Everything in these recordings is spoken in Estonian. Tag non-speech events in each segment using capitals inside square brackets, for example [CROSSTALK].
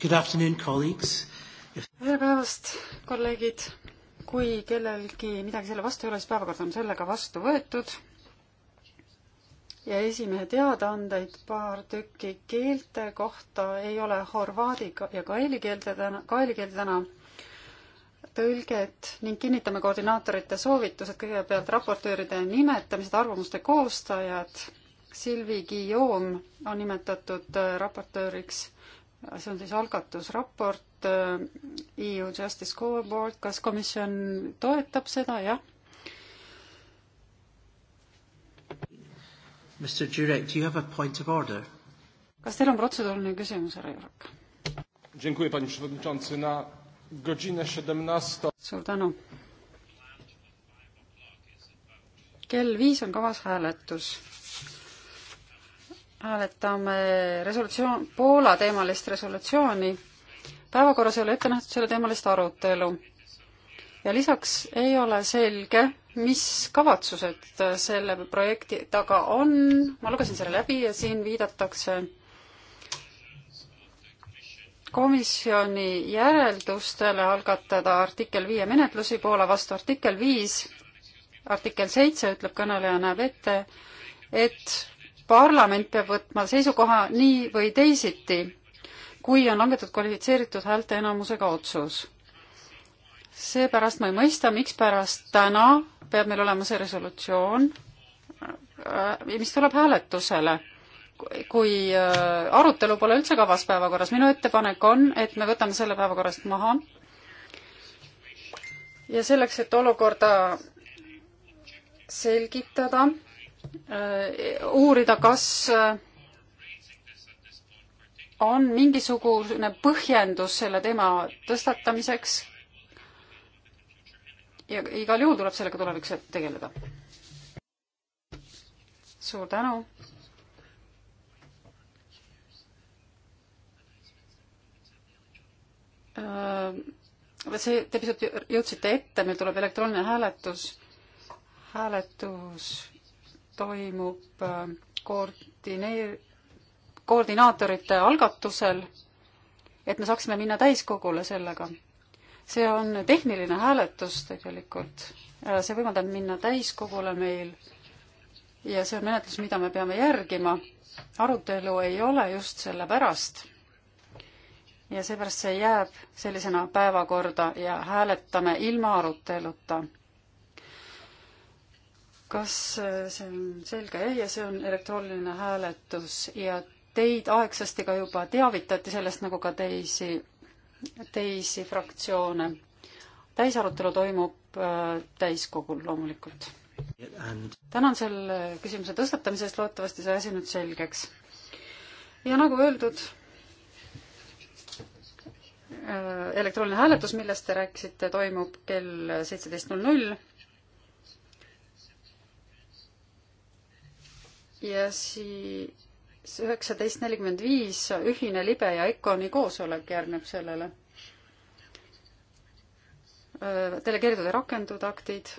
Good afternoon, colleagues. tere päevast, kolleegid. kui kellelgi midagi selle vastu ei ole, siis päevakord on sellega vastu võetud. ja esimehe teadaandeid paar tükki keelte kohta ei ole horvaadi ja kaeli keelde täna, kaeli keelde täna tõlget ning kinnitame koordinaatorite soovitused, kõigepealt raportööride nimetamised, arvamuste koostajad Silvi Guillaume on nimetatud äh, raportööriks see on siis algatusraport äh, EU Justice Scoreboard, kas komisjon toetab seda, jah? Mr Jurek, do you have a point of order? kas teil on protseduuriline küsimus, härra Jurek? Dziękuję panie przewodniczący, na godzinę 17. suur tänu. kell viis on kavas hääletus hääletame resolutsioon, Poola teemalist resolutsiooni. päevakorras ei ole ette nähtud selle teemalist arutelu. ja lisaks ei ole selge, mis kavatsused selle projekti taga on, ma lugesin selle läbi ja siin viidatakse komisjoni järeldustele algatada artikkel viie menetlusi Poola vastu artikkel viis, artikkel seitse ütleb kõneleja, näeb ette, et parlament peab võtma seisukoha nii või teisiti, kui on langetatud kvalifitseeritud häälteenamusega otsus. seepärast ma ei mõista, mikspärast täna peab meil olema see resolutsioon, äh, mis tuleb hääletusele kui äh, arutelu pole üldse kavas päevakorras, minu ettepanek on, et me võtame selle päevakorrast maha. ja selleks, et olukorda selgitada, Äh, uurida, kas äh, on mingisugune põhjendus selle teema tõstatamiseks ja igal juhul tuleb sellega tulevikus tegeleda. suur tänu. Äh, see, te pisut jõudsite ette, meil tuleb elektrooniline hääletus, hääletus toimub äh, koordineer-, koordinaatorite algatusel, et me saaksime minna täiskogule sellega. see on tehniline hääletus tegelikult. see võimaldab minna täiskogule meil ja see on menetlus, mida me peame järgima. arutelu ei ole just sellepärast. ja seepärast see jääb sellisena päevakorda ja hääletame ilma aruteluta kas äh, see on selge? jah, ja see on elektrooniline hääletus ja teid aegsasti ka juba teavitati sellest, nagu ka teisi, teisi fraktsioone. täisarutelu toimub äh, täiskogul loomulikult. tänan selle küsimuse tõstatamise eest, loodetavasti sai asi nüüd selgeks. ja nagu öeldud, äh, elektrooniline hääletus, millest te rääkisite, toimub kell seitseteist null null ja siis üheksateist nelikümmend viis ühine libe ja EKONi koosolek järgneb sellele. Äh, delegeeritud ja rakendatud aktid.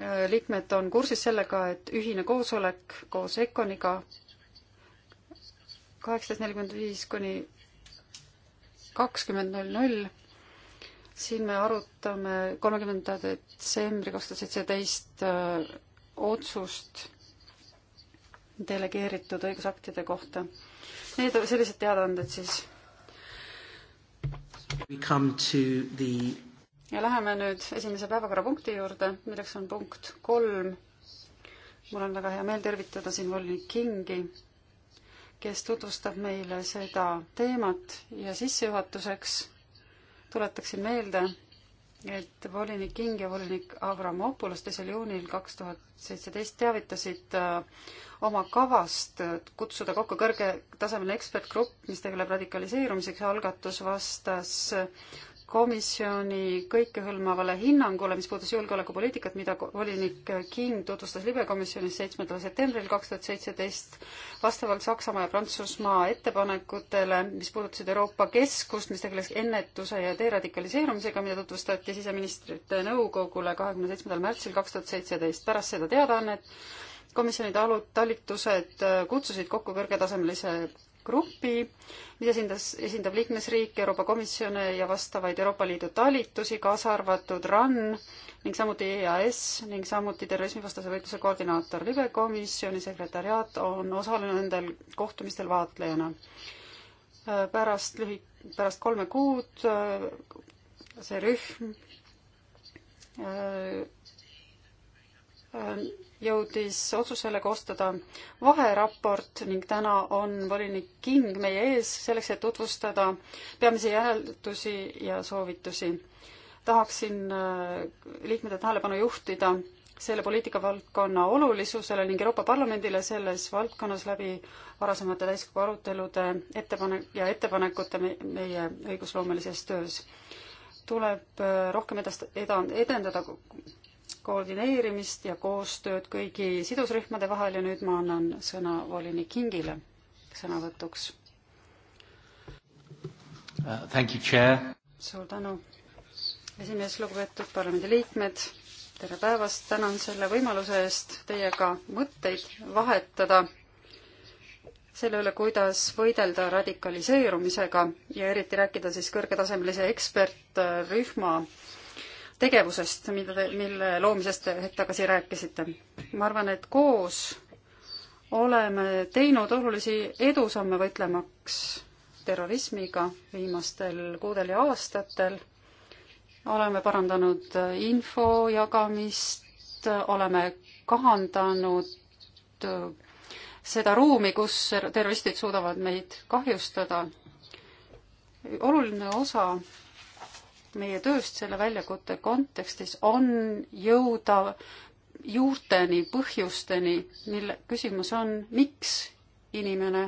Äh, liikmed on kursis sellega, et ühine koosolek koos EKONiga kaheksateist nelikümmend viis kuni kakskümmend null null siin me arutame kolmekümnenda detsembri kaks tuhat seitseteist äh, otsust delegeeritud õigusaktide kohta. Need, sellised teadaanded siis. The... ja läheme nüüd esimese päevakorrapunkti juurde, milleks on punkt kolm. mul on väga hea meel tervitada siin volinik Kingi, kes tutvustab meile seda teemat ja sissejuhatuseks tuletaksin meelde, et volinik King ja volinik Avramopoulos teisel juunil kaks tuhat seitseteist teavitasid äh, oma kavast äh, kutsuda kokku kõrgetasemeline ekspertgrupp, mis tegeleb radikaliseerumisega. see algatus vastas äh, komisjoni kõikehõlmavale hinnangule, mis puudus julgeolekupoliitikat, mida volinik King tutvustas libekomisjonis seitsmendal septembril kaks tuhat seitseteist, vastavalt Saksamaa ja Prantsusmaa ettepanekutele, mis puudutasid Euroopa Keskust, mis tegeles ennetuse ja deradikaliseerumisega, mida tutvustati siseministrite nõukogule kahekümne seitsmendal märtsil kaks tuhat seitseteist. pärast seda teadaannet komisjoni talu-, talitused kutsusid kokku kõrgetasemelise grupi, mis esindas, esindab liikmesriike, Euroopa Komisjone ja vastavaid Euroopa Liidu talitusi, kaasa arvatud RAN ning samuti EAS ning samuti terrorismivastase võitluse koordinaator. libe komisjoni sekretäriaat on osalenud nendel kohtumistel vaatlejana. pärast lühi-, pärast kolme kuud äh, see rühm äh, Äh, jõudis otsusele koostada vaheraport ning täna on volinik King meie ees selleks, et tutvustada peamisi järeldusi ja soovitusi. tahaksin äh, liikmete tähelepanu juhtida selle poliitikavaldkonna olulisusele ning Euroopa Parlamendile selles valdkonnas läbi varasemate täiskogu arutelude ettepanek ja ettepanekute meie õigusloomelises töös. tuleb äh, rohkem edast-, eda-, edendada koordineerimist ja koostööd kõigi sidusrühmade vahel ja nüüd ma annan sõna volinik Kingile sõnavõtuks uh,. Thank you, chair. suur tänu, esimees, lugupeetud parlamendiliikmed, tere päevast, tänan selle võimaluse eest teiega mõtteid vahetada selle üle, kuidas võidelda radikaliseerumisega ja eriti rääkida siis kõrgetasemelise ekspertrühma tegevusest, mida te, mille loomisest te hetk tagasi rääkisite. ma arvan, et koos oleme teinud olulisi edusamme võitlemaks terrorismiga viimastel kuudel ja aastatel. oleme parandanud info jagamist, oleme kahandanud seda ruumi, kus terroristid suudavad meid kahjustada. oluline osa meie tööst selle väljakutse kontekstis on jõuda juurteni, põhjusteni, mille küsimus on, miks inimene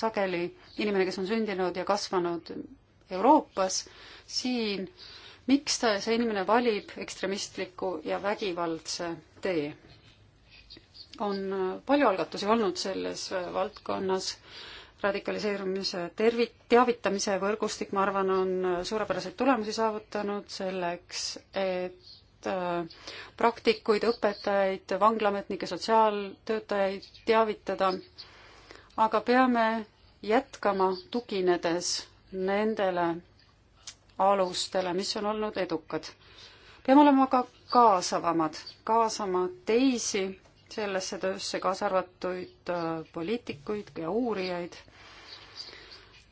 sageli, inimene, kes on sündinud ja kasvanud Euroopas, siin, miks ta, see inimene valib ekstremistliku ja vägivaldse tee? on palju algatusi olnud selles valdkonnas radikaliseerumise tervi-, teavitamise võrgustik, ma arvan, on äh, suurepäraseid tulemusi saavutanud selleks, et äh, praktikuid, õpetajaid, vanglaametnikke, sotsiaaltöötajaid teavitada, aga peame jätkama, tuginedes nendele alustele, mis on olnud edukad. peame olema ka kaasavamad, kaasama teisi sellesse töösse, kaasa arvatuid äh, poliitikuid ja uurijaid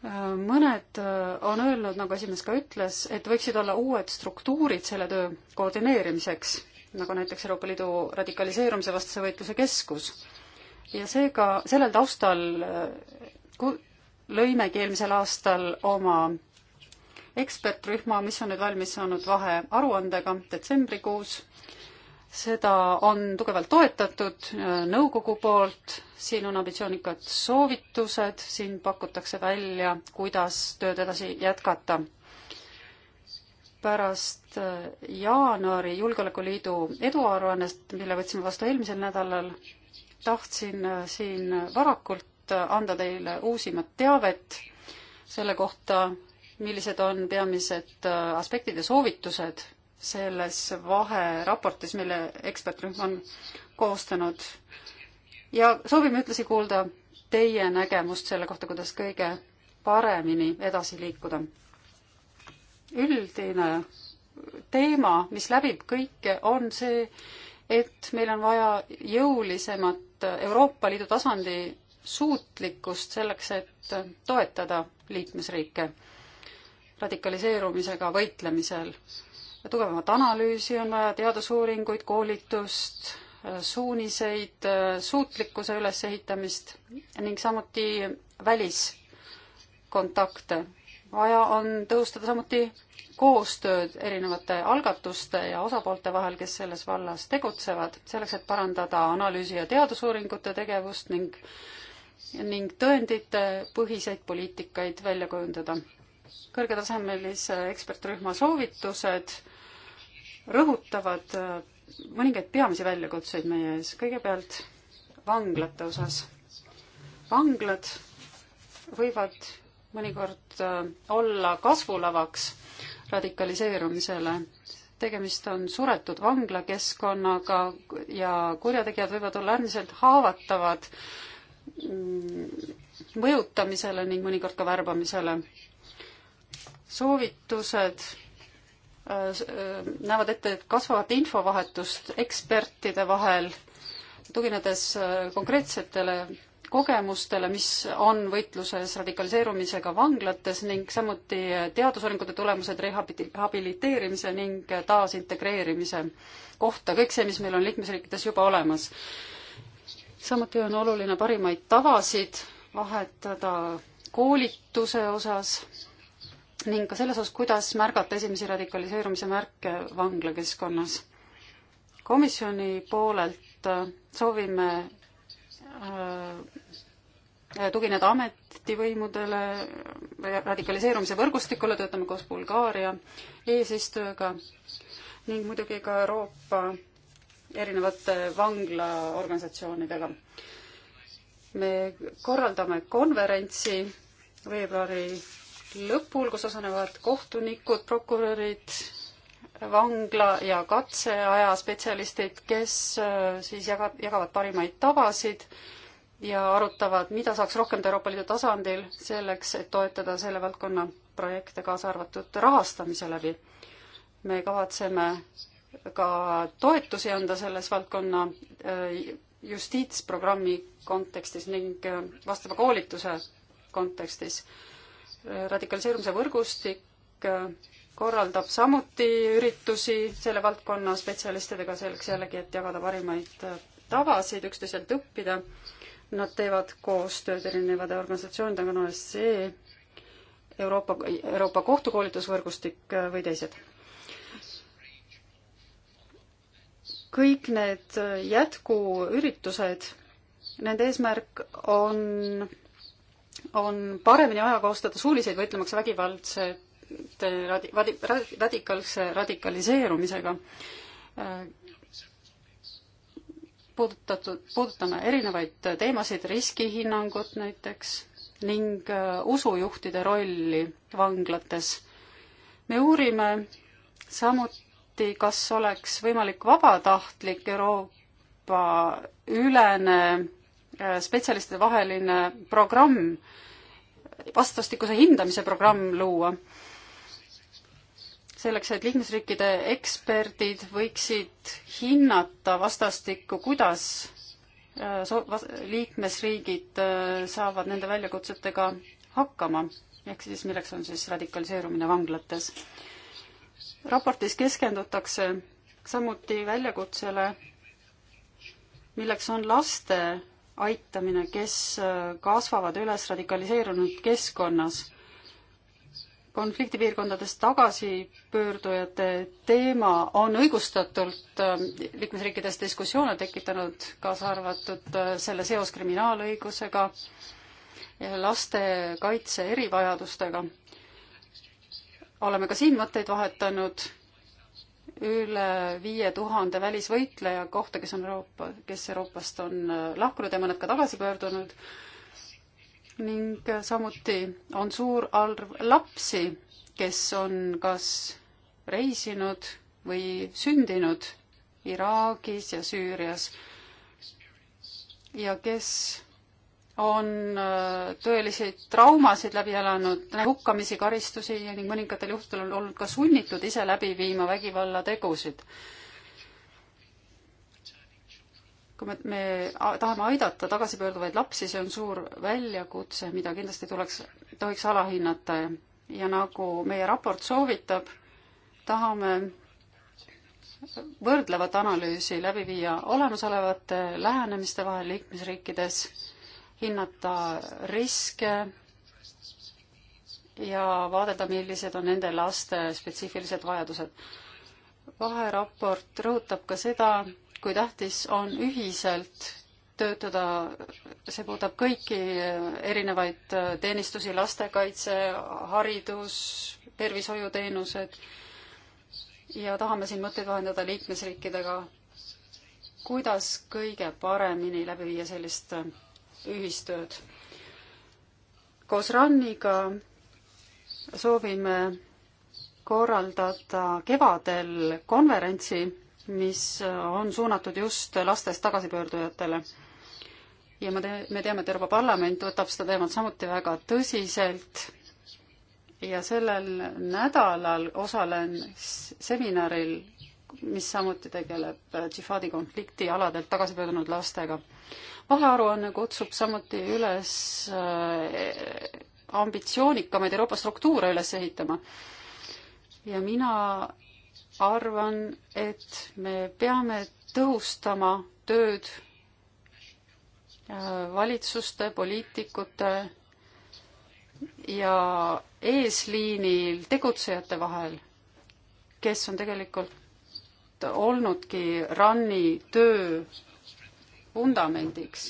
mõned äh, on öelnud, nagu esimees ka ütles, et võiksid olla uued struktuurid selle töö koordineerimiseks, nagu näiteks Euroopa Liidu radikaliseerumise vastase võitluse keskus. ja seega sellel taustal äh, lõimegi eelmisel aastal oma ekspertrühma, mis on nüüd valmis saanud vahearuandega detsembrikuus seda on tugevalt toetatud äh, nõukogu poolt, siin on ambitsioonikad soovitused, siin pakutakse välja, kuidas tööd edasi jätkata. pärast äh, jaanuari Julgeolekuliidu eduaruannest, mille võtsime vastu eelmisel nädalal, tahtsin äh, siin varakult anda teile uusimat teavet selle kohta, millised on peamised aspektid ja soovitused selles vaheraportis, mille ekspertrühm on koostanud. ja soovime ühtlasi kuulda teie nägemust selle kohta, kuidas kõige paremini edasi liikuda. üldine teema, mis läbib kõike, on see, et meil on vaja jõulisemat Euroopa Liidu tasandi suutlikkust selleks, et toetada liikmesriike radikaliseerumisega võitlemisel tugevamat analüüsi on vaja, teadusuuringuid, koolitust, äh, suuniseid, äh, suutlikkuse ülesehitamist ning samuti väliskontakte. vaja on tõhustada samuti koostööd erinevate algatuste ja osapoolte vahel, kes selles vallas tegutsevad, selleks et parandada analüüsi ja teadusuuringute tegevust ning ning tõenditepõhiseid poliitikaid välja kujundada. kõrgetasemelise ekspertrühma soovitused rõhutavad äh, mõningaid peamisi väljakutseid meie ees. kõigepealt vanglate osas. vanglad võivad mõnikord äh, olla kasvulavaks radikaliseerumisele. tegemist on suretud vanglakeskkonnaga ja kurjategijad võivad olla äärmiselt haavatavad mm, mõjutamisele ning mõnikord ka värbamisele. soovitused näevad ette et kasvavat infovahetust ekspertide vahel, tuginedes äh, konkreetsetele kogemustele, mis on võitluses radikaliseerumisega vanglates ning samuti äh, teadusuuringute tulemused rehabiliteerimise ning äh, taasintegreerimise kohta, kõik see, mis meil on liikmesriikides juba olemas. samuti on oluline parimaid tavasid vahetada koolituse osas ning ka selles osas, kuidas märgata esimesi radikaliseerumise märke vanglakeskkonnas. komisjoni poolelt äh, soovime äh, tugineda ametivõimudele, äh, radikaliseerumise võrgustikule, töötame koos Bulgaaria eesistujaga ning muidugi ka Euroopa erinevate vanglaorganisatsioonidega. me korraldame konverentsi veebruari lõpul, kus osalevad kohtunikud, prokurörid, vangla ja katseaja spetsialistid, kes äh, siis jaga-, jagavad parimaid tavasid ja arutavad, mida saaks rohkem teha Euroopa Liidu tasandil selleks, et toetada selle valdkonna projekte, kaasa arvatud rahastamise läbi. me kavatseme ka toetusi anda selles valdkonna äh, justiitsprogrammi kontekstis ning äh, vastava koolituse kontekstis radikaliseerumise võrgustik äh, korraldab samuti üritusi selle valdkonna spetsialistidega selleks jällegi, et jagada parimaid äh, tavasid, üksteiselt õppida. Nad teevad koostööd erinevate organisatsioonidega, no nagu SE, Euroopa, Euroopa kohtukoolitusvõrgustik äh, või teised. kõik need jätkuüritused, nende eesmärk on on paremini ajakohastada suuniseid võitlemaks vägivaldse radi-, radi-, radikaalse radikaliseerumisega. Äh, puudutatud, puudutame erinevaid teemasid, riskihinnangut näiteks ning äh, usujuhtide rolli vanglates. me uurime samuti, kas oleks võimalik vabatahtlik Euroopa ülene spetsialistide vaheline programm, vastastikuse hindamise programm luua. selleks, et liikmesriikide eksperdid võiksid hinnata vastastikku, kuidas äh, liikmesriigid äh, saavad nende väljakutsetega hakkama, ehk siis milleks on siis radikaliseerumine vanglates. raportis keskendutakse samuti väljakutsele, milleks on laste aitamine, kes äh, kasvavad üles radikaliseerunud keskkonnas. konfliktipiirkondadest tagasipöördujate teema on õigustatult äh, liikmesriikides diskussioone tekitanud, kaasa arvatud äh, selle seos kriminaalõigusega, laste kaitse erivajadustega. oleme ka siin mõtteid vahetanud üle viie tuhande välisvõitleja kohta, kes on Euroopa, kes Euroopast on äh, lahkunud ja mõned ka tagasi pöördunud. ning äh, samuti on suur arv lapsi, kes on kas reisinud või sündinud Iraagis ja Süürias ja kes on äh, tõelisi traumasid läbi elanud, hukkamisi, karistusi ning mõningatel juhtudel on olnud ka sunnitud ise läbi viima vägivallategusid. kui me, me tahame aidata tagasipöörduvaid lapsi, see on suur väljakutse, mida kindlasti tuleks, tohiks alahinnata ja nagu meie raport soovitab, tahame võrdlevat analüüsi läbi viia olemasolevate lähenemiste vahel liikmesriikides hinnata riske ja vaadelda, millised on nende laste spetsiifilised vajadused. vaheraport rõhutab ka seda, kui tähtis on ühiselt töötada, see puudutab kõiki erinevaid teenistusi, lastekaitse, haridus, tervishoiuteenused ja tahame siin mõtteid vahendada liikmesriikidega, kuidas kõige paremini läbi viia sellist ühistööd. koos RAN-iga soovime korraldada kevadel konverentsi, mis on suunatud just lastest tagasipöördujatele. ja ma te-, me teame, et Euroopa Parlament võtab seda teemat samuti väga tõsiselt ja sellel nädalal osalen seminaril, mis samuti tegeleb džihaadi konflikti aladelt tagasipöördunud lastega vahearuanne kutsub samuti üles äh, ambitsioonikamaid Euroopa struktuure üles ehitama. ja mina arvan, et me peame tõhustama tööd äh, valitsuste, poliitikute ja eesliinil tegutsejate vahel, kes on tegelikult olnudki RAN-i töö vundamendiks.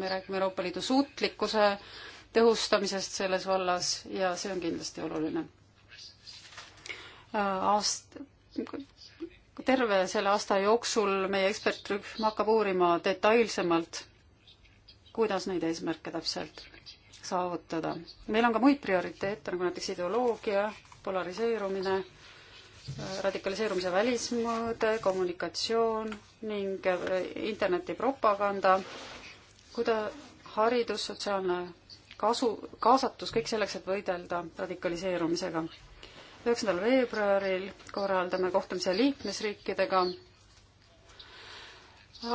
me räägime Euroopa Liidu suutlikkuse tõhustamisest selles vallas ja see on kindlasti oluline. aast-, terve selle aasta jooksul meie ekspertrühm hakkab uurima detailsemalt, kuidas neid eesmärke täpselt saavutada. meil on ka muid prioriteete, nagu näiteks ideoloogia, polariseerumine radikaliseerumise välismõõde, kommunikatsioon ning äh, internetipropaganda, kuida-, haridus, sotsiaalne kasu, kaasatus, kõik selleks, et võidelda radikaliseerumisega. üheksandal veebruaril korraldame kohtumise liikmesriikidega,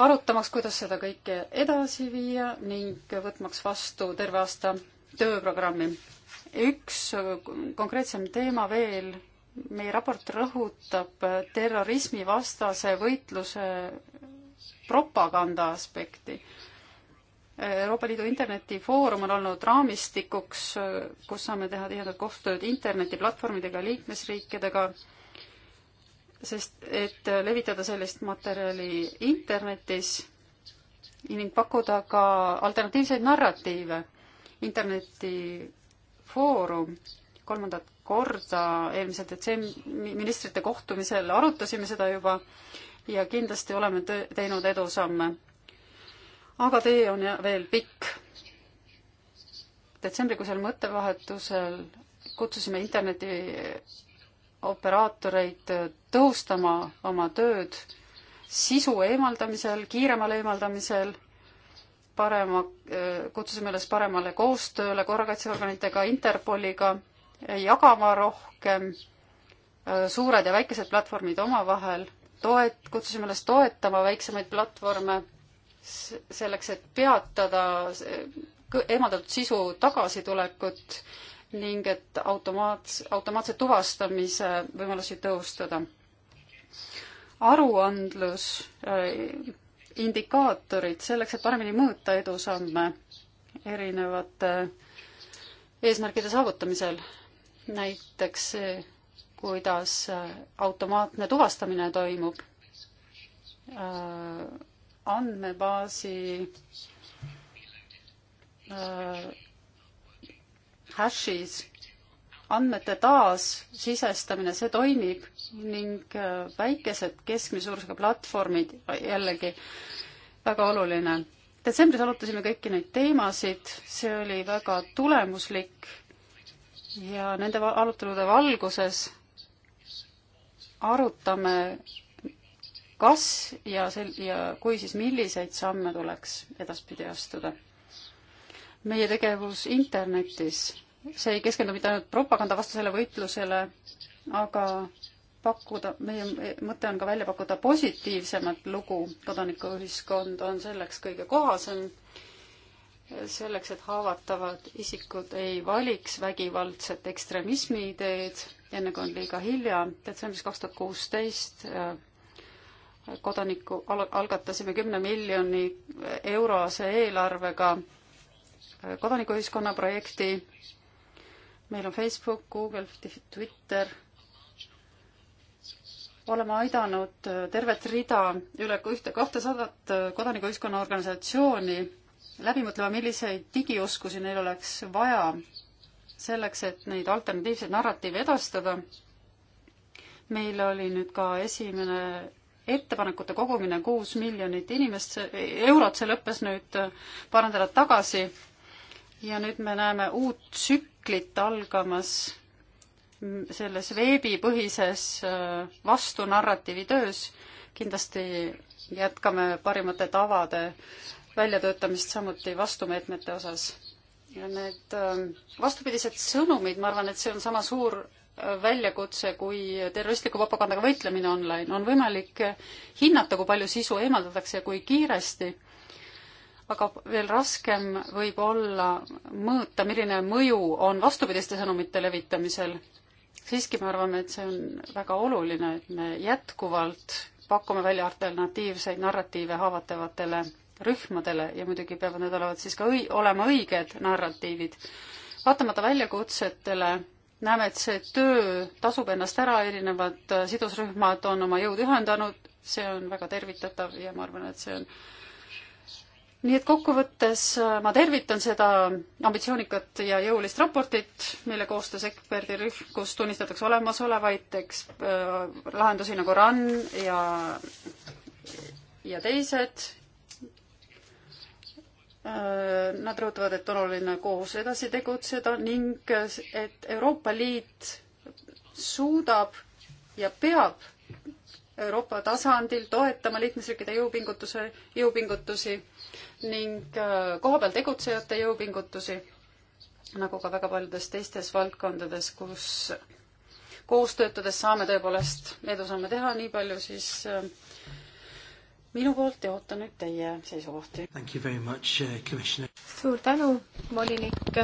arutamaks, kuidas seda kõike edasi viia ning võtmaks vastu terve aasta tööprogrammi. üks äh, konkreetsem teema veel meie raport rõhutab terrorismivastase võitluse propaganda aspekti. Euroopa Liidu internetifoorum on olnud raamistikuks, kus saame teha tihedat koostööd internetiplatvormidega, liikmesriikidega, sest et levitada sellist materjali internetis ning pakkuda ka alternatiivseid narratiive. internetifoorum kolmandat korda eelmisel detsembri ministrite kohtumisel arutasime seda juba ja kindlasti oleme teinud edusamme. aga tee on veel pikk. detsembrikuisel mõttevahetusel kutsusime internetioperaatoreid tõhustama oma tööd sisu eemaldamisel, kiiremal eemaldamisel parema, kutsusime üles paremale koostööle korrakaitseorganitega, Interpoliga jagama rohkem äh, suured ja väikesed platvormid omavahel, toet-, kutsusime üles toetama väiksemaid platvorme selleks, et peatada eemaldatud sisu tagasitulekut ning et automaats-, automaatse tuvastamise võimalusi tõhustada. aruandlus, äh, indikaatorid selleks, et paremini mõõta edusamme erinevate eesmärkide saavutamisel näiteks see, kuidas automaatne tuvastamine toimub äh,, andmebaasi äh, hash'is andmete taassisestamine, see toimib ning äh, väikesed keskmise suurusega platvormid, jällegi väga oluline. detsembris arutasime kõiki neid teemasid, see oli väga tulemuslik ja nende arutelude valguses arutame, kas ja sel-, ja kui, siis milliseid samme tuleks edaspidi astuda. meie tegevus internetis, see ei keskendu mitte ainult propagandavastasele võitlusele, aga pakkuda, meie mõte on ka välja pakkuda positiivsemat lugu, kodanikuühiskond on selleks kõige kohasem selleks, et haavatavad isikud ei valiks vägivaldset ekstremismi ideed, enne kui on liiga hilja. detsembris kaks tuhat kuusteist äh, kodaniku, algatasime kümne miljoni eurose eelarvega äh, kodanikuühiskonna projekti. meil on Facebook, Google, Twitter. oleme aidanud äh, tervet rida üle ühte kahtesadat kodanikuühiskonna organisatsiooni läbi mõtlema, milliseid digioskusi neil oleks vaja selleks, et neid alternatiivseid narratiive edastada. meil oli nüüd ka esimene ettepanekute kogumine kuus miljonit inimest, eurot, see lõppes nüüd paar nädalat tagasi. ja nüüd me näeme uut tsüklit algamas selles veebipõhises äh, vastunarratiivi töös. kindlasti jätkame parimate tavade väljatöötamist samuti vastumeetmete osas. ja need ähm, vastupidised sõnumid, ma arvan, et see on sama suur äh, väljakutse kui terroristliku propagandaga võitlemine online. on võimalik äh, hinnata, kui palju sisu eemaldatakse ja kui kiiresti, aga veel raskem võib olla mõõta, milline mõju on vastupidiste sõnumite levitamisel. siiski me arvame, et see on väga oluline, et me jätkuvalt pakume välja alternatiivseid narratiive haavatavatele rühmadele ja muidugi peavad need olevat siis ka õi-, olema õiged narratiivid. vaatamata väljakutsetele näeme, et see töö tasub ennast ära, erinevad äh, sidusrühmad on oma jõud ühendanud, see on väga tervitatav ja ma arvan, et see on nii et kokkuvõttes äh, ma tervitan seda ambitsioonikat ja jõulist raportit, mille koostas eksperdirühm, kus tunnistatakse olemasolevaid eks- äh,, lahendusi nagu RAN ja, ja teised Äh, nad rõhutavad, et on oluline koos edasi tegutseda ning äh, et Euroopa Liit suudab ja peab Euroopa tasandil toetama liikmesriikide jõupingutuse, jõupingutusi ning äh, kohapeal tegutsejate jõupingutusi, nagu ka väga paljudes teistes valdkondades, kus koos töötades saame tõepoolest edusamme teha, nii palju siis minu poolt ja ootan nüüd teie seisukohti. Uh, suur tänu, volinik.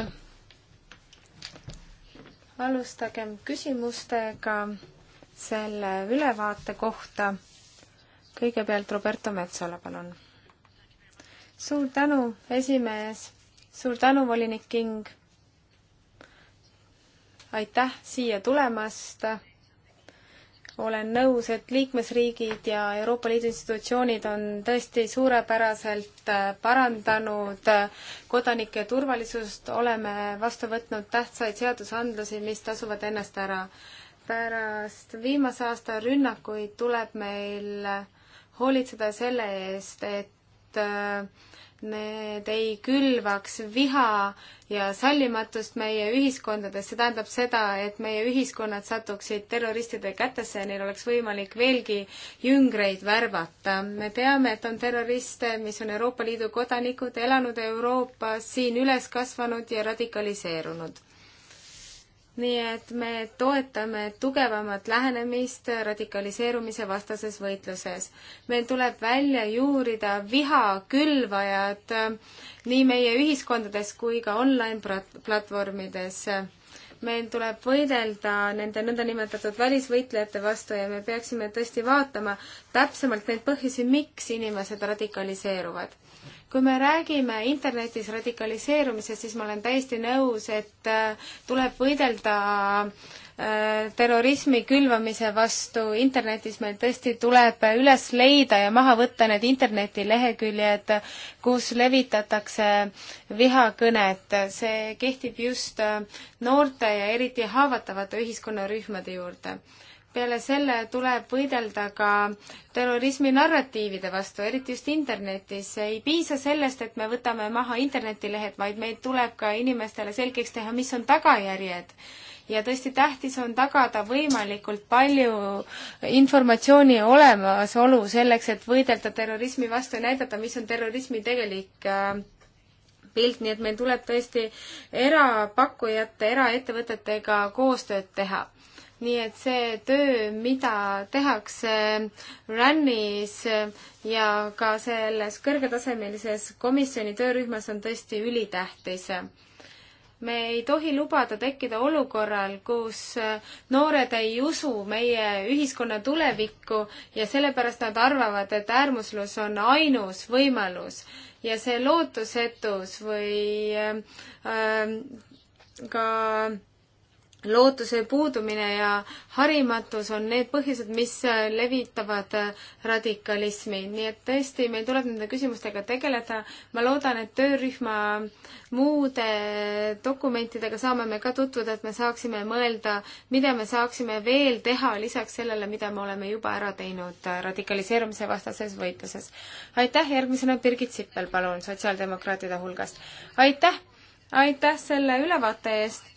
alustagem küsimustega selle ülevaate kohta. kõigepealt Roberto Metsola, palun. suur tänu, esimees. suur tänu, volinik King. aitäh siia tulemast olen nõus, et liikmesriigid ja Euroopa Liidu institutsioonid on tõesti suurepäraselt äh, parandanud äh, kodanike turvalisust, oleme vastu võtnud tähtsaid seadusandlusi, mis tasuvad ennast ära. pärast viimase aasta rünnakuid tuleb meil hoolitseda selle eest, et äh, et need ei külvaks viha ja sallimatust meie ühiskondades, see tähendab seda, et meie ühiskonnad satuksid terroristide kätesse ja neil oleks võimalik veelgi jüngreid värvata. me teame, et on terroriste, mis on Euroopa Liidu kodanikud, elanud Euroopas, siin üles kasvanud ja radikaliseerunud nii et me toetame tugevamat lähenemist radikaliseerumise vastases võitluses. meil tuleb välja juurida viha külvajad äh, nii meie ühiskondades kui ka online platvormides. meil tuleb võidelda nende nõndanimetatud välisvõitlejate vastu ja me peaksime tõesti vaatama täpsemalt neid põhjusi, miks inimesed radikaliseeruvad kui me räägime internetis radikaliseerumisest, siis ma olen täiesti nõus, et äh, tuleb võidelda äh, terrorismi külvamise vastu internetis meil tõesti tuleb üles leida ja maha võtta need internetileheküljed, kus levitatakse vihakõnet. see kehtib just äh, noorte ja eriti haavatavate ühiskonnarühmade juurde peale selle tuleb võidelda ka terrorismi narratiivide vastu, eriti just internetis. ei piisa sellest, et me võtame maha internetilehed, vaid meil tuleb ka inimestele selgeks teha, mis on tagajärjed. ja tõesti tähtis on tagada võimalikult palju informatsiooni olemasolu selleks, et võidelda terrorismi vastu ja näidata, mis on terrorismi tegelik äh, pilt, nii et meil tuleb tõesti erapakkujate, eraettevõtetega koostööd teha nii et see töö, mida tehakse RAN-is ja ka selles kõrgetasemelises komisjoni töörühmas on tõesti ülitähtis me ei tohi lubada tekkida olukorral, kus noored ei usu meie ühiskonna tulevikku ja sellepärast nad arvavad, et äärmuslus on ainus võimalus ja see lootusetus või äh, äh ka äh, lootuse puudumine ja harimatus on need põhjused, mis levitavad radikalismi. nii et tõesti, meil tuleb nende küsimustega tegeleda. ma loodan, et töörühma muude dokumentidega saame me ka tutvuda, et me saaksime mõelda, mida me saaksime veel teha lisaks sellele, mida me oleme juba ära teinud radikaliseerumise vastases võitluses. aitäh, järgmisena Birgit Sippel, palun, sotsiaaldemokraatide hulgast. aitäh, aitäh selle ülevaate eest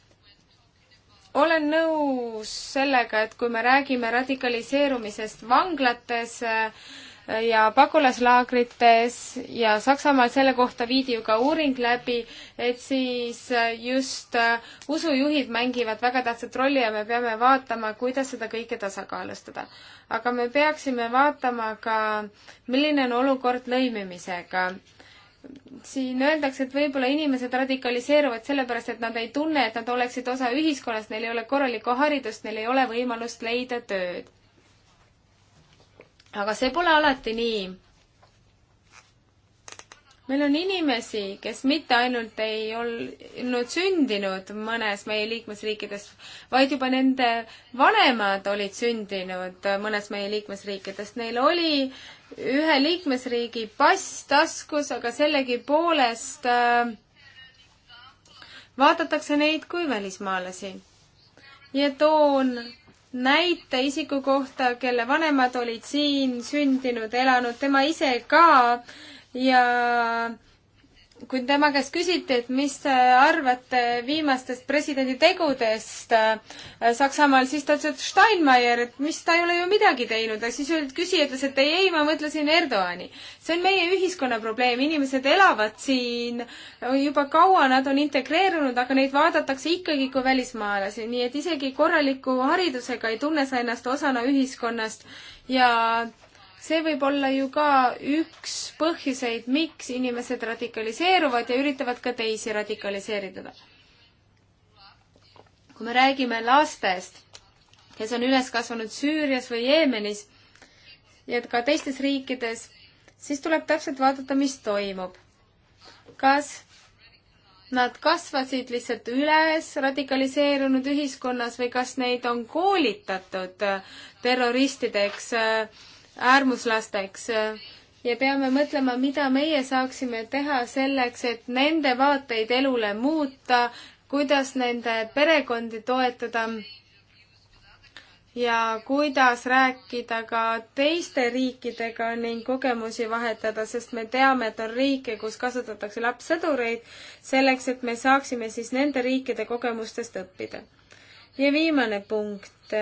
olen nõus sellega, et kui me räägime radikaliseerumisest vanglates äh, ja pagulaslaagrites ja Saksamaal selle kohta viidi ju ka uuring läbi, et siis äh, just äh, usujuhid mängivad väga tähtsat rolli ja me peame vaatama, kuidas seda kõike tasakaalustada. aga me peaksime vaatama ka, milline on olukord lõimimisega siin öeldakse, et võib-olla inimesed radikaliseeruvad sellepärast, et nad ei tunne, et nad oleksid osa ühiskonnast, neil ei ole korralikku haridust, neil ei ole võimalust leida tööd. aga see pole alati nii. meil on inimesi, kes mitte ainult ei olnud sündinud mõnes meie liikmesriikides, vaid juba nende vanemad olid sündinud mõnes meie liikmesriikidest, neil oli äh, ühe liikmesriigi pass taskus, aga sellegipoolest äh, vaadatakse neid kui välismaalasi. ja toon näite isiku kohta, kelle vanemad olid siin sündinud, elanud, tema ise ka ja äh, kui tema käest küsiti, et mis te arvate viimastest presidendi tegudest äh, Saksamaal, siis ta ütles, et Steinmeier, et mis, ta ei ole ju midagi teinud, aga siis öeldi, küsija ütles, et ei, ei, ma mõtlesin Erdoani. see on meie ühiskonna probleem, inimesed elavad siin juba kaua, nad on integreerunud, aga neid vaadatakse ikkagi kui välismaalasi, nii et isegi korraliku haridusega ei tunne sa ennast osana ühiskonnast ja see võib olla ju ka üks põhjuseid, miks inimesed radikaliseeruvad ja üritavad ka teisi radikaliseerida. kui me räägime lastest, kes on üles kasvanud Süürias või Jeemenis ja ka teistes riikides, siis tuleb täpselt vaadata, mis toimub. kas nad kasvasid lihtsalt üles radikaliseerunud ühiskonnas või kas neid on koolitatud terroristideks äh, äärmuslasteks ja peame mõtlema, mida meie saaksime teha selleks, et nende vaateid elule muuta, kuidas nende perekondi toetada ja kuidas rääkida ka teiste riikidega ning kogemusi vahetada, sest me teame, et on riike, kus kasutatakse lapssõdureid selleks, et me saaksime siis nende riikide kogemustest õppida. ja viimane punkt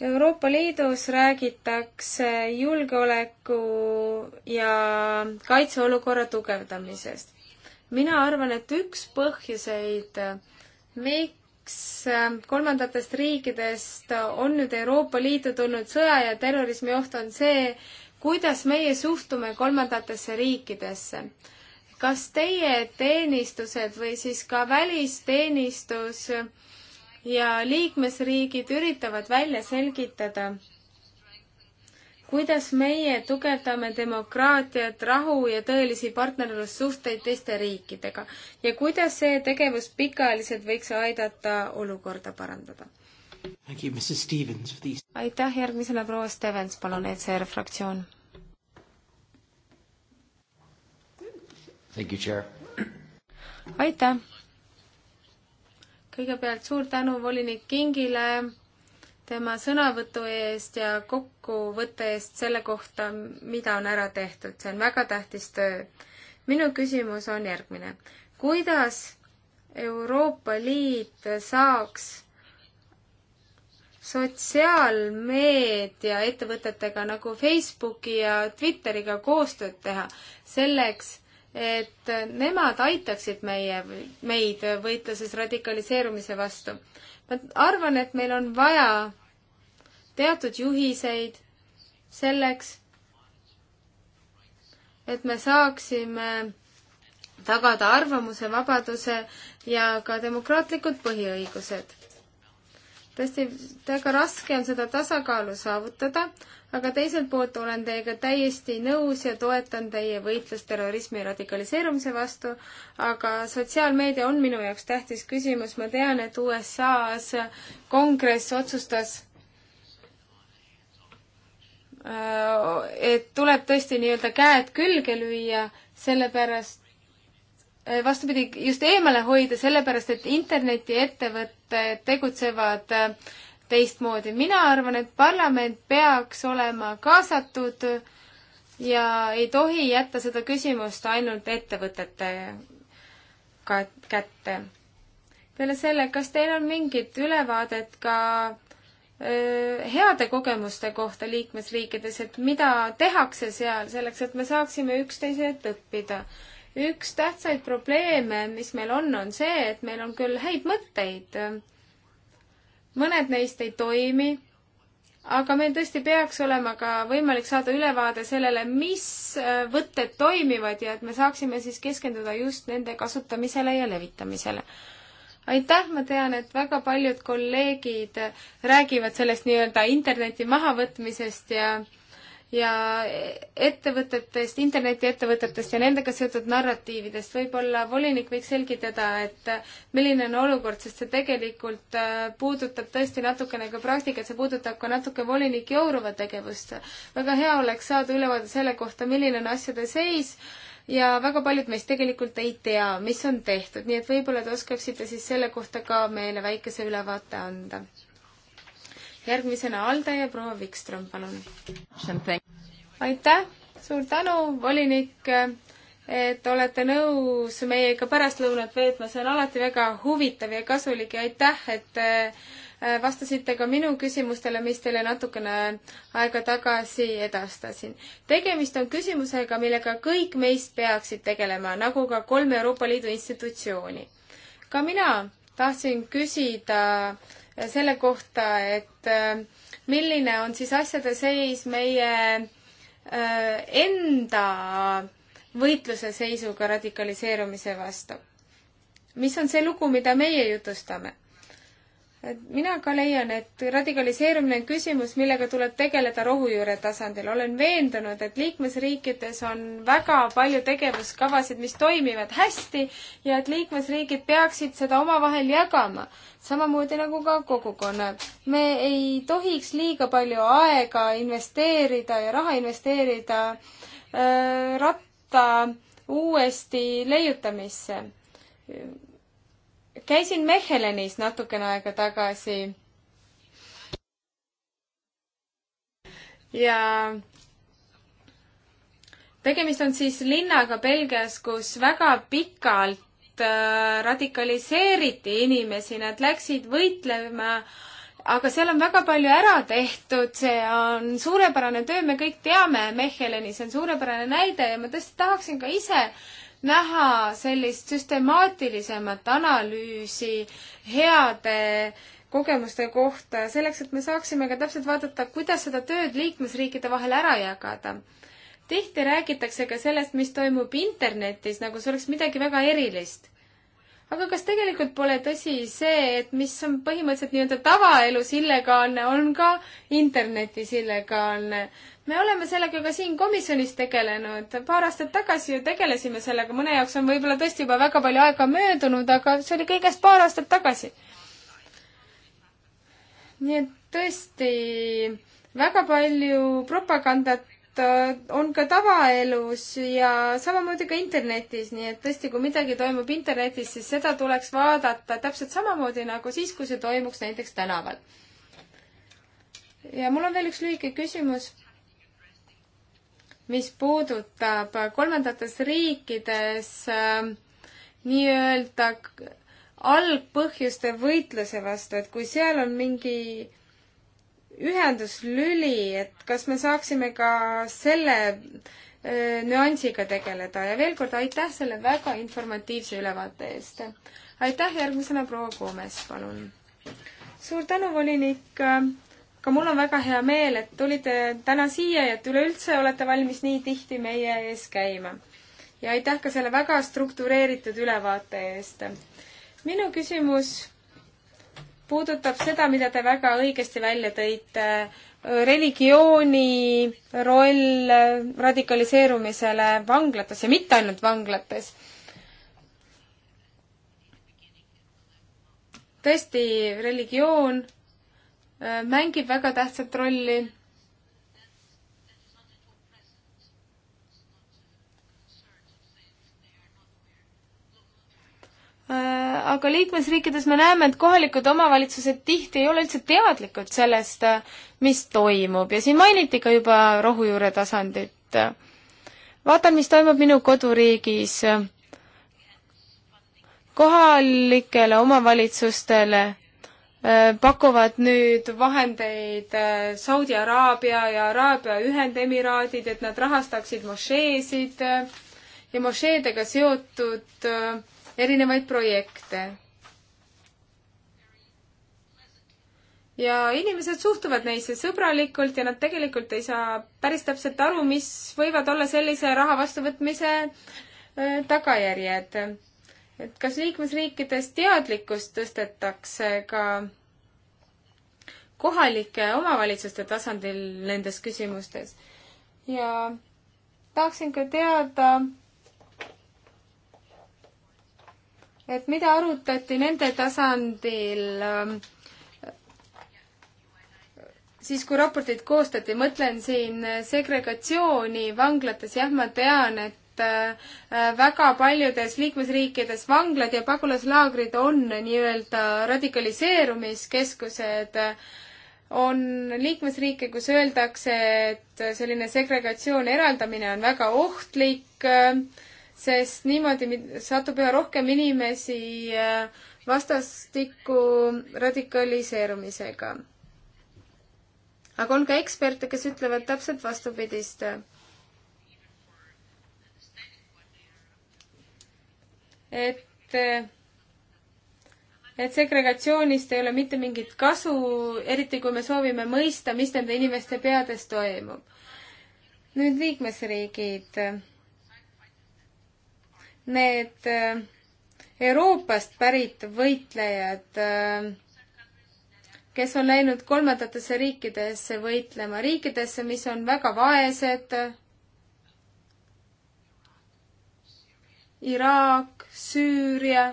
Euroopa Liidus räägitakse julgeoleku ja kaitseolukorra tugevdamisest. mina arvan, et üks põhjuseid, miks ähm, kolmandatest riikidest on nüüd Euroopa Liitu tulnud sõja ja terrorismi oht, on see, kuidas meie suhtume kolmandatesse riikidesse kas teie teenistused või siis ka välisteenistus ja liikmesriigid üritavad välja selgitada, kuidas meie tugevdame demokraatiat, rahu ja tõelisi partnerlussuhteid teiste riikidega ja kuidas see tegevus pikaajaliselt võiks aidata olukorda parandada. aitäh, järgmisena proua Stevens, palun, ECR fraktsioon. aitäh kõigepealt suur tänu volinik Kingile tema sõnavõtu eest ja kokkuvõtte eest selle kohta, mida on ära tehtud. see on väga tähtis töö. minu küsimus on järgmine. kuidas Euroopa Liit saaks sotsiaalmeedia ettevõtetega nagu Facebooki ja Twitteriga koostööd teha selleks, et nemad aitaksid meie, meid võitluses radikaliseerumise vastu. ma arvan, et meil on vaja teatud juhiseid selleks, et me saaksime tagada arvamusevabaduse ja ka demokraatlikud põhiõigused tõesti väga raske on seda tasakaalu saavutada, aga teiselt poolt olen teiega täiesti nõus ja toetan teie võitlust terrorismi ja radikaliseerumise vastu, aga sotsiaalmeedia on minu jaoks tähtis küsimus, ma tean, et USA-s kongress otsustas äh, et tuleb tõesti nii-öelda käed külge lüüa, sellepärast Äh, vastupidi, just eemale hoida, sellepärast et internetiettevõtted tegutsevad äh, teistmoodi. mina arvan, et parlament peaks olema kaasatud ja ei tohi jätta seda küsimust ainult ettevõtete kätte. peale selle, kas teil on mingit ülevaadet ka öö, äh, heade kogemuste kohta liikmesriikides, et mida tehakse seal selleks, et me saaksime üksteiselt õppida? üks tähtsaid probleeme, mis meil on, on see, et meil on küll häid mõtteid. mõned neist ei toimi, aga meil tõesti peaks olema ka võimalik saada ülevaade sellele, mis äh, võtted toimivad ja et me saaksime siis keskenduda just nende kasutamisele ja levitamisele aitäh, ma tean, et väga paljud kolleegid räägivad sellest nii-öelda interneti mahavõtmisest ja äh, ja ettevõtetest, internetiettevõtetest ja nendega seotud narratiividest. võib-olla volinik võiks selgitada, et milline on olukord, sest see tegelikult äh, puudutab tõesti natukene ka praktikat, see puudutab ka natuke volinik Jourova tegevust. väga hea oleks saada ülevaade selle kohta, milline on asjade seis ja väga paljud meist tegelikult ei tea, mis on tehtud, nii et võib-olla te oskaksite siis selle kohta ka meile väikese ülevaate anda järgmisena Alde ja proua Vikström, palun. aitäh, suur tänu, volinik, et olete nõus meiega pärastlõunat veetma, see on alati väga huvitav ja kasulik ja aitäh, et äh, vastasite ka minu küsimustele, mis teile natukene aega tagasi edastasin. tegemist on küsimusega, millega kõik meist peaksid tegelema, nagu ka kolm Euroopa Liidu institutsiooni. ka mina tahtsin küsida äh, selle kohta, et äh, milline on siis asjade seis meie äh, enda võitluse seisuga radikaliseerumise vastu. mis on see lugu, mida meie jutustame? mina ka leian, et radikaliseerumine on küsimus, millega tuleb tegeleda rohujuure tasandil. olen veendunud, et liikmesriikides on väga palju tegevuskavasid, mis toimivad hästi ja et liikmesriigid peaksid seda omavahel jagama, samamoodi nagu ka kogukonnad. me ei tohiks liiga palju aega investeerida ja raha investeerida äh, ratta uuesti leiutamisse käisin Mehhelenis natukene aega tagasi. ja tegemist on siis linnaga Belgias, kus väga pikalt äh, radikaliseeriti inimesi, nad läksid võitlema aga seal on väga palju ära tehtud, see on suurepärane töö, me kõik teame Mehhelenis, see on suurepärane näide ja ma tõesti tahaksin ka ise näha sellist süstemaatilisemat analüüsi heade kogemuste kohta, selleks et me saaksime ka täpselt vaadata, kuidas seda tööd liikmesriikide vahel ära jagada. tihti räägitakse ka sellest, mis toimub internetis, nagu see oleks midagi väga erilist aga kas tegelikult pole tõsi see, et mis on põhimõtteliselt nii-öelda tavaelus illegaalne, on ka internetis illegaalne? me oleme sellega ka siin komisjonis tegelenud, paar aastat tagasi ju tegelesime sellega, mõne jaoks on võib-olla tõesti juba väga palju aega möödunud, aga see oli kõigest paar aastat tagasi. nii et tõesti väga palju propagandat Äh, on ka tavaelus ja samamoodi ka internetis, nii et tõesti, kui midagi toimub internetis, siis seda tuleks vaadata täpselt samamoodi nagu siis, kui see toimuks näiteks tänaval. ja mul on veel üks lühike küsimus, mis puudutab kolmandates riikides äh, nii-öelda algpõhjuste võitluse vastu, et kui seal on mingi äh, ühenduslüli, et kas me saaksime ka selle äh, nüansiga tegeleda ja veel kord aitäh selle väga informatiivse ülevaate eest. aitäh, järgmisena proua Koomes, palun. suur tänu, volinik. ka mul on väga hea meel, et tulite täna siia ja et üleüldse olete valmis nii tihti meie ees käima. ja aitäh ka selle väga struktureeritud ülevaate eest. minu küsimus puudutab seda, mida te väga õigesti välja tõite, religiooni roll radikaliseerumisele vanglates ja mitte ainult vanglates. tõesti, religioon äh, mängib väga tähtsat rolli Äh, aga liikmesriikides me näeme, et kohalikud omavalitsused tihti ei ole üldse teadlikud sellest, äh, mis toimub ja siin mainiti ka juba rohujuure tasandit. vaatan, mis toimub minu koduriigis. kohalikele omavalitsustele äh, pakuvad nüüd vahendeid Saudi Araabia ja Araabia Ühendemiraadid, et nad rahastaksid mošeesid ja mošeedega seotud äh, erinevaid projekte. ja inimesed suhtuvad neisse sõbralikult ja nad tegelikult ei saa päris täpselt aru, mis võivad olla sellise raha vastuvõtmise äh, tagajärjed. et kas liikmesriikides teadlikkust tõstetakse ka kohalike omavalitsuste tasandil nendes küsimustes. ja tahaksin ka teada, et mida arutati nende tasandil ähm, siis, kui raporteid koostati, mõtlen siin segregatsiooni vanglates, jah, ma tean, et äh, väga paljudes liikmesriikides vanglad ja pagulaslaagrid on nii-öelda radikaliseerumiskeskused, on liikmesriike, kus öeldakse, et selline segregatsioon, eraldamine on väga ohtlik äh, sest niimoodi satub üha rohkem inimesi äh, vastastikku radikaliseerumisega. aga on ka eksperte, kes ütlevad täpselt vastupidist. et, et segregatsioonist ei ole mitte mingit kasu, eriti kui me soovime mõista, mis nende inimeste peades toimub. nüüd liikmesriigid need äh, Euroopast pärit võitlejad, äh, kes on läinud kolmandatesse riikidesse võitlema, riikidesse, mis on väga vaesed, Iraak, Süüria,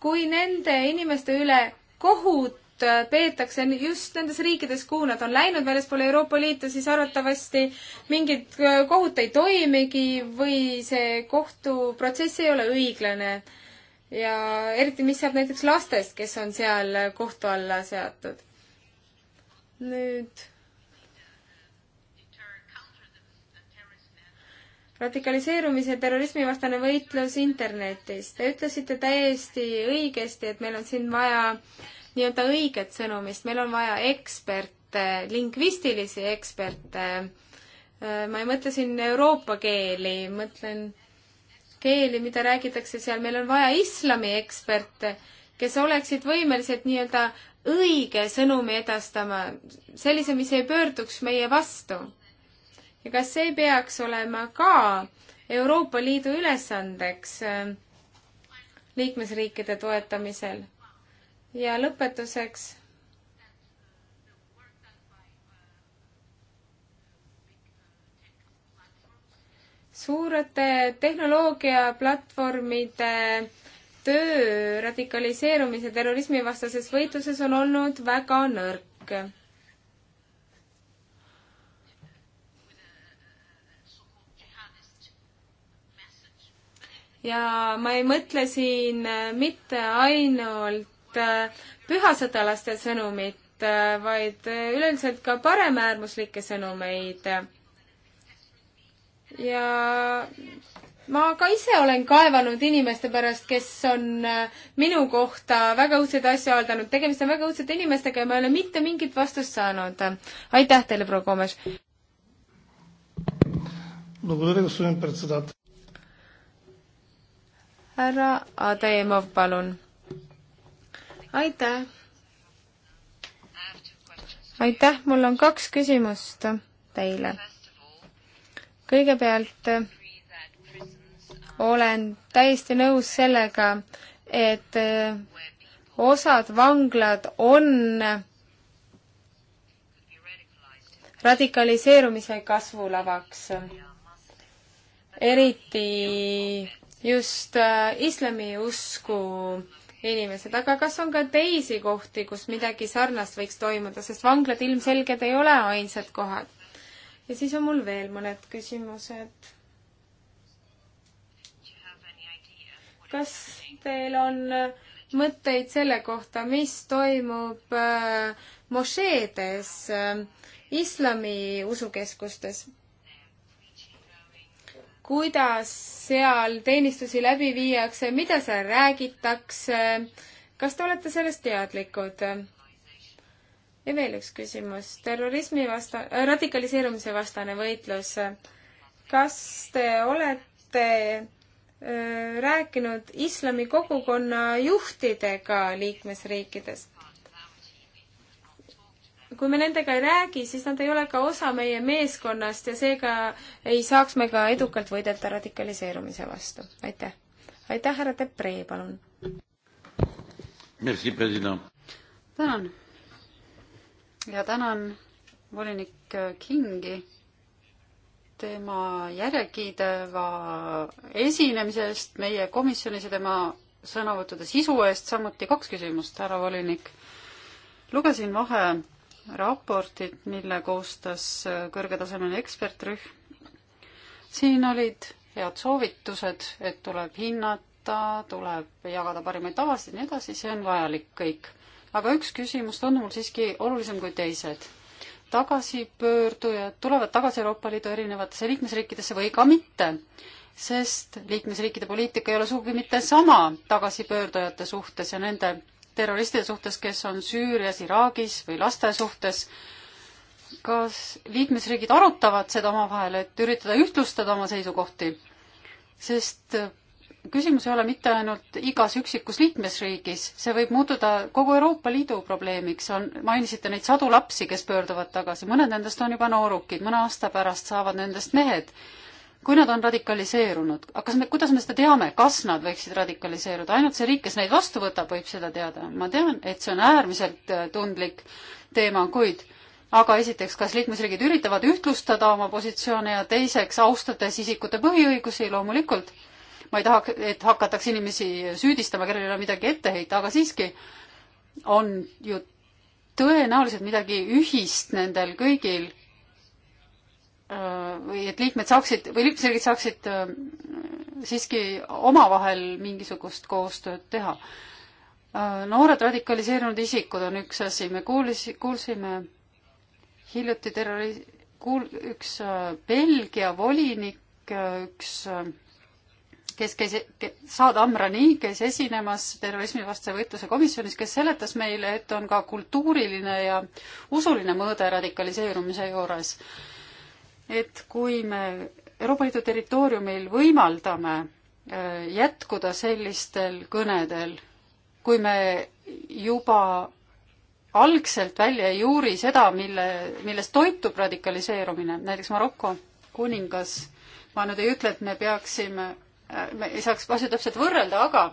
kui nende inimeste üle kohut Äh, peetakse just nendes riikides, kuhu nad on läinud väljaspoole Euroopa Liitu, siis arvatavasti mingit äh, kohut ei toimigi või see kohtuprotsess ei ole õiglane. ja eriti, mis saab näiteks lastest, kes on seal kohtu alla seatud. nüüd radikaliseerumise ja terrorismivastane võitlus internetis. Te ütlesite täiesti õigesti, et meil on siin vaja äh, nii-öelda õiget sõnumist, meil on vaja eksperte, lingvistilisi eksperte, äh, ma ei mõtle siin Euroopa keeli, mõtlen keeli, mida räägitakse seal, meil on vaja islami eksperte, kes oleksid võimelised nii-öelda õige sõnumi edastama, sellise, mis ei pöörduks meie vastu. ja kas see peaks olema ka Euroopa Liidu ülesandeks äh, liikmesriikide toetamisel? ja lõpetuseks suurte tehnoloogiaplatvormide töö radikaliseerumise terrorismivastases võitluses on olnud väga nõrk. ja ma ei mõtle siin mitte ainult Äh, pühasõdalaste sõnumit, äh, vaid äh, üleüldiselt ka paremäärmuslikke sõnumeid. ja ma ka ise olen kaevanud inimeste pärast, kes on minu kohta väga õudseid asju avaldanud. tegemist on väga õudsete inimestega ja ma ei ole mitte mingit vastust saanud. aitäh teile, proua Komes! härra Ademov, palun aitäh! aitäh, mul on kaks küsimust teile. kõigepealt olen täiesti nõus sellega, et eh, osad vanglad on radikaliseerumise kasvulavaks, eriti just eh, islamiusku inimesed, aga kas on ka teisi kohti, kus midagi sarnast võiks toimuda, sest vanglad ilmselgelt ei ole ainsad kohad. ja siis on mul veel mõned küsimused. kas teil on äh, mõtteid selle kohta, mis toimub äh, mošeedes, äh, islami usukeskustes? kuidas seal teenistusi läbi viiakse, mida seal räägitakse. kas te olete sellest teadlikud? ja veel üks küsimus. terrorismi vasta- äh,, radikaliseerumise vastane võitlus. kas te olete äh, rääkinud islami kogukonna juhtidega liikmesriikides? kui me nendega ei räägi, siis nad ei ole ka osa meie meeskonnast ja seega ei saaks me ka edukalt võidelda radikaliseerumise vastu. aitäh. aitäh, härra Depree, palun. tänan. ja tänan volinik Kingi tema järjekiideva esinemise eest meie komisjonis ja tema sõnavõttude sisu eest, samuti kaks küsimust, härra volinik. lugesin vahe raportit, mille koostas kõrgetasemeline ekspertrühm. siin olid head soovitused, et tuleb hinnata, tuleb jagada parimaid tavasid ja nii edasi, see on vajalik kõik. aga üks küsimus on mul siiski olulisem kui teised. tagasipöördujad tulevad tagasi Euroopa Liidu erinevatesse liikmesriikidesse või ka mitte, sest liikmesriikide poliitika ei ole sugugi mitte sama tagasipöördujate suhtes ja nende terroristide suhtes, kes on Süürias, Iraagis või laste suhtes. kas liikmesriigid arutavad seda omavahel, et üritada ühtlustada oma seisukohti? sest küsimus ei ole mitte ainult igas üksikus liikmesriigis, see võib muutuda kogu Euroopa Liidu probleemiks, on, mainisite neid sadu lapsi, kes pöörduvad tagasi, mõned nendest on juba noorukid, mõne aasta pärast saavad nendest mehed kui nad on radikaliseerunud, aga kas me, kuidas me seda teame, kas nad võiksid radikaliseeruda, ainult see riik, kes neid vastu võtab, võib seda teada. ma tean, et see on äärmiselt äh, tundlik teema, kuid aga esiteks, kas liikmesriigid üritavad ühtlustada oma positsioone ja teiseks, austades isikute põhiõigusi loomulikult, ma ei taha, et hakatakse inimesi süüdistama, kellel ei ole midagi ette heita, aga siiski on ju tõenäoliselt midagi ühist nendel kõigil Äh, või et liikmed saaksid või liikmesriigid saaksid äh, siiski omavahel mingisugust koostööd teha. Äh, noored radikaliseerunud isikud on üks asi, me kuulis-, kuulsime hiljuti terrori-, kuul-, üks Belgia volinik, üks, kes käis, e-, Saad Amrani käis esinemas terrorismivastase võitluse komisjonis, kes seletas meile, et on ka kultuuriline ja usuline mõõde radikaliseerumise juures et kui me Euroopa Liidu territooriumil võimaldame äh, jätkuda sellistel kõnedel, kui me juba algselt välja ei juuri seda, mille, millest toitub radikaliseerumine, näiteks Maroko kuningas, ma nüüd ei ütle, et me peaksime, äh, me ei saaks asju täpselt võrrelda, aga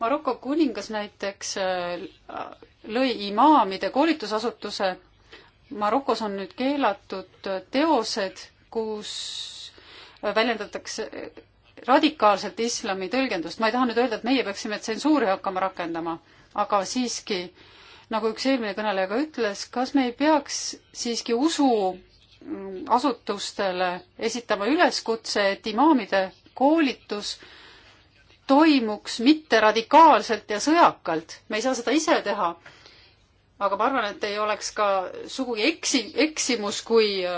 Maroko kuningas näiteks äh, lõi imaamide koolitusasutuse, Marokos on nüüd keelatud teosed, kus väljendatakse radikaalselt islami tõlgendust, ma ei taha nüüd öelda, et meie peaksime tsensuuri hakkama rakendama, aga siiski, nagu üks eelmine kõneleja ka ütles, kas me ei peaks siiski usuasutustele mm, esitama üleskutse, et imaamide koolitus toimuks mitte radikaalselt ja sõjakalt, me ei saa seda ise teha, aga ma arvan, et ei oleks ka sugugi eksi, eksimus, kui äh,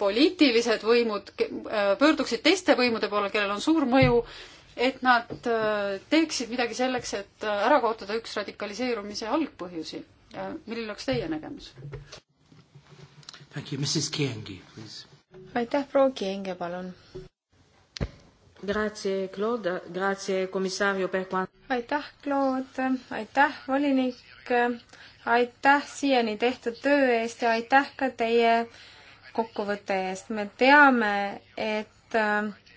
poliitilised võimud äh, pöörduksid teiste võimude poole, kellel on suur mõju, et nad äh, teeksid midagi selleks, et äh, ära kaotada üks radikaliseerumise algpõhjusi. milline oleks teie nägemus? aitäh, proua Kienge, palun. Grazie, Claude, grazie, komissario per quan-. aitäh, Claude, aitäh, volinik, aitäh siiani tehtud töö eest ja aitäh ka teie äh, kokkuvõtte eest. me teame, et äh,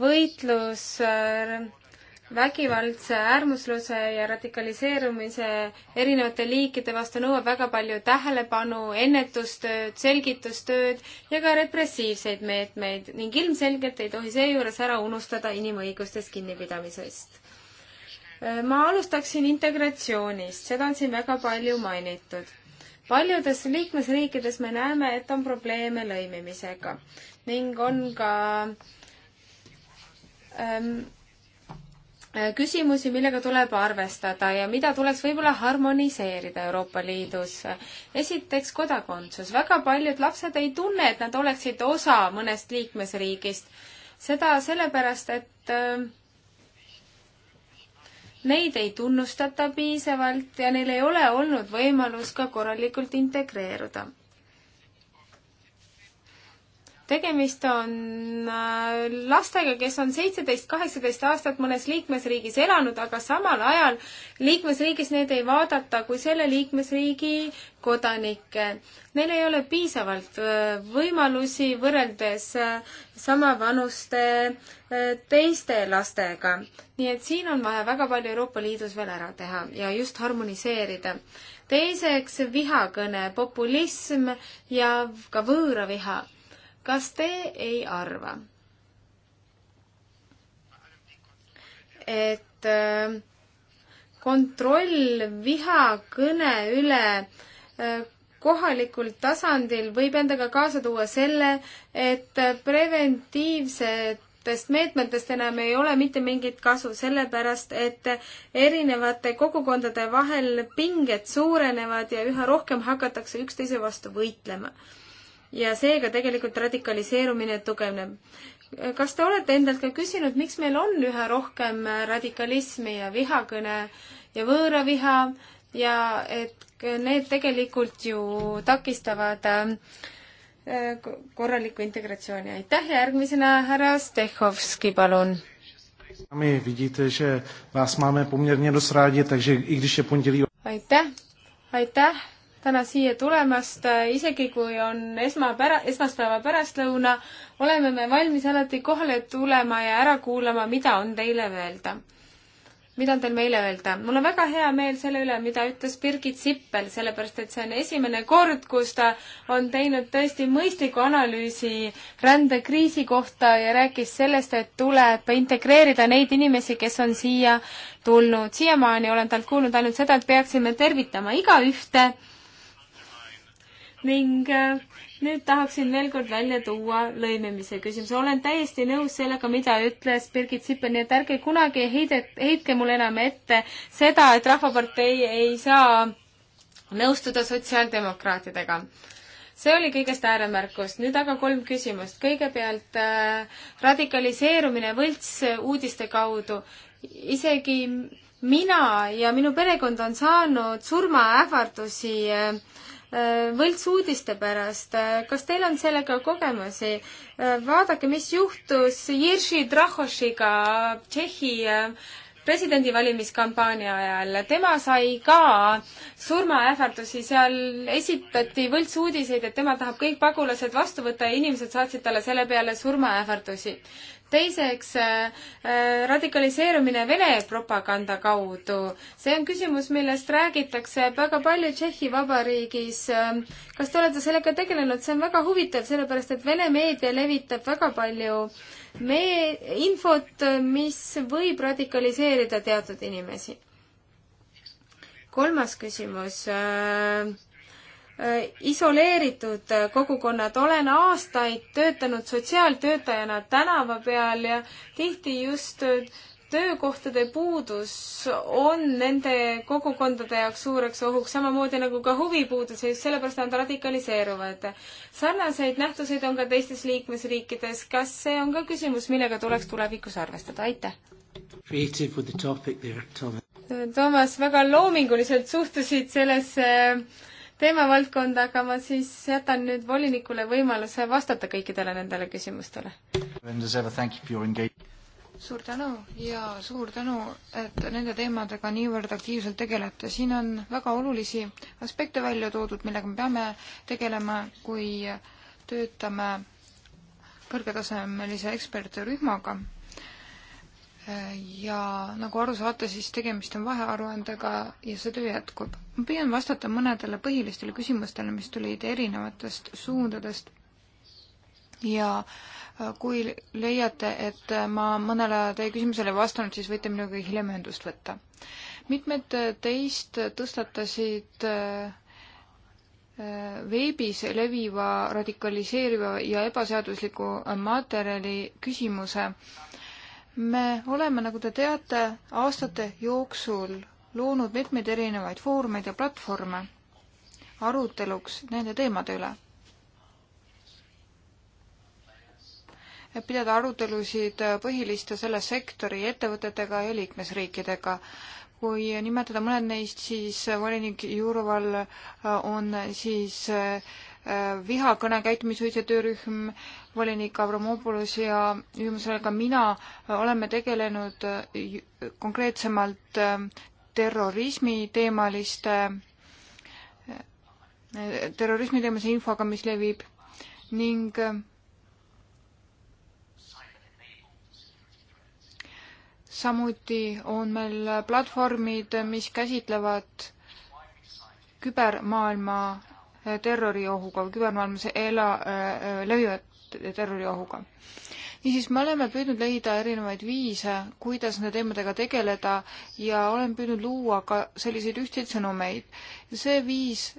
võitlus äh, vägivaldse äärmusluse ja radikaliseerumise erinevate liikide vastu nõuab väga palju tähelepanu, ennetustööd, selgitustööd ja ka repressiivseid meetmeid ning ilmselgelt ei tohi seejuures ära unustada inimõigustest kinnipidamisest. Äh, ma alustaksin integratsioonist, seda on siin väga palju mainitud paljudes liikmesriikides me näeme, et on probleeme lõimimisega ning on ka ähm, äh, küsimusi, millega tuleb arvestada ja mida tuleks võib-olla harmoniseerida Euroopa Liidus. esiteks kodakondsus. väga paljud lapsed ei tunne, et nad oleksid osa mõnest liikmesriigist. seda sellepärast, et äh, neid ei tunnustata piisavalt ja neil ei ole olnud võimalus ka korralikult integreeruda tegemist on äh, lastega, kes on seitseteist, kaheksateist aastat mõnes liikmesriigis elanud, aga samal ajal liikmesriigis neid ei vaadata kui selle liikmesriigi kodanikke. Neil ei ole piisavalt äh, võimalusi võrreldes äh, samavanuste teiste lastega. nii et siin on vaja väga palju Euroopa Liidus veel ära teha ja just harmoniseerida teiseks vihakõne, populism ja ka võõraviha kas te ei arva, et äh, kontroll vihakõne üle äh, kohalikul tasandil võib endaga kaasa tuua selle, et preventiivsetest meetmetest enam ei ole mitte mingit kasu, sellepärast et erinevate kogukondade vahel pinged suurenevad ja üha rohkem hakatakse üksteise vastu võitlema ja seega tegelikult radikaliseerumine tugevneb. kas te olete endalt ka küsinud, miks meil on üha rohkem radikalismi ja vihakõne ja võõraviha ja et need tegelikult ju takistavad äh, korralikku integratsiooni. aitäh ja järgmisena härra Stehhovski, palun námi. Vidíte, že vás máme poměrně dost rádi, takže i když je pondělí... Aitäh, aitäh täna siia tulemast, äh, isegi kui on esmapära-, esmaspäeva pärastlõuna, oleme me valmis alati kohale tulema ja ära kuulama, mida on teile öelda. mida on teil meile öelda? mul on väga hea meel selle üle, mida ütles Birgit Sippel, sellepärast et see on esimene kord, kus ta on teinud tõesti mõistliku analüüsi rändekriisi kohta ja rääkis sellest, et tuleb integreerida neid inimesi, kes on siia tulnud. siiamaani olen talt kuulnud ainult seda, et peaksime tervitama igaühte ning äh, nüüd tahaksin veel kord välja tuua lõimimise küsimuse. olen täiesti nõus sellega, mida ütles Birgit Sipel, nii et ärge kunagi heide, heitke mulle enam ette seda, et Rahvapartei ei saa nõustuda sotsiaaldemokraatidega. see oli kõigest ääremärkus. nüüd aga kolm küsimust. kõigepealt äh, radikaliseerumine võltsuudiste kaudu. isegi mina ja minu perekond on saanud surmaähvardusi äh, Äh, võltsuudiste pärast. Äh, kas teil on sellega kogemusi? Äh, vaadake, mis juhtus Jirši Drahošiga Tšehhi presidendivalimiskampaania ajal. tema sai ka surmaähvardusi, seal esitati võltsuudiseid, et tema tahab kõik pagulased vastu võtta ja inimesed saatsid talle selle peale surmaähvardusi teiseks äh, äh,, radikaliseerumine Vene propaganda kaudu. see on küsimus, millest räägitakse väga palju Tšehhi Vabariigis. Ähm, kas te olete sellega tegelenud? see on väga huvitav, sellepärast et Vene meedia levitab väga palju me-, infot, mis võib radikaliseerida teatud inimesi. kolmas küsimus äh, isoleeritud kogukonnad, olen aastaid töötanud sotsiaaltöötajana tänava peal ja tihti just töökohtade puudus on nende kogukondade jaoks suureks ohuks, samamoodi nagu ka huvipuudus ja just sellepärast nad radikaliseeruvad. sarnaseid nähtuseid on ka teistes liikmesriikides, kas see on ka küsimus, millega tuleks tulevikus arvestada, aitäh! Toomas, väga loominguliselt suhtusid sellesse äh, teemavaldkond, aga ma siis jätan nüüd volinikule võimaluse vastata kõikidele nendele küsimustele. suur tänu ja suur tänu, et nende teemadega niivõrd aktiivselt tegelete. siin on väga olulisi aspekte välja toodud, millega me peame tegelema, kui töötame kõrgetasemelise ekspertrühmaga ja nagu aru saate, siis tegemist on vahearuandega ja see töö jätkub. ma püüan vastata mõnedele põhilistele küsimustele, mis tulid erinevatest suundadest ja äh, kui leiate, et äh, ma mõnele teie küsimusele ei vastanud, siis võite minuga hiljem ühendust võtta. mitmed äh, teist tõstatasid veebis leviva radikaliseeriva ja ebaseadusliku materjali küsimuse äh, me oleme, nagu te teate, aastate jooksul loonud mitmeid erinevaid foorumeid ja platvorme aruteluks nende teemade üle. et pidada arutelusid põhiliste selle sektori ettevõtetega ja liikmesriikidega. kui nimetada mõned neist, siis volinik Juroval on siis äh, vihakõne käitumisjuhise töörühm, volinik Avramopoulos ja ühesõnaga mina oleme tegelenud konkreetsemalt ähm, terrorismi teemaliste, äh, terrorismi teemalise infoga, mis levib ning ähm, samuti on meil platvormid, mis käsitlevad kübermaailma terroriohuga või kübermaailmas ela- äh,, leviva terroriohuga. niisiis, me oleme püüdnud leida erinevaid viise, kuidas nende teemadega tegeleda ja olen püüdnud luua ka selliseid ühtseid sõnumeid. see viis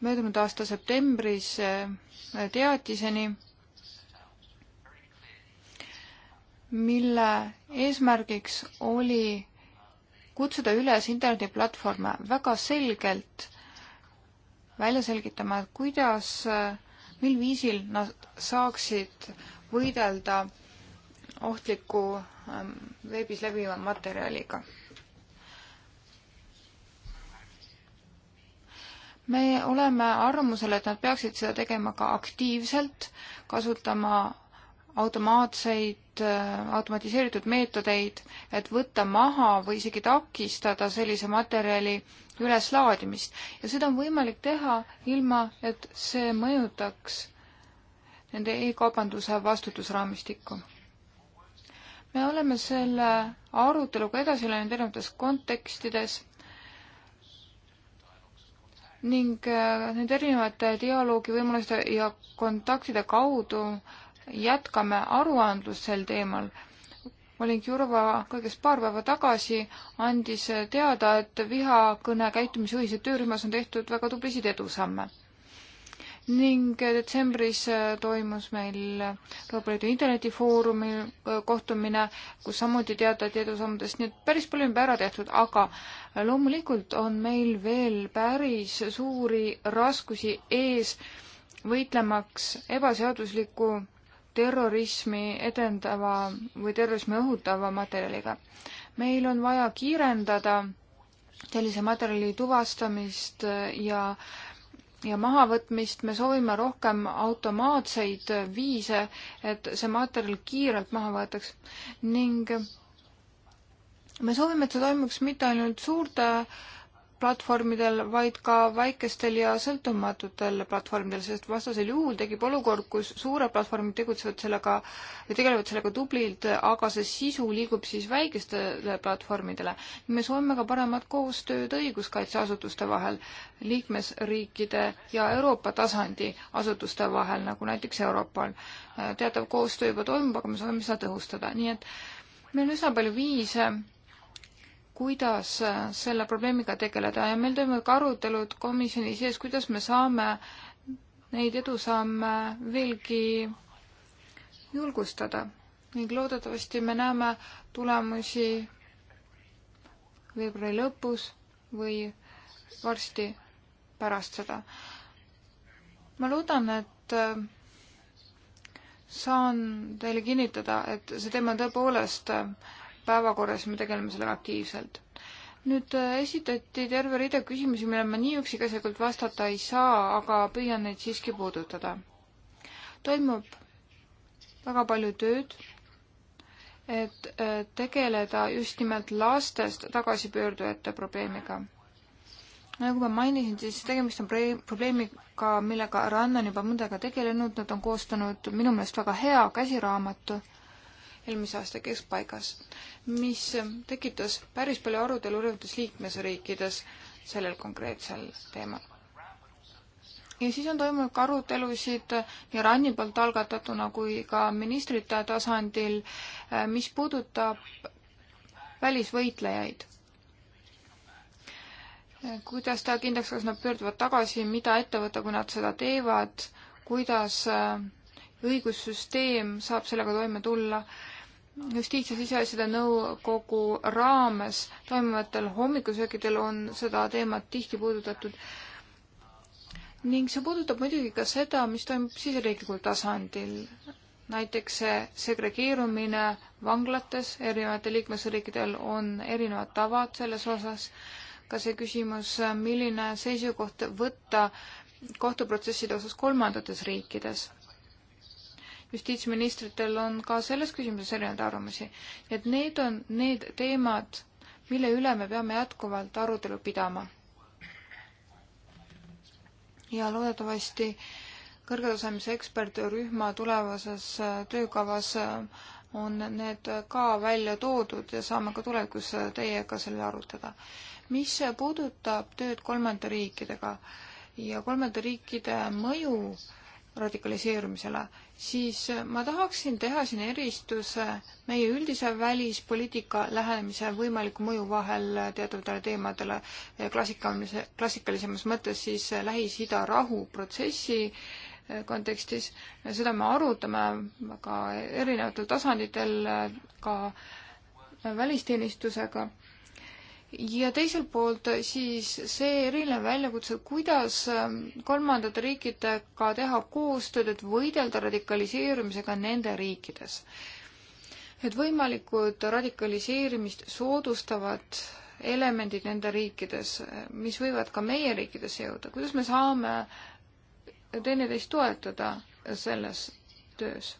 möödunud aasta septembris äh, teatiseni, mille eesmärgiks oli kutsuda üles internetiplatvorme väga selgelt välja selgitama, et kuidas, mil viisil nad saaksid võidelda ohtliku ähm, veebis leviva materjaliga. me oleme arvamusel, et nad peaksid seda tegema ka aktiivselt, kasutama automaatseid neid äh, automatiseeritud meetodeid, et võtta maha või isegi takistada sellise materjali üleslaadimist. ja seda on võimalik teha ilma, et see mõjutaks nende e-kaubanduse vastutusraamistikku. me oleme selle aruteluga edasi läinud erinevates kontekstides ning äh, nende erinevate dialoogi võimaluste ja kontaktide kaudu jätkame aruandlust sel teemal. Olink Jurva kõigest paar päeva tagasi andis teada, et vihakõne käitumisjuhise töörühmas on tehtud väga tublisid edusamme. ning detsembris toimus meil Euroopa Liidu internetifoorumi kohtumine, kus samuti teatati edusammudest, nii et päris palju on juba ära tehtud, aga loomulikult on meil veel päris suuri raskusi ees võitlemaks ebaseadusliku terrorismi edendava või terrorismi õhutava materjaliga. meil on vaja kiirendada sellise materjali tuvastamist ja ja mahavõtmist, me soovime rohkem automaatseid viise, et see materjal kiirelt maha võetaks ning me soovime, et see toimuks mitte ainult suurte äh, platvormidel, vaid ka väikestel ja sõltumatutel platvormidel, sest vastasel juhul tekib olukord, kus suured platvormid tegutsevad sellega või tegelevad sellega tublilt, aga see sisu liigub siis väikestele platvormidele. me soovime ka paremat koostööd õiguskaitseasutuste vahel, liikmesriikide ja Euroopa tasandi asutuste vahel, nagu näiteks Europol. teatav koostöö juba toimub, aga me soovime seda tõhustada, nii et meil on üsna palju viise kuidas äh, selle probleemiga tegeleda ja meil toimuvad ka arutelud komisjoni sees, kuidas me saame neid edusamme veelgi julgustada ning loodetavasti me näeme tulemusi veebruari lõpus või varsti pärast seda. ma loodan, et äh, saan teile kinnitada, et see teema on tõepoolest äh, päevakorras, me tegeleme sellega aktiivselt. nüüd äh, esitati terve rida küsimusi, millele ma nii üksikasjalikult vastata ei saa, aga püüan neid siiski puudutada. toimub väga palju tööd, et äh, tegeleda just nimelt lastest tagasipöördujate probleemiga nagu ma mainisin, siis tegemist on probleemiga, millega RANN on juba mõndega tegelenud, nad on koostanud minu meelest väga hea käsiraamatu eelmise aasta keskpaigas, mis tekitas päris palju arutelu erinevates liikmesriikides sellel konkreetsel teemal. ja siis on toimunud ka arutelusid nii RAN-i poolt algatatuna kui ka ministrite tasandil, eh, mis puudutab välisvõitlejaid eh, kuidas teha kindlaks, kas nad pöörduvad tagasi, mida ette võtta, kui nad seda teevad, kuidas eh, õigussüsteem saab sellega toime tulla justiits- ja siseasjade nõukogu raames toimuvatel hommikusöökidel on seda teemat tihti puudutatud. ning see puudutab muidugi ka seda, mis toimub siseriiklikul tasandil. näiteks see segregeerumine vanglates, erinevatel liikmesriikidel on erinevad tavad selles osas, ka see küsimus, milline seisukoht võtta kohtuprotsesside osas kolmandates riikides justiitsministritel on ka selles küsimuses erinevaid arvamusi. et need on need teemad, mille üle me peame jätkuvalt arutelu pidama. ja loodetavasti kõrgetasemise eksperdirühma tulevases töökavas on need ka välja toodud ja saame ka tulevikus teiega selle arutada. mis puudutab tööd kolmanda riikidega ja kolmanda riikide mõju äh, radikaliseerumisele, siis ma tahaksin teha siin eristuse meie üldise välispoliitika lähenemise võimaliku mõju vahel teatavatele teemadele klassikalise, klassikalisemas mõttes siis Lähis-Ida rahuprotsessi kontekstis. seda me arutame väga erinevatel tasanditel ka välisteenistusega ja teiselt poolt siis see eriline väljakutse, kuidas ähm, kolmandate riikidega teha koostööd, et võidelda radikaliseerumisega nende riikides. et võimalikud radikaliseerimist soodustavad elemendid nende riikides, mis võivad ka meie riikidesse jõuda, kuidas me saame teineteist toetada selles töös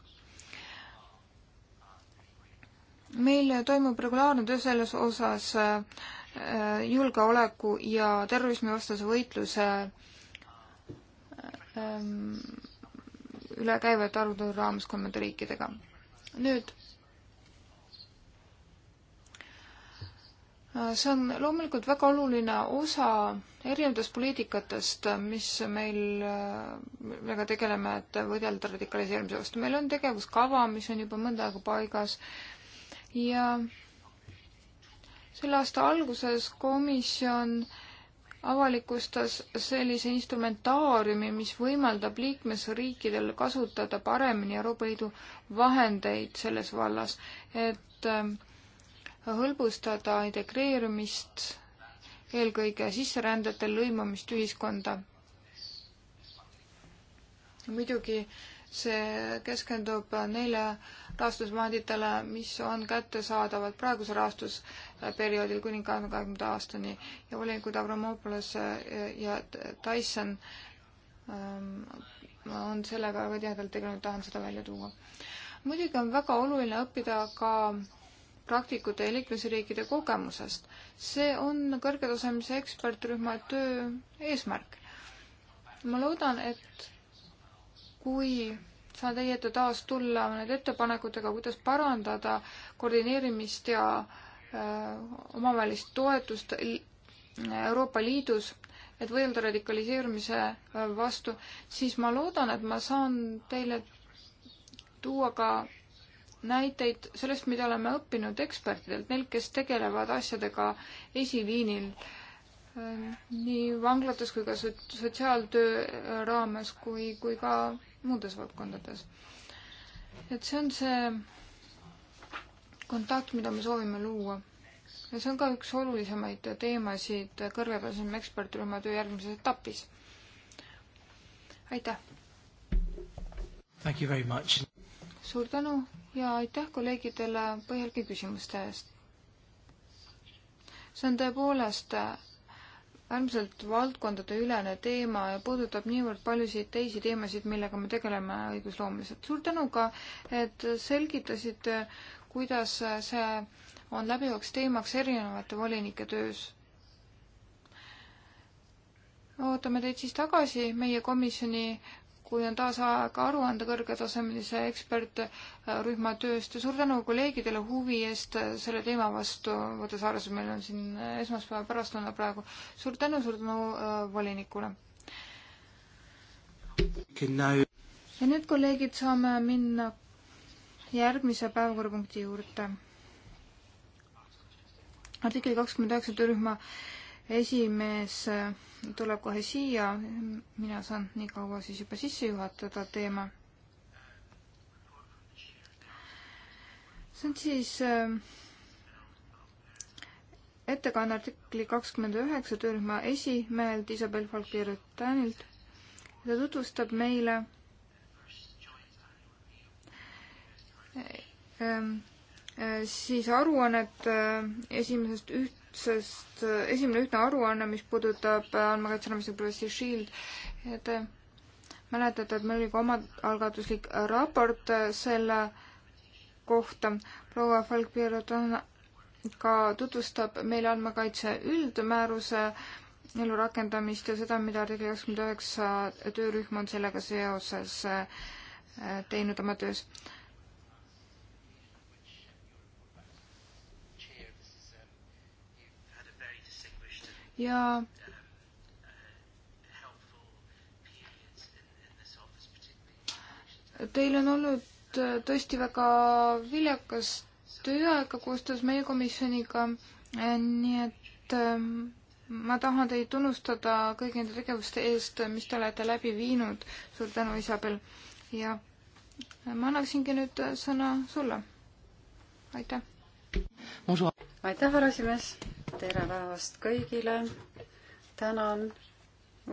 meil toimub regulaarne töö selles osas äh, julgeoleku ja terrorismivastase võitluse äh, üle käivate arutelu raames kolmanda riikidega. nüüd äh, see on loomulikult väga oluline osa erinevatest poliitikatest, mis meil, millega tegeleme, et võidelda radikaliseerimise vastu. meil on tegevuskava, mis on juba mõnda aega paigas, ja selle aasta alguses komisjon avalikustas sellise instrumentaariumi, mis võimaldab liikmesriikidel kasutada paremini Euroopa Liidu vahendeid selles vallas, et ähm, hõlbustada integreerumist, eelkõige sisserändajatel lõimumist ühiskonda. muidugi see keskendub neile rahastusvahenditele, mis on kättesaadavad praeguse rahastusperioodil kuni kahekümne kahekümnenda aastani ja volinikud Avramopolis ja Tyson ähm, on sellega väga tihedalt tegelenud, tahan seda välja tuua. muidugi on väga oluline õppida ka praktikute ja liikmesriikide kogemusest. see on kõrgetasemelise ekspertrühma töö eesmärk. ma loodan, et kui saan teie ette taas tulla nende ettepanekutega, kuidas parandada koordineerimist ja äh, omavahelist toetust Euroopa Liidus, et võidelda radikaliseerumise äh, vastu, siis ma loodan, et ma saan teile tuua ka näiteid sellest, mida oleme õppinud ekspertidelt, neilt, kes tegelevad asjadega esiliinil äh, nii vanglates kui ka sotsiaaltöö raames kui, kui ka muudes valdkondades. et see on see kontakt, mida me soovime luua. ja see on ka üks olulisemaid teemasid kõrgetaseme ekspertrühma töö järgmises etapis. aitäh! suur tänu ja aitäh kolleegidele põhjalike küsimuste eest. see on tõepoolest äärmiselt valdkondadeülene teema ja puudutab niivõrd paljusid teisi teemasid, millega me tegeleme õigusloomeliselt. suur tänu ka, et selgitasite, kuidas see on läbivaks teemaks erinevate volinike töös. ootame teid siis tagasi meie komisjoni kui on taas aeg aru anda kõrgetasemelise ekspertrühma tööst ja suur tänu kolleegidele huvi eest selle teema vastu, võttes arvesse, meil on siin esmaspäeva pärastlõuna praegu. suur tänu, suur tänu äh, volinikule. ja nüüd, kolleegid, saame minna järgmise päevakorrapunkti juurde. artikkel kakskümmend üheksa töörühma äh, esimees tuleb kohe siia, mina saan nii kaua siis juba sisse juhatada teema. see on siis äh, ettekanne artikli kakskümmend üheksa töörühma esimehelt Isabel Falk-Pirutanilt. ta tutvustab meile äh, äh, siis aruannet esimesest üht sest äh, esimene ühtne aruanne, mis puudutab äh, andmekaitse olemise protsessi Shield, te äh, mäletate, et meil oli ka omaalgatuslik raport selle kohta. proua Falk-Pierrot on ka tutvustab meile andmekaitse üldmääruse elu rakendamist ja seda, mida artikli kakskümmend üheksa töörühm on sellega seoses teinud oma töös. ja teil on olnud äh, tõesti väga viljakas tööaega koostöös meie komisjoniga, äh, nii et äh, ma tahan teid tunnustada kõigi nende tegevuste eest, mis te olete läbi viinud. suur tänu, Isabel. ja ma annaksingi nüüd sõna sulle. aitäh. aitäh, härra esimees tere päevast kõigile. tänan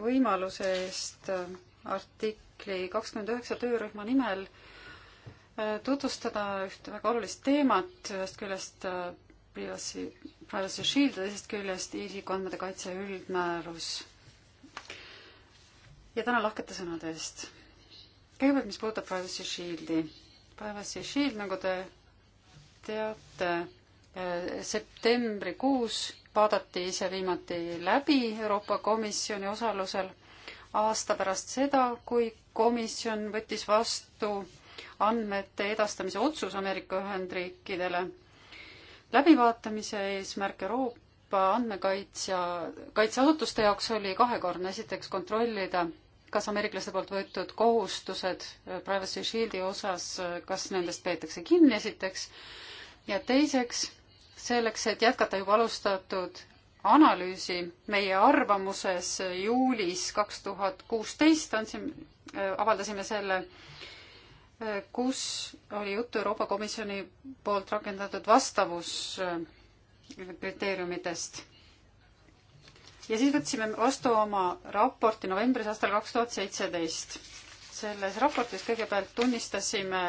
võimaluse eest artikli kakskümmend üheksa töörühma nimel äh, tutvustada ühte väga olulist teemat, ühest küljest äh, privacy, privacy shield ja teisest küljest isikuandmete kaitse üldmäärus. ja tänan lahkete sõnade eest. kõigepealt, mis puudutab privacy shield'i. Privacy shield, nagu te teate, septembrikuus vaadati see viimati läbi Euroopa Komisjoni osalusel aasta pärast seda, kui komisjon võttis vastu andmete edastamise otsus Ameerika Ühendriikidele. läbivaatamise eesmärk Euroopa andmekaitsja, kaitseasutuste jaoks oli kahekordne, esiteks kontrollida, kas ameeriklaste poolt võetud kohustused Privacy Shieldi osas, kas nendest peetakse kinni esiteks ja teiseks selleks, et jätkata juba alustatud analüüsi meie arvamuses juulis kaks tuhat kuusteist andsime, äh, avaldasime selle, äh, kus oli juttu Euroopa Komisjoni poolt rakendatud vastavuskriteeriumidest. Äh, ja siis võtsime vastu oma raporti novembris aastal kaks tuhat seitseteist. selles raportis kõigepealt tunnistasime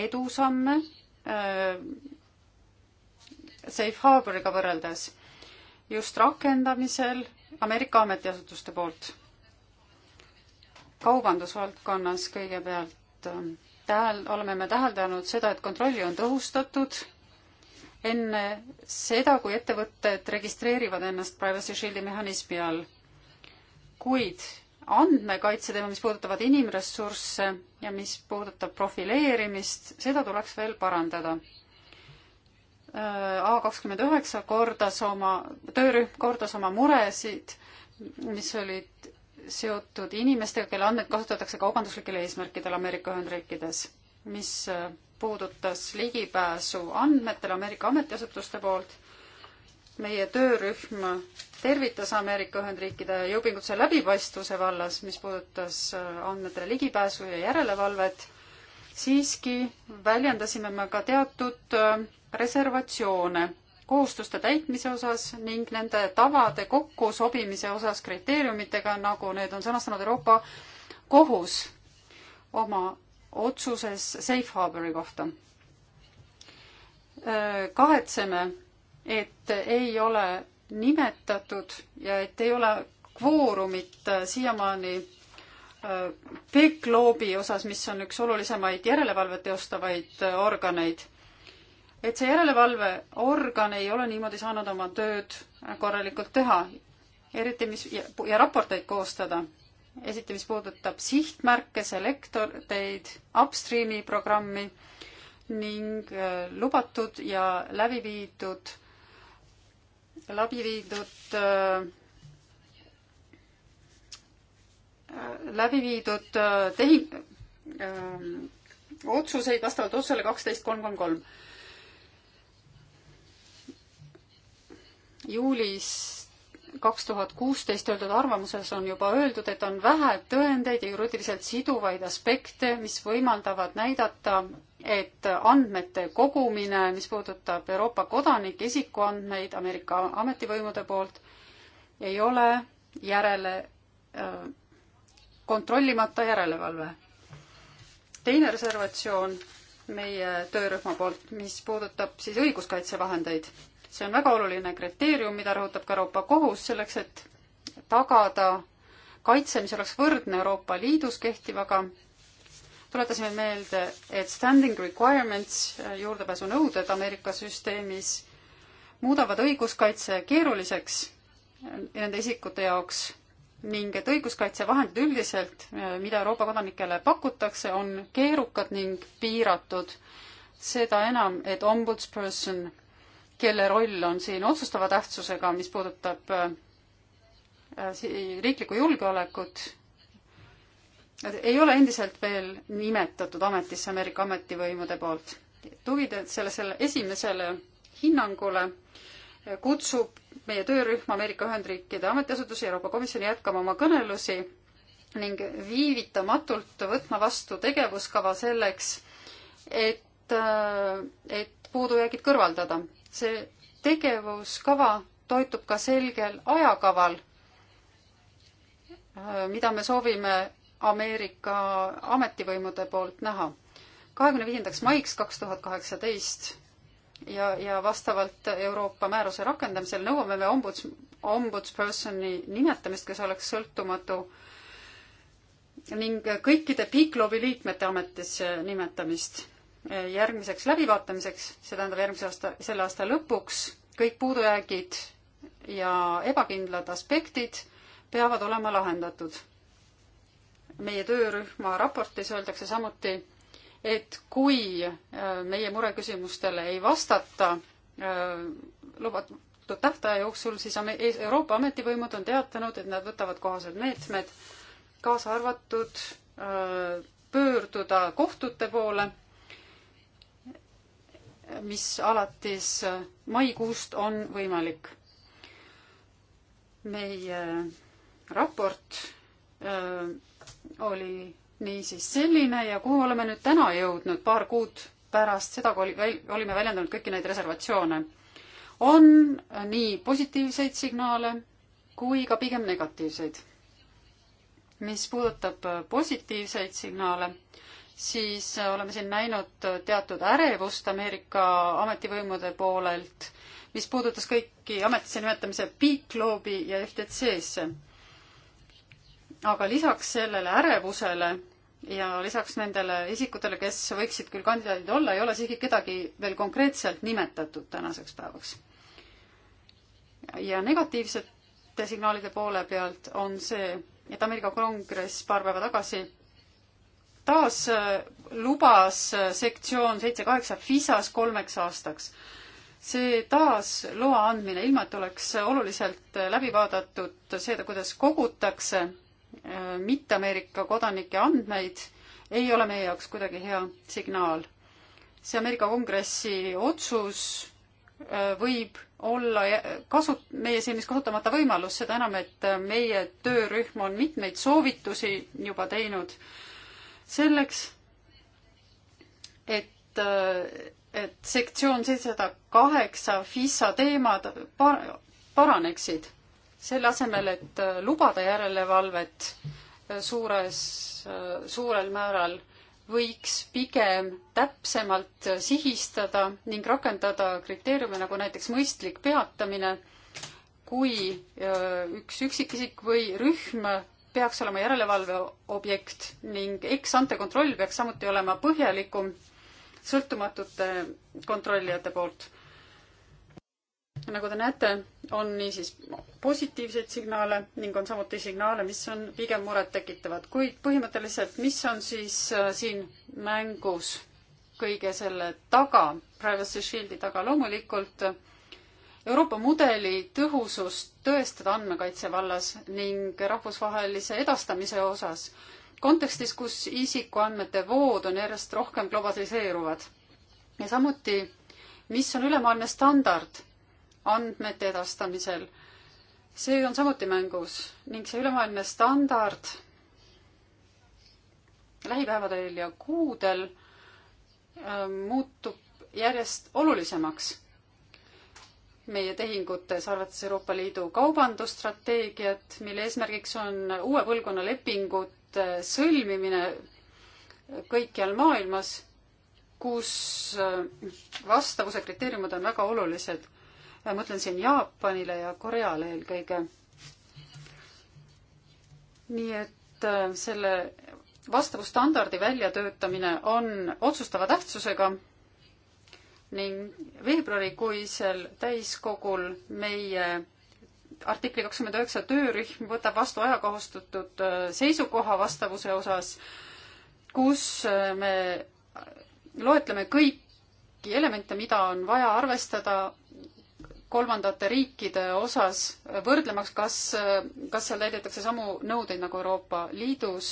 edusamme safe harboriga võrreldes just rakendamisel Ameerika ametiasutuste poolt. kaubandusvaldkonnas kõigepealt ähm, tähel-, oleme me täheldanud seda, et kontrolli on tõhustatud enne seda, kui ettevõtted registreerivad ennast Privacy Shieldi mehhanismi all. kuid andmekaitse teema, mis puudutavad inimressursse ja mis puudutab profileerimist, seda tuleks veel parandada A kakskümmend üheksa kordas oma, töörühm kordas oma muresid, mis olid seotud inimestega, kelle andmeid kasutatakse kaubanduslikel eesmärkidel Ameerika Ühendriikides, mis äh, puudutas ligipääsu andmetele Ameerika ametiasutuste poolt. meie töörühm tervitas Ameerika Ühendriikide jõupingutuse läbipaistvuse vallas, mis puudutas äh, andmetele ligipääsu ja järelevalvet siiski väljendasime me ka teatud äh, reservatsioone kohustuste täitmise osas ning nende tavade kokkusobimise osas kriteeriumitega, nagu need on sõnastanud Euroopa Kohus oma otsuses safe harbori kohta. Äh, kahetseme, et ei ole nimetatud ja et ei ole kvoorumit äh, siiamaani PEC-loobi osas, mis on üks olulisemaid järelevalvet teostavaid organeid. et see järelevalveorgan ei ole niimoodi saanud oma tööd korralikult teha, eriti mis, ja raporteid koostada. esiti, mis puudutab sihtmärke, selektoreid, upstream'i programmi ning äh, lubatud ja läbi viidud, läbi viidud äh, läbi viidud äh, tehing, äh, otsuseid vastavalt otsusele kaksteist kolm kolm kolm. juulis kaks tuhat kuusteist öeldud arvamuses on juba öeldud, et on vähe tõendeid ja juriidiliselt siduvaid aspekte, mis võimaldavad näidata, et andmete kogumine, mis puudutab Euroopa kodanike isikuandmeid Ameerika ametivõimude poolt, ei ole järele äh, kontrollimata järelevalve. teine reservatsioon meie töörühma poolt, mis puudutab siis õiguskaitsevahendeid. see on väga oluline kriteerium, mida rõhutab ka Euroopa Kohus selleks, et tagada kaitse, mis oleks võrdne Euroopa Liidus kehtivaga. tuletasime meelde, et standing requirements, juurdepääsunõuded Ameerika süsteemis muudavad õiguskaitse keeruliseks nende isikute jaoks ning et õiguskaitsevahendid üldiselt, mida Euroopa kodanikele pakutakse, on keerukad ning piiratud. seda enam, et ombudsperson, kelle roll on siin otsustava tähtsusega, mis puudutab äh, riiklikku julgeolekut, ei ole endiselt veel nimetatud ametisse Ameerika ametivõimude poolt. tugides selle, selle esimesele hinnangule äh, kutsub meie töörühm Ameerika Ühendriikide ametiasutusi Euroopa Komisjoni jätkama oma kõnelusi ning viivitamatult võtma vastu tegevuskava selleks, et, äh, et puudujäägid kõrvaldada. see tegevuskava toitub ka selgel ajakaval, äh, mida me soovime Ameerika ametivõimude poolt näha. kahekümne viiendaks maiks kaks tuhat kaheksateist ja, ja vastavalt Euroopa määruse rakendamisel nõuame me ombuds, ombudspersoni nimetamist, kes oleks sõltumatu ning kõikide Biglobi liikmete ametisse nimetamist järgmiseks läbivaatamiseks, see tähendab järgmise aasta, selle aasta lõpuks, kõik puudujäägid ja ebakindlad aspektid peavad olema lahendatud. meie töörühma raportis öeldakse samuti, et kui äh, meie mureküsimustele ei vastata äh, lubatud tähtaja jooksul, siis Euroopa ametivõimud on teatanud, et nad võtavad kohased meetmed, kaasa arvatud äh, pöörduda kohtute poole, mis alates maikuust on võimalik. meie raport öö, oli niisiis selline ja kuhu oleme nüüd täna jõudnud paar kuud pärast seda, kui oli, olime väljendanud kõiki neid reservatsioone, on nii positiivseid signaale kui ka pigem negatiivseid. mis puudutab positiivseid signaale, siis oleme siin näinud teatud ärevust Ameerika ametivõimude poolelt, mis puudutas kõiki ametisse nimetamise Big-Globe'i ja FTC-sse. aga lisaks sellele ärevusele ja lisaks nendele isikutele, kes võiksid küll kandidaadid olla, ei ole isegi kedagi veel konkreetselt nimetatud tänaseks päevaks. ja negatiivsete signaalide poole pealt on see, et Ameerika Kongress paar päeva tagasi taas äh, lubas äh, sektsioon seitse kaheksa FISAs kolmeks aastaks. see taas loa andmine, ilma et oleks äh, oluliselt läbi vaadatud seda, kuidas kogutakse Äh, mitte-Ameerika kodanike andmeid, ei ole meie jaoks kuidagi hea signaal. see Ameerika Kongressi otsus äh, võib olla kasu-, meie silmis kasutamata võimalus, seda enam, et äh, meie töörühm on mitmeid soovitusi juba teinud selleks, et, et sektsioon seitsesada kaheksa FISA teemad paraneksid selle asemel, et äh, lubada järelevalvet äh, suures, äh, suurel määral, võiks pigem täpsemalt sihistada ning rakendada kriteeriume, nagu näiteks mõistlik peatamine, kui üks üksikisik või rühm peaks olema järelevalve objekt ning eksante kontroll peaks samuti olema põhjalikum sõltumatute kontrollijate poolt nagu te näete, on niisiis positiivseid signaale ning on samuti signaale, mis on pigem murettekitavad, kuid põhimõtteliselt, mis on siis äh, siin mängus kõige selle taga, Privacy Shieldi taga, loomulikult äh, Euroopa mudeli tõhusust tõestada andmekaitse vallas ning rahvusvahelise edastamise osas, kontekstis, kus isikuandmete vood on järjest rohkem globaliseeruvad. ja samuti, mis on ülemaailmne standard andmete edastamisel. see on samuti mängus ning see ülemaailmne standard lähipäevadel ja kuudel ähm, muutub järjest olulisemaks meie tehingutes, arvates Euroopa Liidu kaubandusstrateegiat, mille eesmärgiks on uue põlvkonna lepingute sõlmimine kõikjal maailmas, kus äh, vastavuse kriteeriumid on väga olulised mõtlen siin Jaapanile ja Koreale eelkõige. nii et äh, selle vastavusstandardi väljatöötamine on otsustava tähtsusega ning veebruarikuisel täiskogul meie artikli kakskümmend üheksa töörühm võtab vastu ajakohustatud äh, seisukoha vastavuse osas, kus äh, me loetleme kõiki elemente, mida on vaja arvestada kolmandate riikide osas, võrdlemaks, kas, kas seal täidetakse samu nõudeid nagu Euroopa Liidus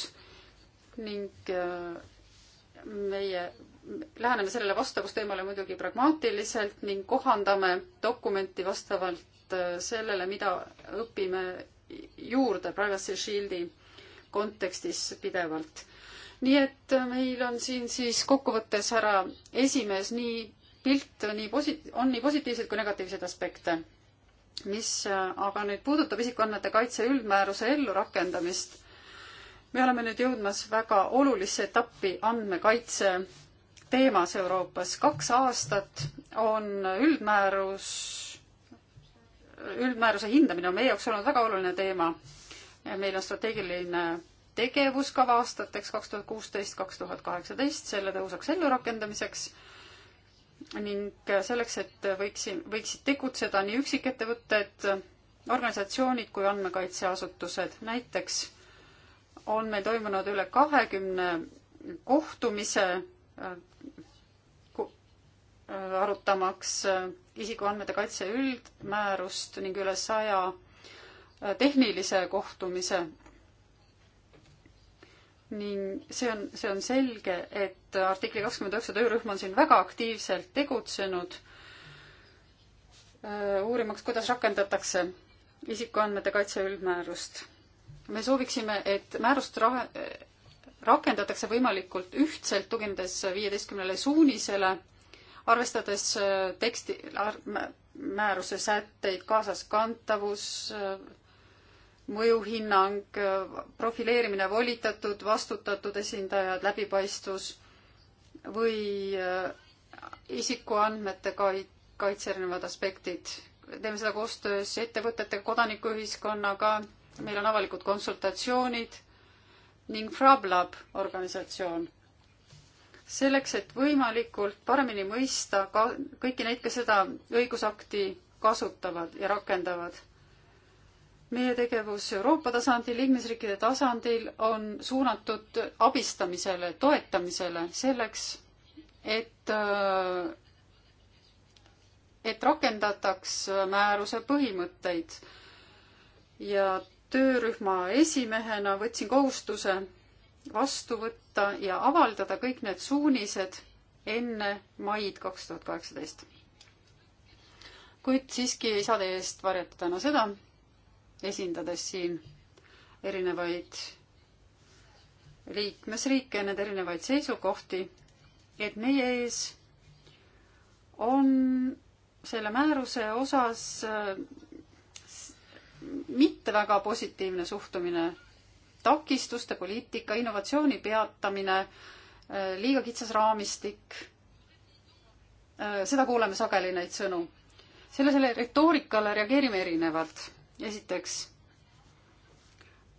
ning äh, meie läheneme sellele vastavusteemale muidugi pragmaatiliselt ning kohandame dokumenti vastavalt äh, sellele, mida õpime juurde Privacy Shieldi kontekstis pidevalt. nii et meil on siin siis kokkuvõttes, härra esimees, nii pilt on nii posi-, on nii positiivseid kui negatiivseid aspekte. mis äh, aga nüüd puudutab isikuandmete kaitse üldmääruse ellurakendamist, me oleme nüüd jõudmas väga olulisse etappi andmekaitse teemas Euroopas. kaks aastat on üldmäärus, üldmääruse hindamine on meie jaoks olnud väga oluline teema. meil on strateegiline tegevuskava aastateks kaks tuhat kuusteist, kaks tuhat kaheksateist selle tõhusaks ellurakendamiseks ning selleks, et võiksin, võiksid tegutseda nii üksikettevõtted, organisatsioonid kui andmekaitseasutused. näiteks on meil toimunud üle kahekümne kohtumise äh, äh, arutamaks äh, isikuandmete kaitse üldmäärust ning üle saja tehnilise kohtumise ning see on, see on selge, et artikli kakskümmend üheksa töörühm on siin väga aktiivselt tegutsenud, äh, uurimaks, kuidas rakendatakse isikuandmete kaitse üldmäärust. me sooviksime, et määrust ra-, rakendatakse võimalikult ühtselt, tuginedes viieteistkümnele suunisele, arvestades äh, teksti, määruse sätteid, kaasaskantavus, äh, mõjuhinnang, profileerimine, volitatud, vastutatud esindajad, läbipaistvus või äh, isikuandmete kait-, kaitse erinevad aspektid. teeme seda koostöös ettevõtetega, kodanikuühiskonnaga, meil on avalikud konsultatsioonid ning FrabLab organisatsioon. selleks, et võimalikult paremini mõista ka kõiki neid, kes seda õigusakti kasutavad ja rakendavad meie tegevus Euroopa tasandil, liikmesriikide tasandil on suunatud abistamisele, toetamisele selleks, et, äh, et rakendataks määruse põhimõtteid. ja töörühma esimehena võtsin kohustuse vastu võtta ja avaldada kõik need suunised enne maid kaks tuhat kaheksateist. kuid siiski ei saa teie eest varjata täna seda, esindades siin erinevaid liikmesriike ja nende erinevaid seisukohti, et meie ees on selle määruse osas äh, mitte väga positiivne suhtumine, takistuste poliitika, innovatsiooni peatamine, äh, liiga kitsas raamistik, äh, seda kuuleme sageli, neid sõnu. sellele retoorikale reageerime erinevalt esiteks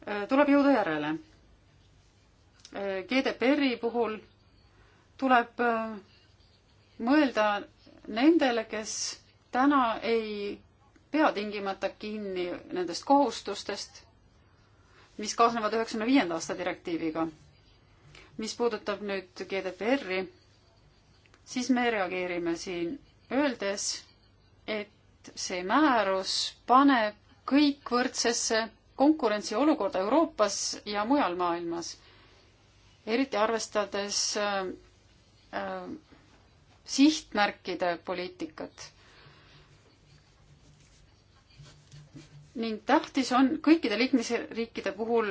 äh, tuleb jõuda järele. Äh, GDPR-i puhul tuleb äh, mõelda nendele, kes täna ei pea tingimata kinni nendest kohustustest, mis kaasnevad üheksakümne viienda aasta direktiiviga. mis puudutab nüüd GDPR-i, siis me reageerime siin öeldes, et see määrus paneb kõik võrdsesse konkurentsiolukorda Euroopas ja mujal maailmas, eriti arvestades äh, äh, sihtmärkide poliitikat. ning tähtis on kõikide liikmesriikide puhul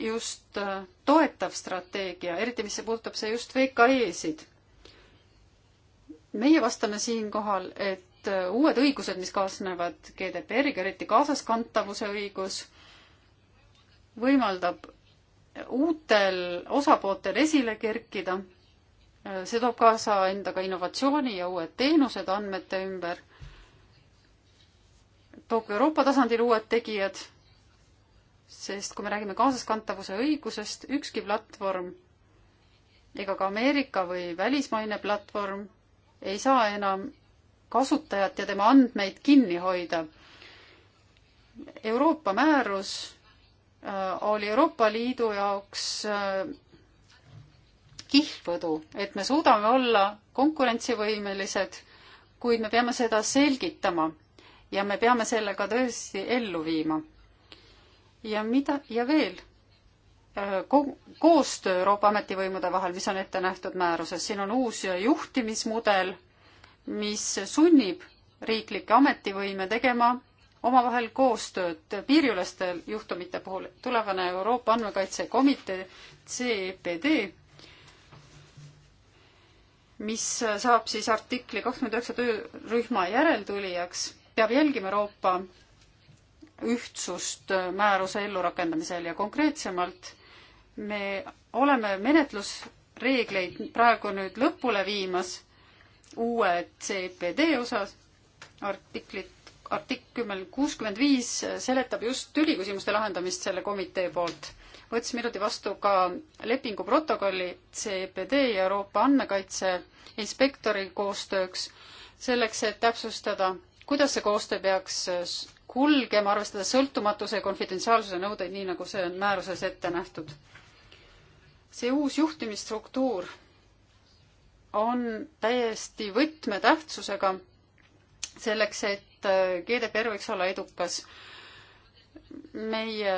just äh, toetav strateegia, eriti mis see puudutab, see just VKE-sid meie vastame siinkohal, et need äh, uued õigused, mis kaasnevad GDPR-iga, eriti kaasaskantavuse õigus, võimaldab uutel osapooltel esile kerkida. Äh, see toob kaasa endaga innovatsiooni ja uued teenused andmete ümber. toob ka Euroopa tasandil uued tegijad, sest kui me räägime kaasaskantavuse õigusest, ükski platvorm ega ka Ameerika või välismaine platvorm ei saa enam kasutajat ja tema andmeid kinni hoida. Euroopa määrus äh, oli Euroopa Liidu jaoks äh, kihlvõdu, et me suudame olla konkurentsivõimelised, kuid me peame seda selgitama ja me peame selle ka tõesti ellu viima. ja mida, ja veel äh, Ko, koostöö Euroopa ametivõimude vahel, mis on ette nähtud määruses, siin on uus juhtimismudel mis sunnib riiklikke ametivõime tegema omavahel koostööd piiriüleste juhtumite puhul. tulevane Euroopa Andmekaitsekomitee CEPD, mis saab siis artikli kakskümmend üheksa töörühma järeltulijaks, peab jälgima Euroopa ühtsust määruse ellurakendamisel ja konkreetsemalt me oleme menetlusreegleid praegu nüüd lõpule viimas uue CPD osas. artiklit, artikkel kuuskümmend viis seletab just tüliküsimuste lahendamist selle komitee poolt. võtsime hiljuti vastu ka lepingu protokolli CPD ja Euroopa andmekaitse inspektori koostööks, selleks et täpsustada, kuidas see koostöö peaks kulgema, arvestades sõltumatuse ja konfidentsiaalsuse nõudeid, nii nagu see on määruses ette nähtud. see uus juhtimisstruktuur on täiesti võtmetähtsusega selleks, et äh, GDPR võiks olla edukas. meie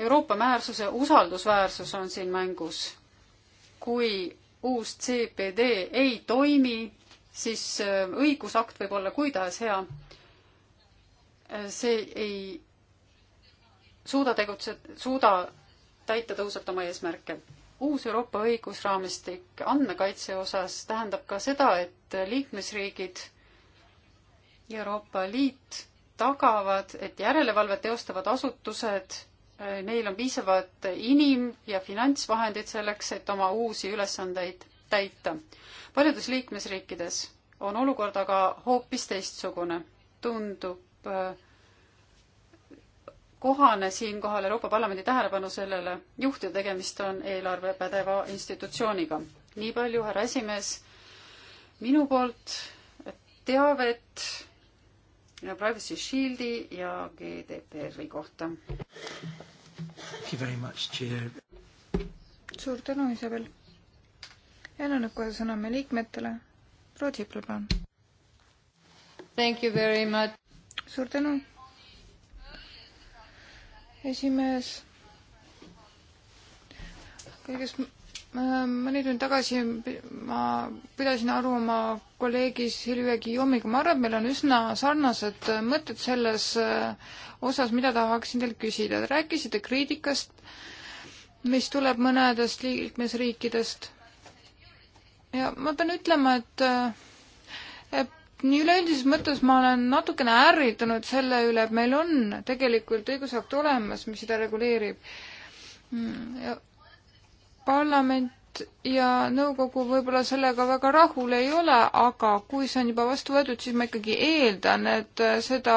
Euroopa määrsuse usaldusväärsus on siin mängus. kui uus CPD ei toimi, siis äh, õigusakt võib olla kuidas hea. Äh, see ei suuda tegutseda, suuda täita tõusvat oma eesmärke uus Euroopa õigusraamistik andmekaitse osas tähendab ka seda, et liikmesriigid ja Euroopa Liit tagavad, et järelevalvet teostavad asutused, eh, neil on piisavad inim- ja finantsvahendid selleks, et oma uusi ülesandeid täita. paljudes liikmesriikides on olukord aga hoopis teistsugune. tundub äh, kohane siinkohal Euroopa Parlamendi tähelepanu sellele juhtida, tegemist on eelarve pädeva institutsiooniga. nii palju, härra esimees, minu poolt teavet ja Privacy Shieldi ja GDPR-i kohta. suur tänu, Isabel. ja annab kohe sõna meie liikmetele. Rootsi, palun. suur tänu esimees. kõigest, äh, mõni tund tagasi ma pidasin aru oma kolleegis Silvia Guillaume'iga, ma arvan, et meil on üsna sarnased äh, mõtted selles äh, osas, mida tahaksin teilt küsida. rääkisite kriitikast, mis tuleb mõnedest liikmesriikidest. ja ma pean ütlema, et nii üleüldises mõttes ma olen natukene ärritunud selle üle, et meil on tegelikult õigusakt olemas, mis seda reguleerib. Mm, parlament ja nõukogu võib-olla sellega väga rahul ei ole, aga kui see on juba vastu võetud, siis ma ikkagi eeldan, et seda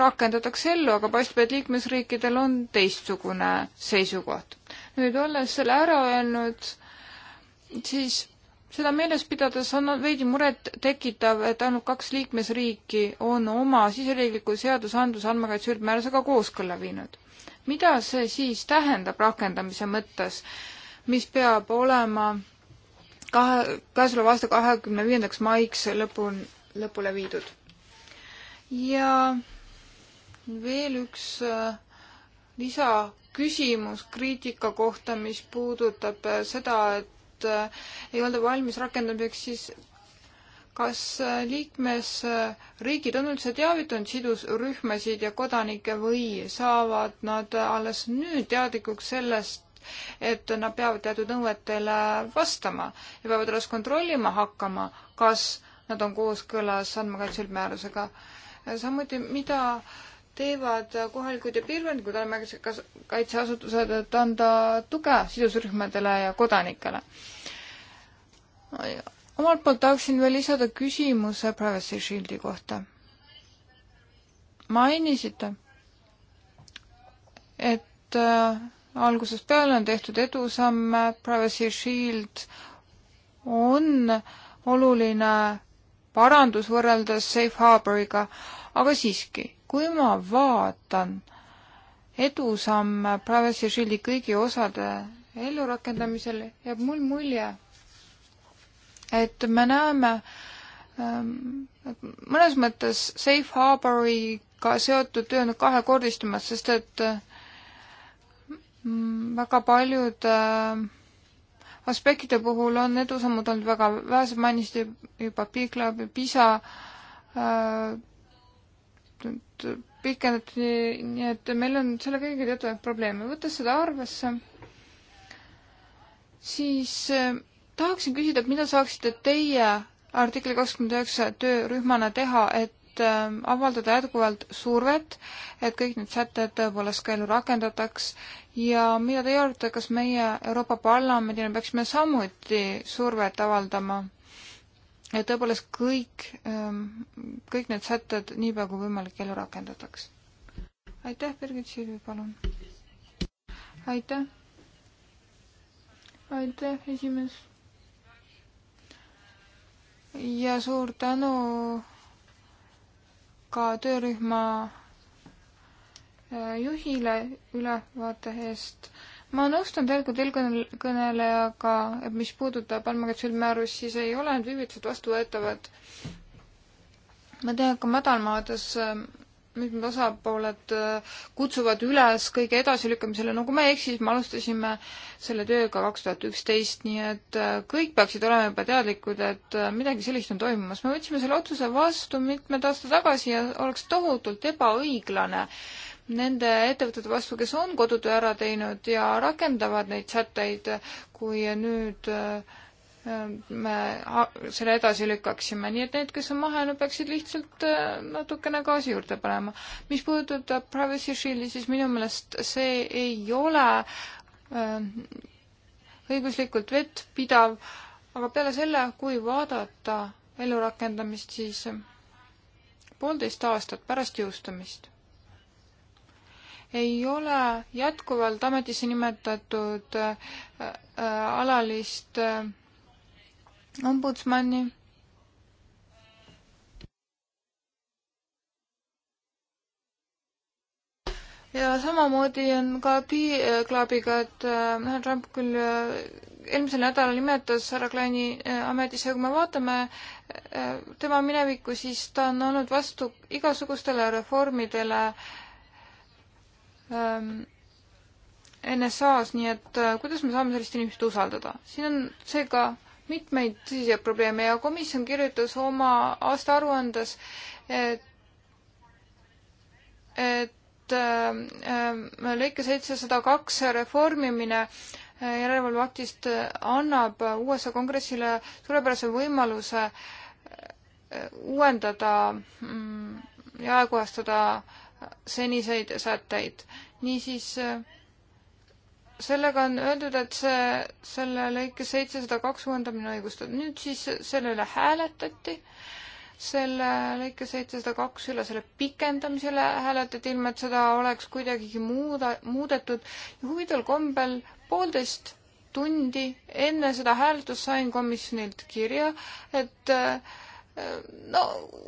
rakendatakse ellu, aga paistab, et liikmesriikidel on teistsugune seisukoht. nüüd olles selle ära öelnud, siis seda meeles pidades on veidi muret tekitav, et ainult kaks liikmesriiki on oma siseriikliku seadusandluse andmekaitse üldmäärusega kooskõlla viinud. mida see siis tähendab rakendamise mõttes, mis peab olema kahe, käesoleva aasta kahekümne viiendaks maiks lõpu, lõpule viidud? ja veel üks äh, lisaküsimus kriitika kohta, mis puudutab äh, seda, et Äh, ei olda valmis rakendamiseks, siis kas äh, liikmesriigid äh, on üldse teavitanud sidusrühmasid ja kodanikke või saavad nad alles nüüd teadlikuks sellest, et nad peavad teatud nõuetele vastama ja peavad alles kontrollima hakkama, kas nad on kooskõlas andmekaitse üldmäärusega. samuti, mida äh, teevad kohalikud ja piirkondlikud andmekaitseasutused, et anda tuge sidusrühmadele ja kodanikele. omalt poolt tahaksin veel lisada küsimuse Privacy Shieldi kohta. mainisite, et äh, algusest peale on tehtud edusamme, Privacy Shield on oluline parandus võrreldes Safe Harboriga, aga siiski kui ma vaatan edusamme Privacy Shieldi kõigi osade ellurakendamisel, jääb mul mulje, et me näeme et ähm, mõnes mõttes safe harboriga seotud töö on kahekordistumas, sest et mm, väga paljude ähm, aspektide puhul on edusammud olnud väga vähesed, mainisite juba Big Labi, PISA äh, nüüd pikendatud, nii et meil on selle kõigega teatavaid probleeme. võttes seda arvesse, siis äh, tahaksin küsida, et mida saaksite teie artikli kakskümmend üheksa töörühmana teha, et ähm, avaldada jätkuvalt survet, et kõik need sätted tõepoolest ka ellu rakendataks ja mida teie arvate, kas meie Euroopa Parlamendina peaksime samuti survet avaldama? et tõepoolest kõik, ähm, kõik need sätted niipea kui võimalik ellu rakendataks. aitäh, Birgit Silvi, palun. aitäh. aitäh, esimees. ja suur tänu ka töörühma äh, juhile ülevaate eest ma nõustun tegelikult eelkõnelejaga, et mis puudutab andmekaitse üldmäärust, siis ei ole need viivitused vastuvõetavad. ma tean, et ka madalmaades äh, mitmed osapooled äh, kutsuvad üles kõige edasilükkamisele, no kui ma ei eksi, siis me alustasime selle tööga kaks tuhat üksteist, nii et äh, kõik peaksid olema juba teadlikud, et midagi sellist on toimumas. me võtsime selle otsuse vastu mitmed aastad tagasi ja oleks tohutult ebaõiglane äh, nende ettevõtete vastu, kes on kodutöö ära teinud ja rakendavad neid sätteid, kui nüüd äh, me selle edasi lükkaksime, nii et need, kes on maha jäänud, peaksid lihtsalt äh, natukene gaasi juurde panema. mis puudutab Privacy Shieldi, siis minu meelest see ei ole äh, õiguslikult vettpidav, aga peale selle, kui vaadata ellurakendamist, siis poolteist aastat pärast jõustumist ei ole jätkuvalt ametisse nimetatud äh, äh, alalist äh, ombudsmani ja samamoodi on ka P-klubiga, et äh, Trump küll äh, eelmisel nädalal nimetas härra Kleini äh, ametisse, kui me vaatame äh, tema minevikku, siis ta on olnud vastu igasugustele reformidele äh, Ähm, NSA-s, nii et äh, kuidas me saame sellist inimest usaldada? siin on seega mitmeid tõsiseid probleeme ja komisjon kirjutas oma aastaaruandes, et, et äh, äh lõike seitsesada kaks reformimine äh, järelevalveaktist annab USA kongressile suurepärase võimaluse uuendada mm, ja ajakohastada äh, seniseid sätteid. niisiis äh, sellega on öeldud, et see, selle lõike seitsesada kakskümmend on minu õigustatud. nüüd siis selle üle hääletati, selle lõike seitsesada kaks üle, selle pikendamise üle hääletati, ilma et seda oleks kuidagigi muuda, muudetud. huvitaval kombel poolteist tundi enne seda hääletust sain komisjonilt kirja, et äh, no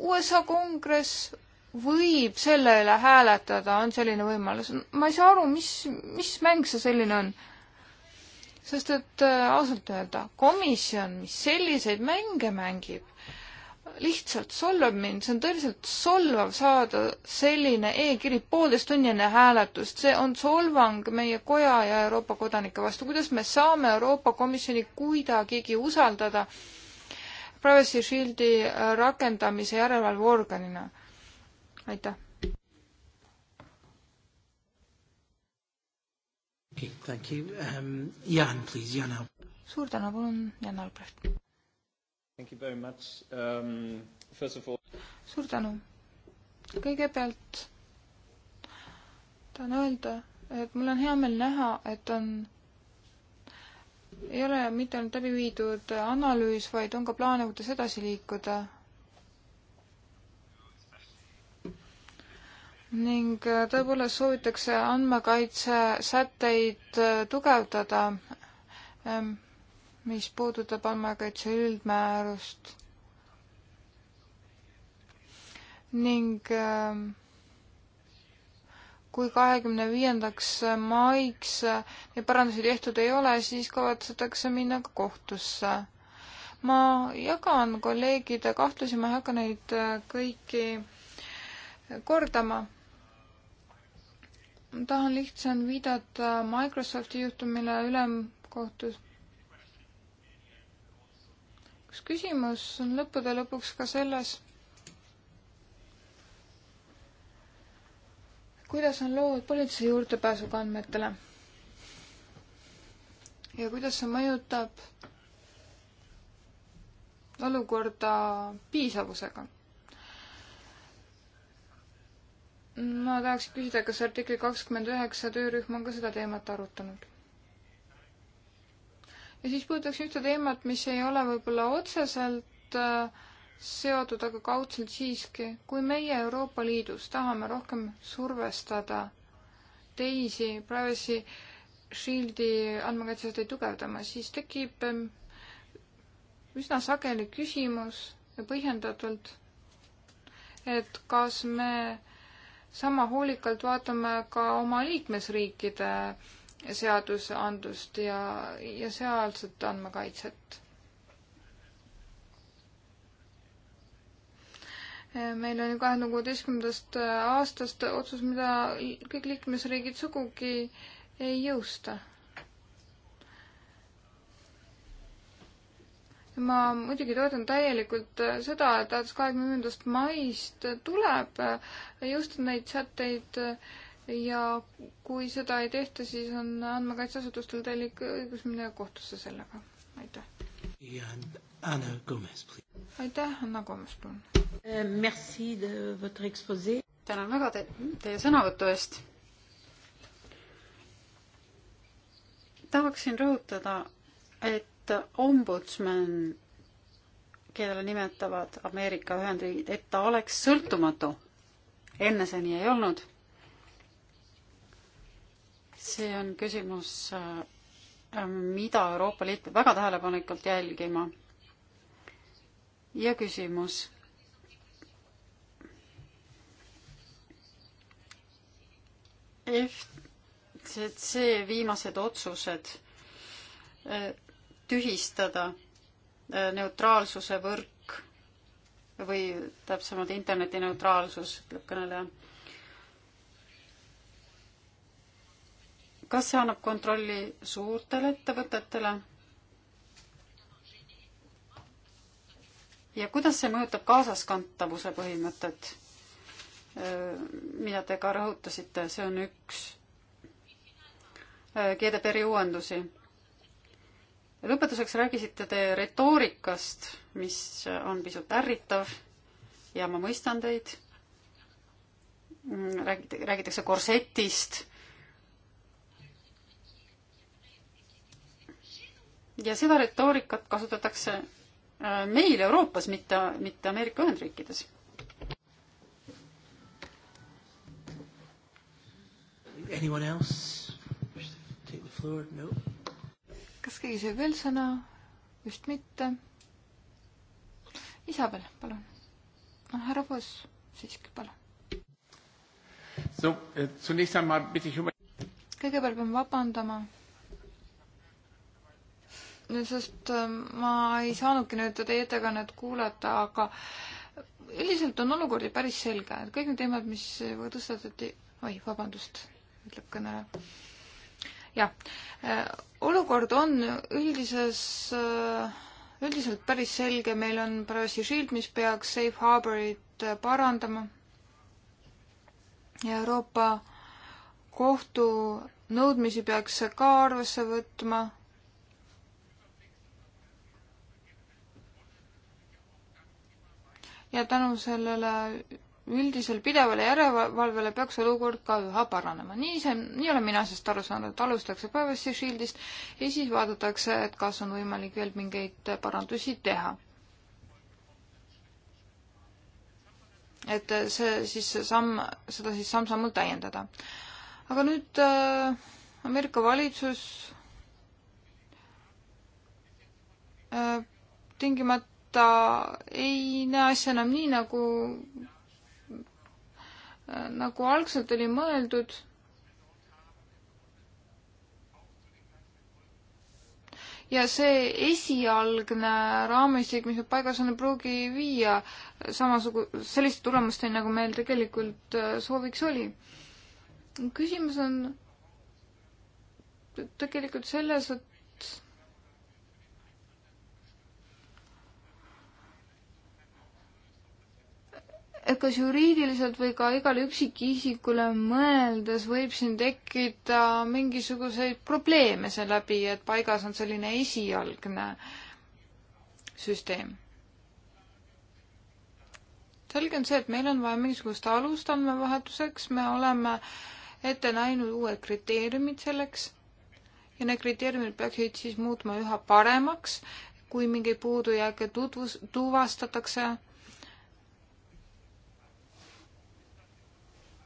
USA kongress võib selle üle hääletada, on selline võimalus. ma ei saa aru, mis, mis mäng see selline on. sest et äh, ausalt öelda, komisjon, mis selliseid mänge mängib, lihtsalt solvab mind, see on tõeliselt solvav saada selline e-kiri poolteist tunni enne hääletust, see on solvang meie koja ja Euroopa kodanike vastu, kuidas me saame Euroopa Komisjoni kuidagigi usaldada Privacy Shieldi äh, rakendamise järelevalveorganina aitäh. Thank you. Um, Jan, please, Jan Al-. suur tänu, palun, Jan Albrecht. Thank you very much um,. First of all. suur tänu. kõigepealt tahan öelda, et mul on hea meel näha, et on, ei ole mitte ainult läbi viidud analüüs, vaid on ka plaane, kuidas edasi liikuda ning äh, tõepoolest soovitakse andmekaitsesätteid äh, tugevdada, ähm, mis puudutab andmekaitse üldmäärust. ning ähm, kui kahekümne viiendaks maiks äh, neid parandusi tehtud ei ole, siis kavatsetakse minna ka kohtusse. ma jagan kolleegide kahtlusi, ma ei hakka neid kõiki kordama tahan lihtsalt viidata Microsofti juhtumile ülemkohtus kas küsimus on lõppude lõpuks ka selles, kuidas on lood politsei juurdepääsuga andmetele? ja kuidas see mõjutab olukorda piisavusega? ma tahaks küsida, kas artikli kakskümmend üheksa töörühm on ka seda teemat arutanud? ja siis puudutaks ühte teemat, mis ei ole võib-olla otseselt äh, seotud, aga kaudselt siiski. kui meie Euroopa Liidus tahame rohkem survestada teisi Privacy Shieldi andmekaitseseadeid tugevdama, siis tekib ähm, üsna sageli küsimus ja põhjendatult, et kas me sama hoolikalt vaatame ka oma liikmesriikide seadusandlust ja, ja sealset andmekaitset meil on ju kahe tuhande kuueteistkümnendast aastast otsus, mida kõik liikmesriigid sugugi ei jõusta. ma muidugi toetan täielikult seda, et alates kahekümnendast maist tuleb jõustada neid sätteid ja kui seda ei tehta, siis on andmekaitseasutustel täielik õigus minna kohtusse sellega. aitäh. Anna Gomes, aitäh, Anna Gomes, palun. Eh, merci de votre expose. tänan väga te teie sõnavõtu eest. tahaksin rõhutada, et et ombudsman, kellele nimetavad Ameerika Ühendriigid, et ta oleks sõltumatu. enne see nii ei olnud. see on küsimus, äh, mida Euroopa Liit peab väga tähelepanelikult jälgima. ja küsimus FCC viimased otsused äh, tühistada äh, neutraalsuse võrk või täpsemalt interneti neutraalsus, ütleb kõneleja. kas see annab kontrolli suurtele ettevõtetele? ja kuidas see mõjutab kaasaskantavuse põhimõtet, äh, mida te ka rõhutasite, see on üks GDPR-i äh, uuendusi lõpetuseks rääkisite te retoorikast, mis on pisut ärritav ja ma mõistan teid. Mm, räägite, räägitakse korsetist. ja seda retoorikat kasutatakse äh, meil Euroopas, mitte, mitte Ameerika Ühendriikides. Anyone else wish to take the floor? No kas keegi soovib veel sõna? vist mitte. Isabel, palun. härra Voss siiski, palun. Äh, um- kõigepealt pean vabandama, sest äh, ma ei saanudki nüüd teie ettekannet kuulata, aga üldiselt on olukord ju päris selge, et kõik need teemad, mis tõstatati, oi, vabandust, ütleb kõneleja jah, äh, olukord on üldises, äh, üldiselt päris selge, meil on parajasti Shield, mis peaks Safe Harborit äh, parandama ja Euroopa kohtu nõudmisi peaks ka arvesse võtma ja tänu sellele üldisel pidevale järelevalvele peaks olukord ka üha paranema. nii see, nii olen mina sellest aru saanud, et alustatakse Privacy Shieldist ja siis vaadatakse, et kas on võimalik veel mingeid parandusi teha. et see siis samm, seda siis samm-sammult täiendada. aga nüüd äh, Ameerika valitsus äh, tingimata ei näe asja enam nii, nagu Äh, nagu algselt oli mõeldud. ja see esialgne raamistik, mis nüüd paigas on, ei pruugi viia samasugu-, selliste tulemusteni, nagu meil tegelikult äh, sooviks oli. küsimus on tegelikult selles, et et kas juriidiliselt või ka igale üksikisikule mõeldes võib siin tekkida mingisuguseid probleeme seeläbi, et paigas on selline esialgne süsteem. selge on see, et meil on vaja mingisugust alust andmevahetuseks, me oleme ette näinud uued kriteeriumid selleks ja need kriteeriumid peaksid siis muutma üha paremaks, kui mingeid puudujääke tutvus, tuvastatakse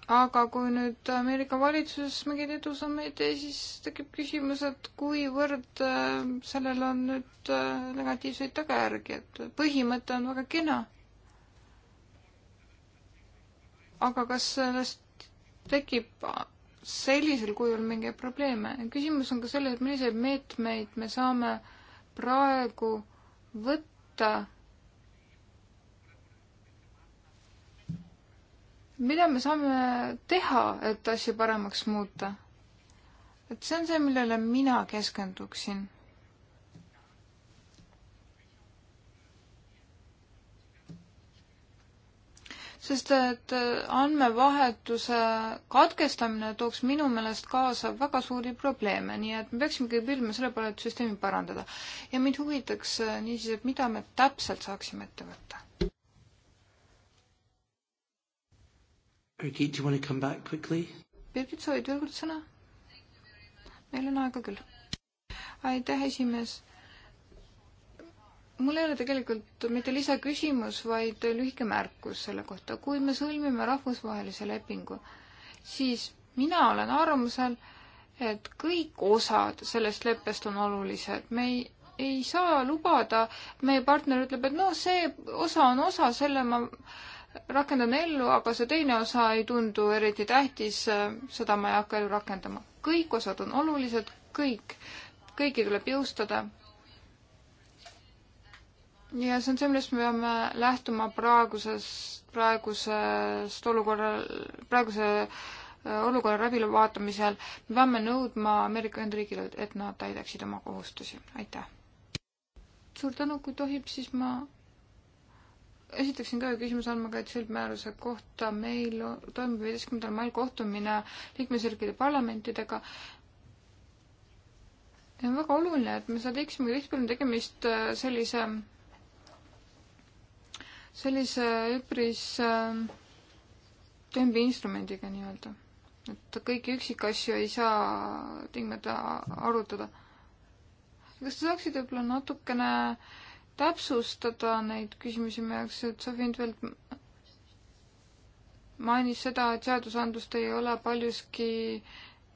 aga kui nüüd Ameerika valitsuses mingeid edusamme ei tee, siis tekib küsimus, et kuivõrd äh, sellel on nüüd äh, negatiivseid tagajärgi, et põhimõte on väga kena. aga kas sellest tekib sellisel kujul mingeid probleeme? küsimus on ka selles, milliseid meetmeid me saame praegu võtta mida me saame teha, et asju paremaks muuta? et see on see, millele mina keskenduksin sest et äh, andmevahetuse katkestamine tooks minu meelest kaasa väga suuri probleeme, nii et me peaksime ikkagi püüdma selle poole, et süsteemi parandada. ja mind huvitaks äh, niisiis, et mida me täpselt saaksime ette võtta. Birgit, do you want to come back quickly? Birgit, soovid veel kord sõna? meil on aega küll. aitäh, esimees. mul ei ole tegelikult mitte lisaküsimus, vaid lühike märkus selle kohta. kui me sõlmime rahvusvahelise lepingu, siis mina olen arvamusel, et kõik osad sellest leppest on olulised. me ei, ei saa lubada, meie partner ütleb, et no see osa on osa, selle ma rakendan ellu, aga see teine osa ei tundu eriti tähtis, seda ma ei hakka ellu rakendama. kõik osad on olulised, kõik, kõiki tuleb jõustada. ja see on see, millest me peame lähtuma praegusest, praegusest olukorra, praeguse äh, olukorra läbivaatamisel. me peame nõudma Ameerika Ühendriigile, et nad täidaksid oma kohustusi. aitäh! suur tänu, kui tohib, siis ma esitaksin ka küsimuse andmekaitse üldmääruse kohta. meil toimub viieteistkümnendal mail kohtumine liikmesriikide parlamentidega. ja on väga oluline, et me seda teeksime, tihtipeale on tegemist äh, sellise, sellise üpris äh, tõmbeinstrumendiga nii-öelda. et kõiki üksikasju ei saa tingimata arutada. kas te saaksite võib-olla natukene äh, täpsustada neid küsimusi minu jaoks, et Sofi Intvelt mainis seda, et seadusandlust ei ole paljuski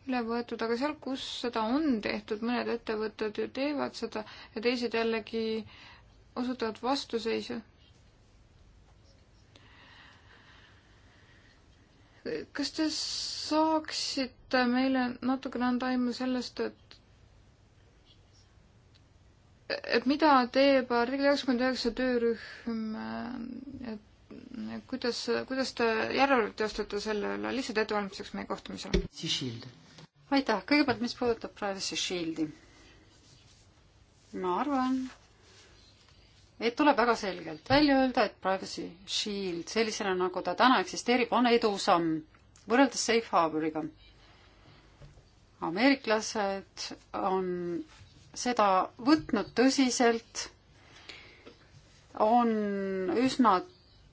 üle võetud, aga seal, kus seda on tehtud, mõned ettevõtted ju teevad seda ja teised jällegi osutavad vastuseisu. kas te saaksite meile natukene anda aimu sellest, et et mida teeb artikli kakskümmend üheksa töörühm, et kuidas, kuidas te järelevalvet teostate selle üle, lihtsalt ettevalmistuseks meie kohtumisele? aitäh, kõigepealt, mis puudutab Privacy Shieldi. ma arvan, et tuleb väga selgelt välja öelda, et Privacy Shield sellisena, nagu ta täna eksisteerib, on edusamm võrreldes Safe Harboriga. ameeriklased on seda võtnud tõsiselt, on üsna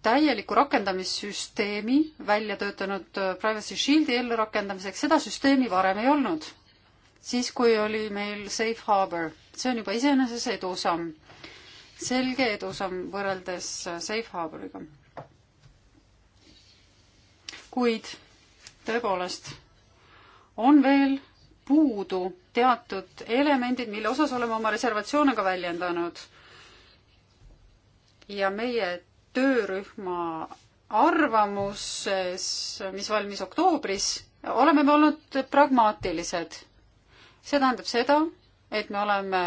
täieliku rakendamissüsteemi välja töötanud Privacy Shieldi ellurakendamiseks, seda süsteemi varem ei olnud. siis, kui oli meil Safe Harbor, see on juba iseenesest edusamm, selge edusamm võrreldes Safe Harboriga. kuid tõepoolest on veel puudu teatud elemendid, mille osas oleme oma reservatsioone ka väljendanud. ja meie töörühma arvamuses, mis valmis oktoobris, oleme me olnud pragmaatilised. see tähendab seda, et me oleme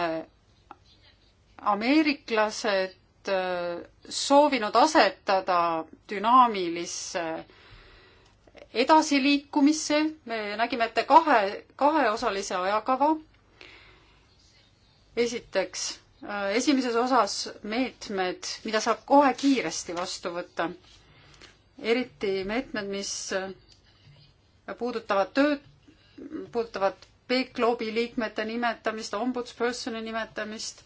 ameeriklased äh, soovinud asetada dünaamilisse edasiliikumisse, me nägime ette kahe, kaheosalise ajakava. esiteks, äh, esimeses osas meetmed, mida saab kohe kiiresti vastu võtta. eriti meetmed, mis äh, puudutavad tööd, puudutavad B-klubi liikmete nimetamist, ombudspersoni nimetamist,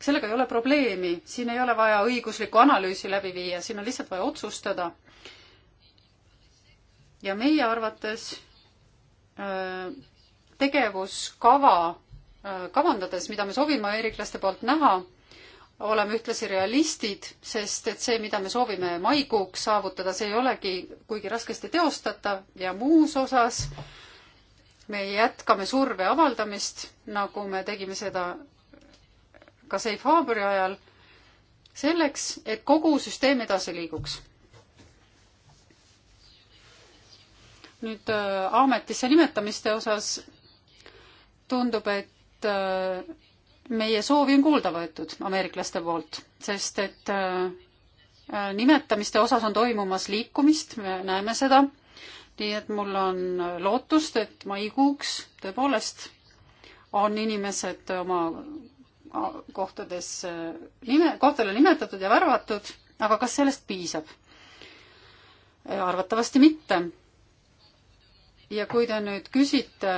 sellega ei ole probleemi, siin ei ole vaja õiguslikku analüüsi läbi viia, siin on lihtsalt vaja otsustada ja meie arvates äh, tegevuskava äh, kavandades, mida me soovime ameeriklaste poolt näha, oleme ühtlasi realistid, sest et see, mida me soovime maikuuks saavutada, see ei olegi kuigi raskesti teostatav ja muus osas me jätkame surve avaldamist, nagu me tegime seda ka Safe Harbori ajal, selleks, et kogu süsteem edasi liiguks. nüüd äh, ametisse nimetamiste osas tundub, et äh, meie soovi on kuulda võetud ameeriklaste poolt, sest et äh, nimetamiste osas on toimumas liikumist, me näeme seda. nii et mul on lootust, et maikuuks tõepoolest on inimesed oma kohtades nime, kohtadele nimetatud ja värvatud, aga kas sellest piisab? arvatavasti mitte ja kui te nüüd küsite,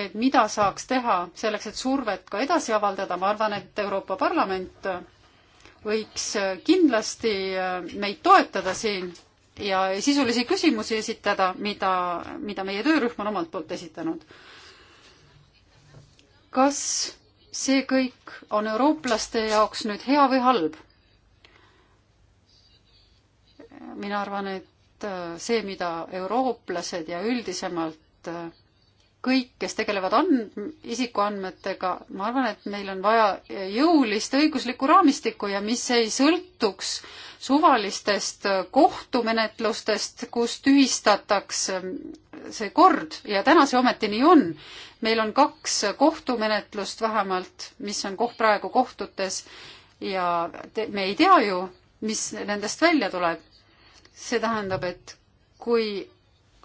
et mida saaks teha selleks, et survet ka edasi avaldada, ma arvan, et Euroopa Parlament võiks kindlasti meid toetada siin ja sisulisi küsimusi esitada, mida, mida meie töörühm on omalt poolt esitanud. kas see kõik on eurooplaste jaoks nüüd hea või halb? mina arvan, et Äh, see, mida eurooplased ja üldisemalt äh, kõik, kes tegelevad and-, isikuandmetega, ma arvan, et meil on vaja jõulist õiguslikku raamistikku ja mis ei sõltuks suvalistest äh, kohtumenetlustest, kus tühistatakse see kord ja täna see ometi nii on. meil on kaks kohtumenetlust vähemalt, mis on koht praegu kohtutes ja te, me ei tea ju, mis nendest välja tuleb see tähendab, et kui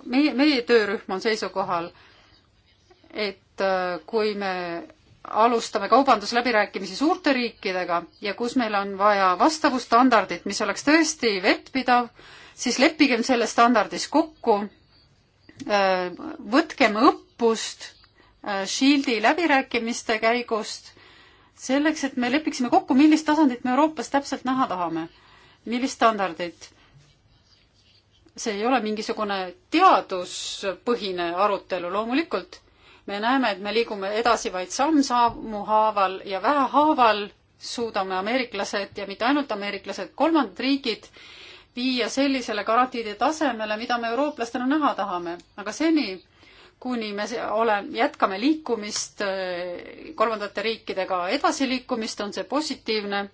meie, meie töörühm on seisukohal, et äh, kui me alustame kaubandusläbirääkimisi suurte riikidega ja kus meil on vaja vastavusstandardit, mis oleks tõesti vettpidav, siis leppigem selles standardis kokku, äh, võtkem õppust äh, Shieldi läbirääkimiste käigust, selleks et me lepiksime kokku, millist tasandit me Euroopas täpselt näha tahame, millist standardit see ei ole mingisugune teaduspõhine arutelu, loomulikult me näeme, et me liigume edasi vaid samm-sammu haaval ja vähehaaval suudame ameeriklased ja mitte ainult ameeriklased, kolmandad riigid viia sellisele garantiide tasemele, mida me eurooplastena näha tahame. aga seni, kuni me ole, jätkame liikumist kolmandate riikidega edasiliikumist, on see positiivne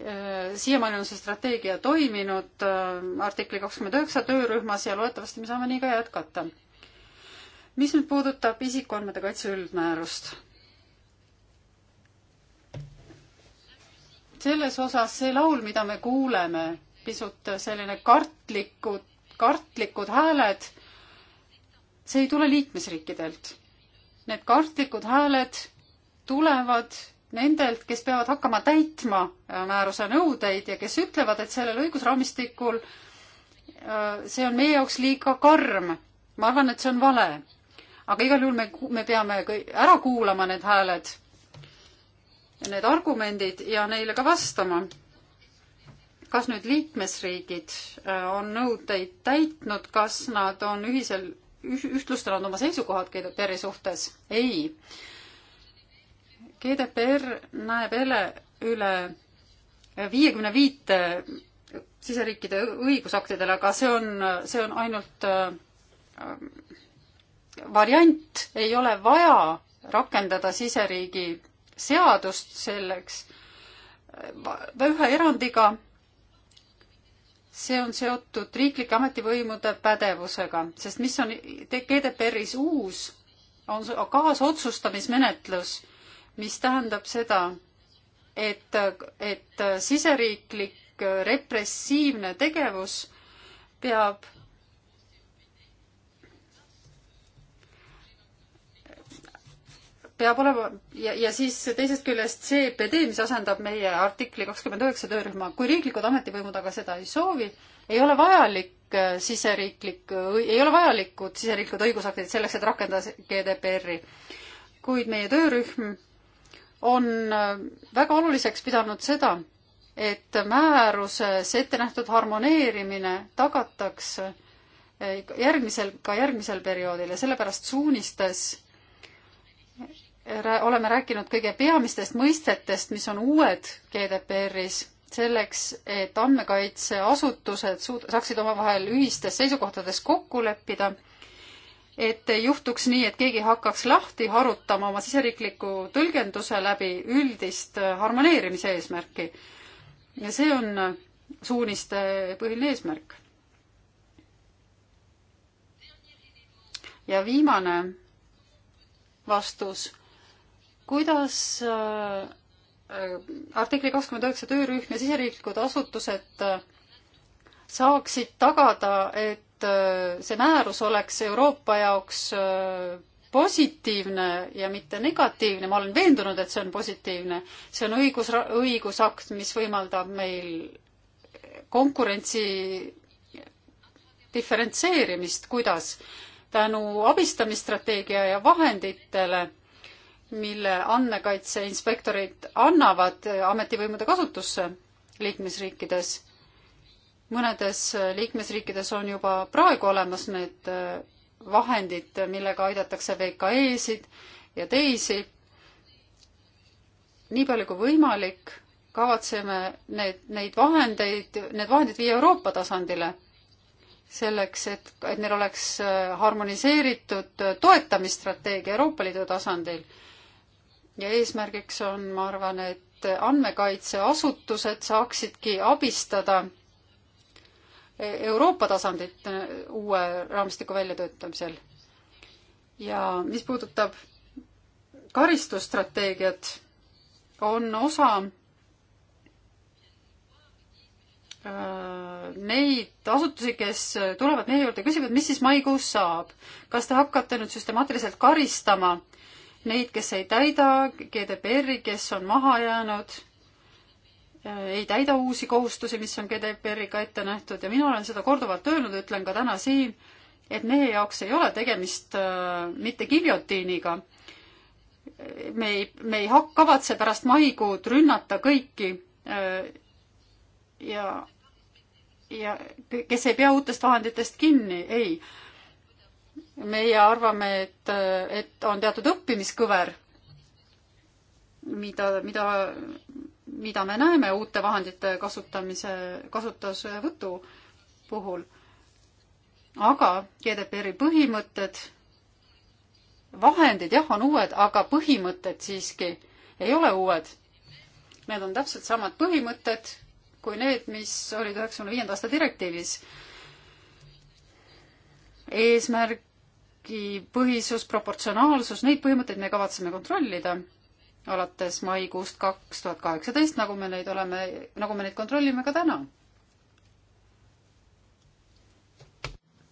Äh, siiamaani on see strateegia toiminud äh, artikli kakskümmend üheksa töörühmas ja loodetavasti me saame nii ka jätkata. mis nüüd puudutab isikuandmete kaitse üldmäärust? selles osas see laul, mida me kuuleme, pisut selline kartlikud, kartlikud hääled, see ei tule liikmesriikidelt. Need kartlikud hääled tulevad nendelt, kes peavad hakkama täitma äh, määruse nõudeid ja kes ütlevad, et sellel õigusraamistikul äh, see on meie jaoks liiga karm. ma arvan, et see on vale. aga igal juhul me, me peame ära kuulama need hääled, need argumendid ja neile ka vastama. kas nüüd liikmesriigid äh, on nõudeid täitnud, kas nad on ühisel, ühtlustanud oma seisukohad GDPR-i suhtes? ei GDPR näeb jälle üle viiekümne viite äh, siseriikide õigusaktidele, aga see on, see on ainult äh, äh, variant, ei ole vaja rakendada siseriigi seadust selleks, ühe erandiga, see on seotud riiklike ametivõimude pädevusega, sest mis on GDPR-is uus, on kaasotsustamismenetlus mis tähendab seda, et, et siseriiklik repressiivne tegevus peab peab olema ja, ja siis teisest küljest CPD, mis asendab meie artikli kakskümmend üheksa töörühma, kui riiklikud ametivõimud aga seda ei soovi, ei ole vajalik äh, siseriiklik, ei ole vajalikud siseriiklikud õigusaktid selleks, et rakendada GDPR-i. kuid meie töörühm on äh, väga oluliseks pidanud seda, et määruses ette nähtud harmoneerimine tagatakse äh, järgmisel, ka järgmisel perioodil ja sellepärast suunistes äh, oleme rääkinud kõige peamistest mõistetest, mis on uued GDPR-is, selleks, et andmekaitseasutused suud-, saaksid omavahel ühistes seisukohtades kokku leppida et ei juhtuks nii, et keegi hakkaks lahti harutama oma siseriikliku tõlgenduse läbi üldist harmoneerimise eesmärki. ja see on suuniste põhiline eesmärk. ja viimane vastus. kuidas äh, artikli kakskümmend üheksa töörühm ja siseriiklikud asutused äh, saaksid tagada, et et äh, see määrus oleks Euroopa jaoks äh, positiivne ja mitte negatiivne, ma olen veendunud, et see on positiivne, see on õigus, õigusakt, mis võimaldab meil konkurentsi diferentseerimist, kuidas tänu abistamisstrateegia ja vahenditele, mille andmekaitseinspektorid annavad ametivõimude kasutusse liikmesriikides mõnedes liikmesriikides on juba praegu olemas need äh, vahendid, millega aidatakse VKE-sid ja teisi. nii palju kui võimalik, kavatseme need, neid vahendeid, need vahendid viia Euroopa tasandile, selleks et, et neil oleks äh, harmoniseeritud äh, toetamisstrateegia Euroopa Liidu tasandil. ja eesmärgiks on, ma arvan, et andmekaitseasutused saaksidki abistada Euroopa tasandit äh, uue raamistiku väljatöötamisel. ja mis puudutab karistusstrateegiat, on osa äh, neid asutusi, kes tulevad meie juurde ja küsivad, mis siis maikuus saab. kas te hakkate nüüd süstemaatiliselt karistama neid, kes ei täida GDPR-i, kes on maha jäänud ei täida uusi kohustusi, mis on GDPR-iga ette nähtud ja mina olen seda korduvalt öelnud, ütlen ka täna siin, et meie jaoks ei ole tegemist äh, mitte giljotiiniga. me ei, me ei kavatse pärast maikuud rünnata kõiki äh, ja, ja kes ei pea uutest vahenditest kinni, ei. meie arvame, et, äh, et on teatud õppimiskõver, mida, mida mida me näeme uute vahendite kasutamise, kasutusvõtu puhul. aga GDPR-i põhimõtted, vahendid jah, on uued, aga põhimõtted siiski ei ole uued. Need on täpselt samad põhimõtted kui need, mis olid üheksakümne viienda aasta direktiivis. eesmärgipõhisus, proportsionaalsus, neid põhimõtteid me kavatseme kontrollida alates maikuust kaks tuhat kaheksateist, nagu me neid oleme, nagu me neid kontrollime ka täna.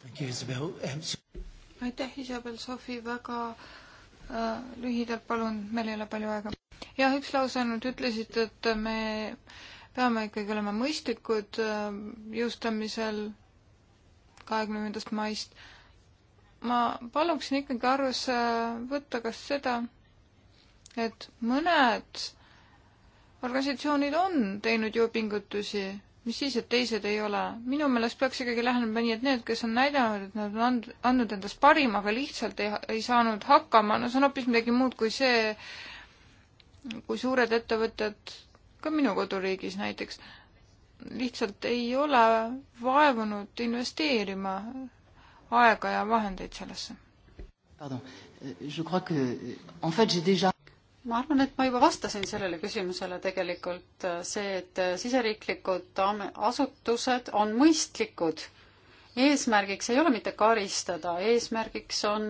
Um, aitäh, Isabel, Sofi, väga äh, lühidalt palun, meil ei ole palju aega. jah, üks lause ainult ütlesite, et me peame ikkagi olema mõistlikud äh, jõustamisel kahekümnendast maist. ma paluksin ikkagi arvesse võtta kas seda, et mõned organisatsioonid on teinud jõupingutusi, mis siis, et teised ei ole. minu meelest peaks ikkagi lähenema nii, et need, kes on näidanud, et nad on and-, andnud endast parima, aga lihtsalt ei, ei saanud hakkama, no see on hoopis midagi muud kui see, kui suured ettevõtted, ka minu koduriigis näiteks, lihtsalt ei ole vaevunud investeerima aega ja vahendeid sellesse. Pardon, euh, je crois que en fait j'ai déjà ma arvan, et ma juba vastasin sellele küsimusele tegelikult, see, et siseriiklikud asutused on mõistlikud. eesmärgiks ei ole mitte karistada, eesmärgiks on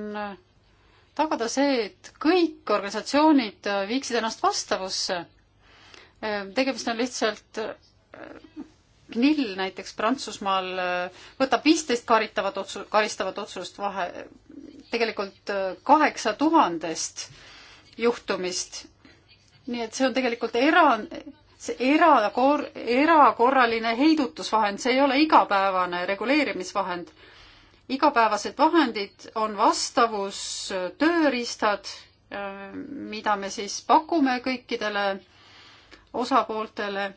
tagada see, et kõik organisatsioonid viiksid ennast vastavusse. tegemist on lihtsalt GNIL näiteks Prantsusmaal võtab viisteist karitavat otsu-, karistavat otsust vahe, tegelikult kaheksa tuhandest juhtumist. nii et see on tegelikult era, see erakor-, erakorraline heidutusvahend, see ei ole igapäevane reguleerimisvahend. igapäevased vahendid on vastavus, tööriistad, äh, mida me siis pakume kõikidele osapooltele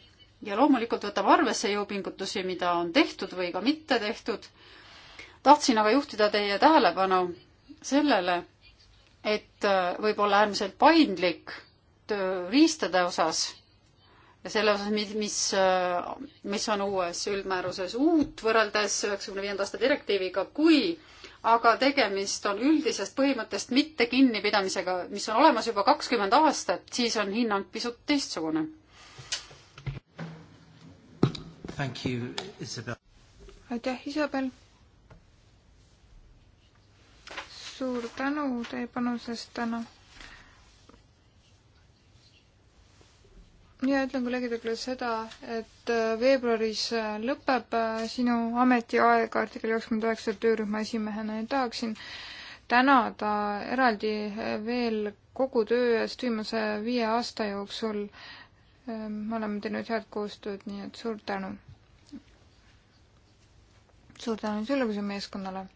ja loomulikult võtab arvesse jõupingutusi, mida on tehtud või ka mitte tehtud. tahtsin aga juhtida teie tähelepanu sellele, et äh, võib olla äärmiselt paindlik tööriistade osas ja selle osas, mis, mis, äh, mis on uues üldmääruses uut võrreldes üheksakümne viienda aasta direktiiviga, kui aga tegemist on üldisest põhimõttest mitte kinnipidamisega, mis on olemas juba kakskümmend aastat, siis on hinnang pisut teistsugune. aitäh, Isabel! suur tänu teie panusest täna. ja ütlen kolleegidele seda, et äh, veebruaris äh, lõpeb äh, sinu ametiaeg artikkel kakskümmend üheksa töörühma esimehena ja tahaksin tänada eraldi veel kogu töö eest viimase viie aasta jooksul. Ähm, me oleme teinud head koostööd, nii et suur tänu. suur tänu sulle kui su meeskonnale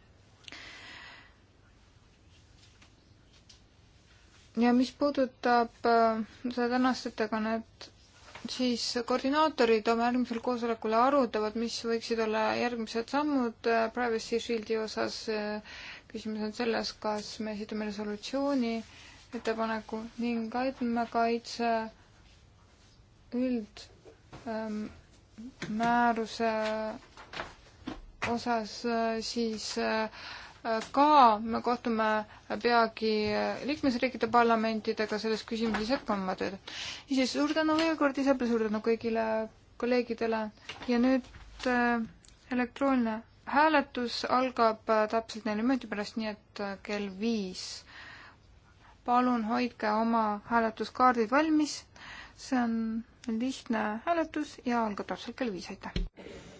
ja mis puudutab äh, seda tänast ettekannet, siis koordinaatorid oma järgmisel koosolekul arutavad, mis võiksid olla järgmised sammud äh, Privacy Shieldi osas. Äh, küsimus on selles, kas me esitame resolutsiooni ettepaneku ning andmekaitse üldmääruse ähm, osas siis äh, ka me kohtume peagi liikmesriikide parlamentidega selles küsimuses jätkama oma tööd. niisiis, suur tänu veel kord, Isabel, suur tänu kõigile kolleegidele ja nüüd äh, elektrooniline hääletus algab äh, täpselt neli minutit pärast, nii et äh, kell viis. palun hoidke oma hääletuskaardid valmis, see on lihtne hääletus ja algab täpselt kell viis, aitäh!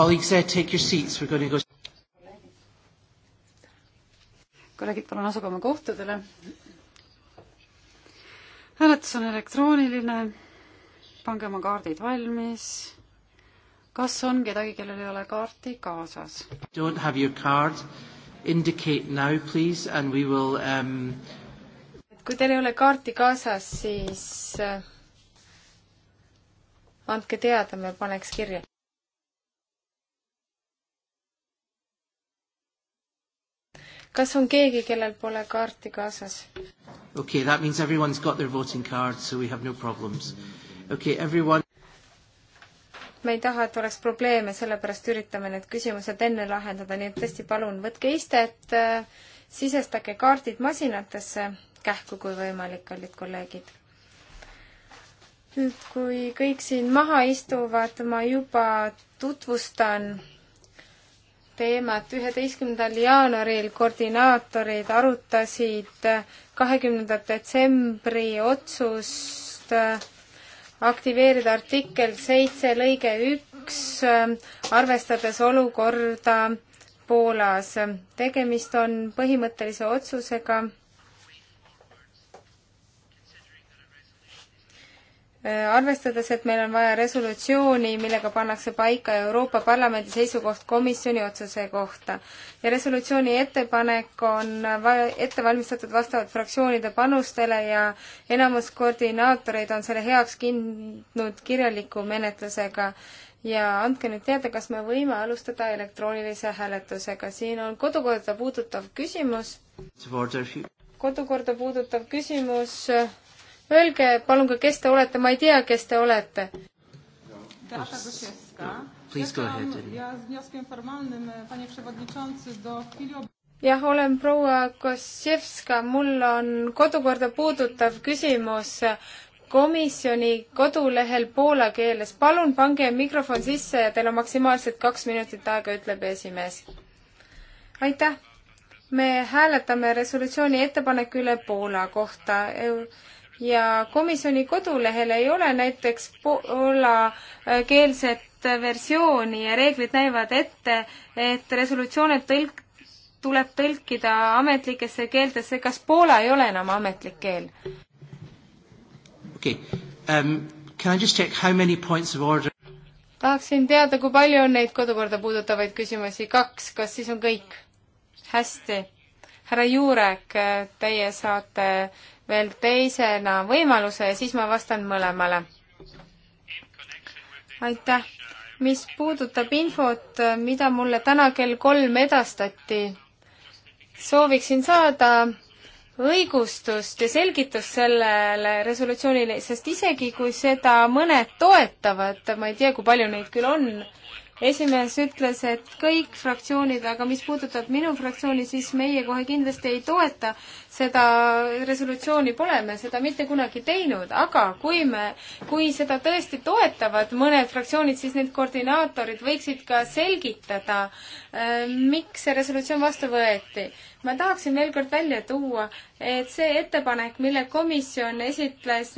Colleagues, uh, take your seats. We're going to go... kolleegid, palun asuge oma kohtadele. hääletus on elektrooniline. pange oma kaardid valmis. kas on kedagi, kellel ei ole kaarti kaasas? Don't have your card. Indicate now please and we will um... kui teil ei ole kaarti kaasas, siis uh, andke teada, me paneks kirja. kas on keegi, kellel pole kaarti kaasas? okei okay,, that means everyone has got their voting card, so we have no problems. okei okay,, everyone me ei taha, et oleks probleeme, sellepärast üritame need küsimused enne lahendada, nii et tõesti palun, võtke istet, äh, sisestage kaardid masinatesse, kähku kui võimalik, kallid kolleegid. nüüd, kui kõik siin maha istuvad, ma juba tutvustan teemat. üheteistkümnendal jaanuaril koordinaatorid arutasid kahekümnendat detsembri otsust äh, aktiveerida artikkel seitse lõige üks, äh, arvestades olukorda Poolas. tegemist on põhimõttelise otsusega Äh, arvestades, et meil on vaja resolutsiooni, millega pannakse paika Euroopa Parlamendi seisukoht komisjoni otsuse kohta ja resolutsiooni ettepanek on ette valmistatud vastavalt fraktsioonide panustele ja enamus koordinaatoreid on selle heaks kindnud kirjaliku menetlusega. ja andke nüüd teada, kas me võime alustada elektroonilise hääletusega, siin on kodukorda puudutav küsimus. kodukorda puudutav küsimus Öelge palun ka, kes te olete, ma ei tea, kes te olete. E, jah, olen proua Koševska, mul on kodukorda puudutav küsimus komisjoni kodulehel poola keeles. palun pange mikrofon sisse ja teil on maksimaalselt kaks minutit aega, ütleb esimees. aitäh. me hääletame resolutsiooni ettepaneku üle Poola kohta ja komisjoni kodulehel ei ole näiteks poolakeelset äh, versiooni ja reeglid näevad ette, et resolutsioone tõlk-, tuleb tõlkida ametlikesse keeltesse, kas Poola ei ole enam ametlik keel? okei okay. um,, can I just check how many points of order? tahaksin teada, kui palju on neid kodukorda puudutavaid küsimusi, kaks, kas siis on kõik? hästi. härra Juurek, äh, teie saate veel teisena võimaluse ja siis ma vastan mõlemale. aitäh. mis puudutab infot, mida mulle täna kell kolm edastati, sooviksin saada õigustust ja selgitust sellele resolutsioonile, sest isegi kui seda mõned toetavad, ma ei tea, kui palju neid küll on, esimees ütles, et kõik fraktsioonid, aga mis puudutab minu fraktsiooni, siis meie kohe kindlasti ei toeta seda resolutsiooni pole me seda mitte kunagi teinud, aga kui me, kui seda tõesti toetavad mõned fraktsioonid, siis need koordinaatorid võiksid ka selgitada, äh, miks see resolutsioon vastu võeti. ma tahaksin veel kord välja tuua, et see ettepanek, mille komisjon esitles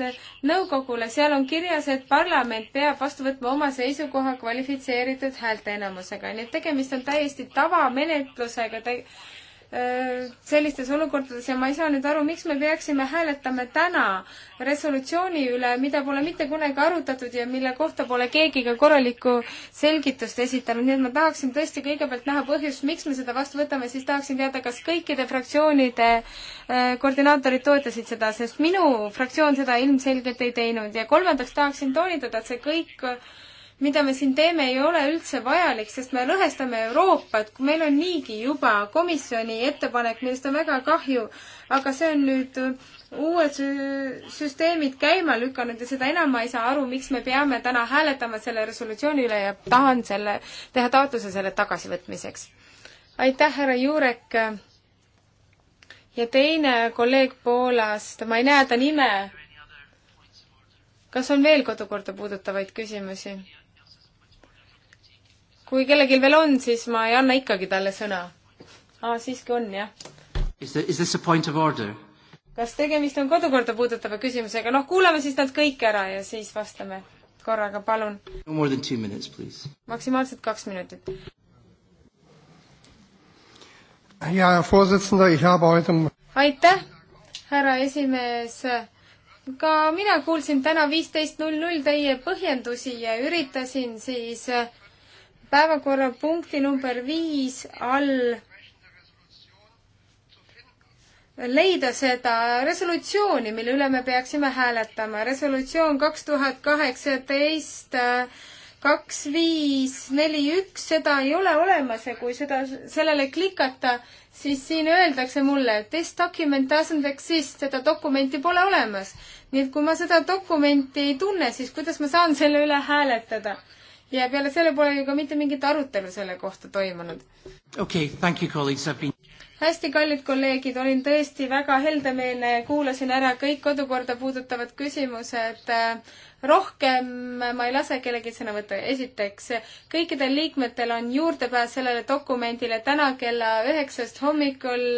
nõukogule, seal on kirjas, et parlament peab vastu võtma oma seisukoha kvalifitseeritud häälteenamusega, nii et tegemist on täiesti tavamenetlusega te-, sellistes olukordades ja ma ei saa nüüd aru, miks me peaksime hääletama täna resolutsiooni üle, mida pole mitte kunagi arutatud ja mille kohta pole keegi ka korralikku selgitust esitanud, nii et ma tahaksin tõesti kõigepealt näha põhjust, miks me seda vastu võtame, siis tahaksin teada, kas kõikide fraktsioonide äh, koordinaatorid toetasid seda, sest minu fraktsioon seda ilmselgelt ei teinud ja kolmandaks tahaksin toonitada, et see kõik mida me siin teeme, ei ole üldse vajalik, sest me lõhestame Euroopat, kui meil on niigi juba komisjoni ettepanek, millest on väga kahju, aga see on nüüd uh, uued süsteemid käima lükanud ja seda enam ma ei saa aru, miks me peame täna hääletama selle resolutsiooni üle ja tahan selle, teha taotluse selle tagasivõtmiseks. aitäh, härra Juurek! ja teine kolleeg Poolast, ma ei näe ta nime. kas on veel kodukorda puudutavaid küsimusi? kui kellelgi veel on, siis ma ei anna ikkagi talle sõna. aa, siiski on, jah. Is the, is this a point of order? kas tegemist on kodukorda puudutava küsimusega? noh, kuulame siis nad kõik ära ja siis vastame korraga, palun. No more than two minutes, please. maksimaalselt kaks minutit. aitäh, härra esimees. ka mina kuulsin täna viisteist null null teie põhjendusi ja üritasin siis äh, päevakorrapunkti number viis all leida seda resolutsiooni, mille üle me peaksime hääletama. resolutsioon kaks tuhat kaheksateist kaks, viis, neli, üks, seda ei ole olemas ja kui seda, sellele klikata, siis siin öeldakse mulle, et this document doesn't exist, seda dokumenti pole olemas. nii et kui ma seda dokumenti ei tunne, siis kuidas ma saan selle üle hääletada? ja peale selle pole ju ka mitte mingit arutelu selle kohta toimunud. okei okay,, thank you, colleagues, I have been hästi, kallid kolleegid, olin tõesti väga heldemeelne ja kuulasin ära kõik kodukorda puudutavad küsimused. rohkem ma ei lase kellelgi sõna võtta. esiteks, kõikidel liikmetel on juurdepääs sellele dokumendile täna kella üheksast hommikul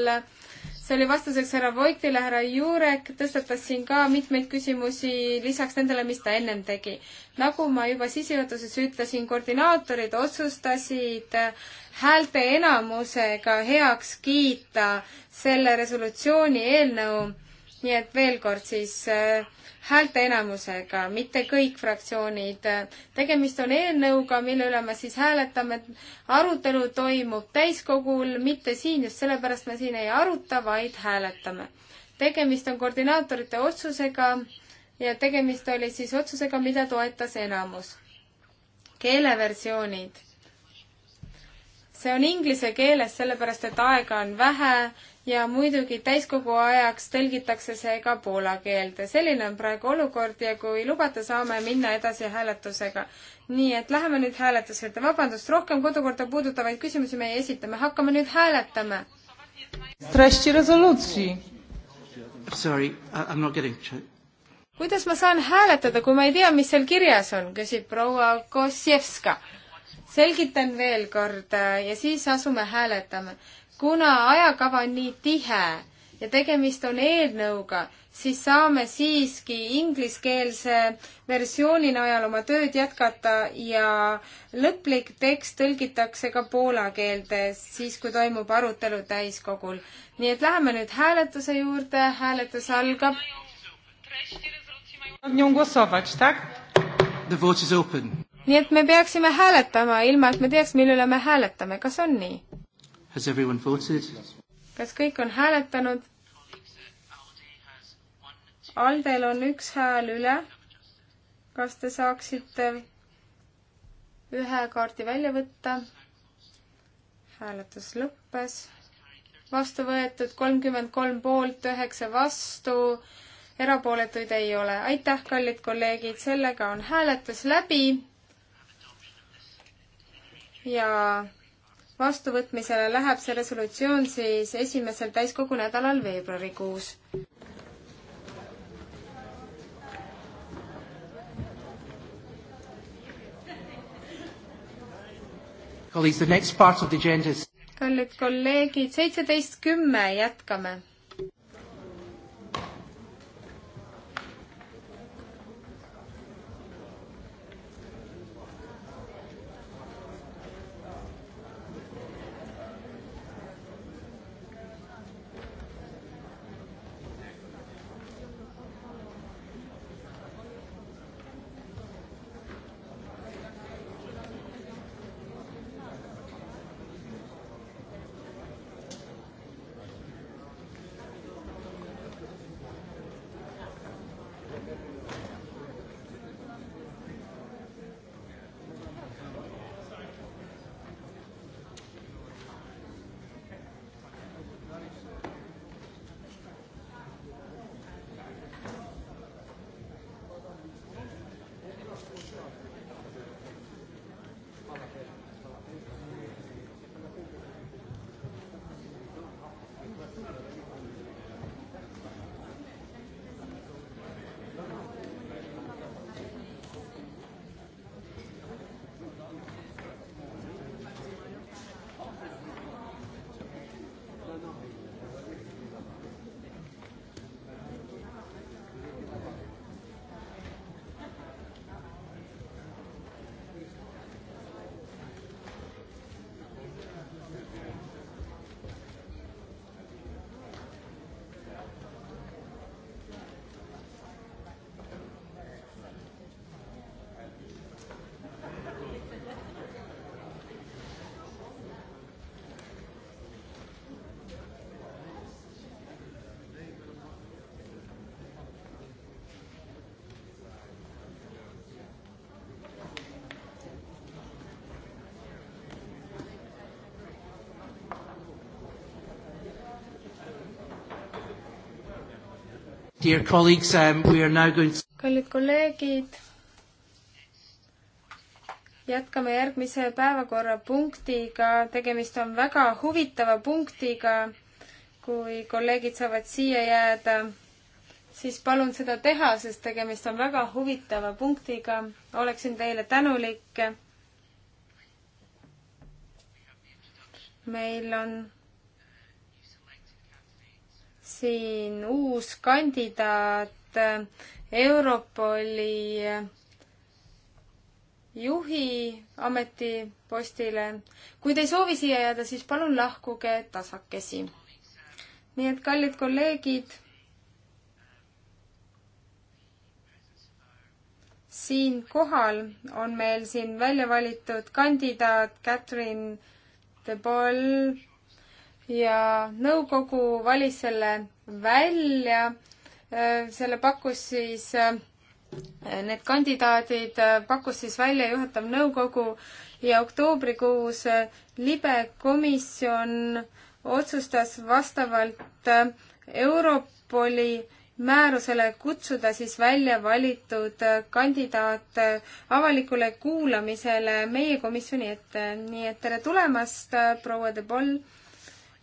see oli vastuseks härra Voigtile, härra Jurek tõstatas siin ka mitmeid küsimusi lisaks nendele, mis ta ennem tegi. nagu ma juba sissejuhatuses ütlesin, koordinaatorid otsustasid häälte enamusega heaks kiita selle resolutsiooni eelnõu. nii et veel kord siis äh, häälteenamusega, mitte kõik fraktsioonid. tegemist on eelnõuga, mille üle me siis hääletame. arutelu toimub täiskogul, mitte siin, just sellepärast me siin ei aruta, vaid hääletame. tegemist on koordinaatorite otsusega ja tegemist oli siis otsusega, mida toetas enamus. keeleversioonid see on inglise keeles, sellepärast et aega on vähe ja muidugi täiskogu ajaks tõlgitakse see ka poola keelde. selline on praegu olukord ja kui lubate, saame minna edasi hääletusega. nii et läheme nüüd hääletuse juurde. vabandust, rohkem kodukorda puudutavaid küsimusi me ei esita, me hakkame nüüd hääletama. Sorry, I am not getting kuidas ma saan hääletada, kui ma ei tea, mis seal kirjas on, küsib proua Kosjevska. selgitan veel kord äh, ja siis asume hääletama kuna ajakava on nii tihe ja tegemist on eelnõuga, siis saame siiski ingliskeelse versiooni najal oma tööd jätkata ja lõplik tekst tõlgitakse ka poola keelde siis, kui toimub arutelu täiskogul. nii et läheme nüüd hääletuse juurde, hääletus algab. nii et me peaksime hääletama, ilma et me teaks, mille üle me hääletame, kas on nii? Has everyone voted? kas kõik on hääletanud? Aldel on üks hääl üle. kas te saaksite ühe kaardi välja võtta? hääletus lõppes. vastu võetud kolmkümmend kolm poolt, üheksa vastu. erapooletuid ei ole. aitäh, kallid kolleegid, sellega on hääletus läbi. ja vastuvõtmisele läheb see resolutsioon siis esimesel täiskogu nädalal veebruarikuus. kallid kolleegid, seitseteist kümme jätkame Dear colleagues, um, we are now going to... kallid kolleegid, jätkame järgmise päevakorrapunktiga, tegemist on väga huvitava punktiga. kui kolleegid saavad siia jääda, siis palun seda teha, sest tegemist on väga huvitava punktiga. oleksin teile tänulik. meil on siin uus kandidaat Europoli juhi ametipostile. kui te ei soovi siia jääda, siis palun lahkuge tasakesi. nii et kallid kolleegid, siinkohal on meil siin välja valitud kandidaat Catherine de Boll ja nõukogu valis selle välja, selle pakkus siis äh, Need kandidaadid äh, pakkus siis välja juhatav nõukogu ja oktoobrikuus äh, libe komisjon otsustas vastavalt Europoli määrusele kutsuda siis välja valitud kandidaat avalikule kuulamisele meie komisjoni ette. nii et tere tulemast, proua De Boll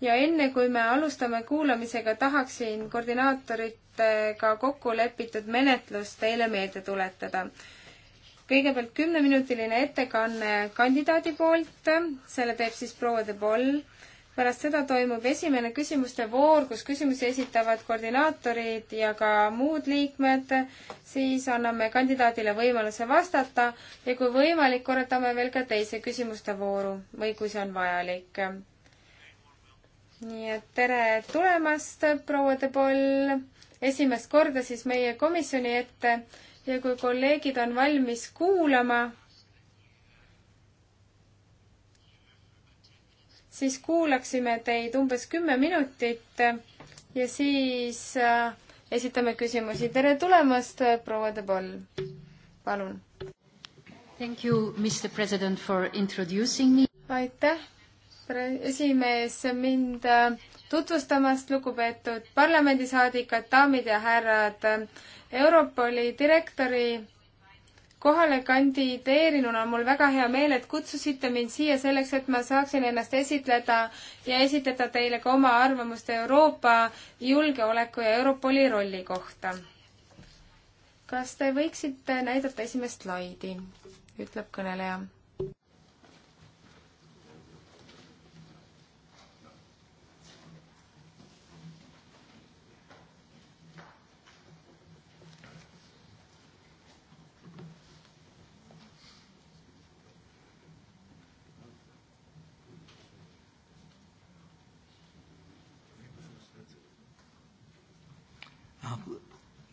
ja enne, kui me alustame kuulamisega, tahaksin koordinaatoritega kokku lepitud menetlust teile meelde tuletada. kõigepealt kümneminutiline ettekanne kandidaadi poolt, selle teeb siis proua De Boll. pärast seda toimub esimene küsimuste voor, kus küsimusi esitavad koordinaatorid ja ka muud liikmed. siis anname kandidaadile võimaluse vastata ja kui võimalik, korraldame veel ka teise küsimuste vooru või kui see on vajalik nii et tere tulemast, proua De Paul, esimest korda siis meie komisjoni ette ja kui kolleegid on valmis kuulama, siis kuulaksime teid umbes kümme minutit ja siis äh, esitame küsimusi. tere tulemast, proua De Paul, palun. Thank you, Mr President, for introducing me. aitäh esimees, mind äh, tutvustamast, lugupeetud parlamendisaadikud, daamid ja härrad. Europoli direktori kohale kandideerinuna on mul väga hea meel, et kutsusite mind siia selleks, et ma saaksin ennast esitleda ja esitleda teile ka oma arvamust Euroopa julgeoleku ja Europoli rolli kohta. kas te võiksite näidata esimest slaidi, ütleb kõneleja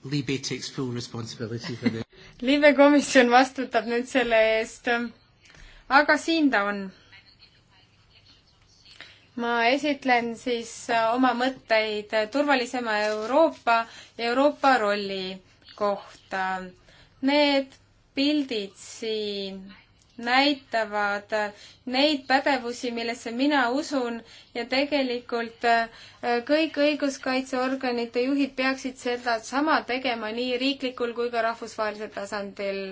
Libe takes full responsibility for the [LAUGHS] Libe komisjon vastutab nüüd selle eest. aga siin ta on. ma esitlen siis äh, oma mõtteid turvalisema Euroopa ja Euroopa rolli kohta. Need pildid siin näitavad neid pädevusi, millesse mina usun ja tegelikult äh, kõik õiguskaitseorganite juhid peaksid sedasama tegema nii riiklikul kui ka rahvusvahelisel tasandil.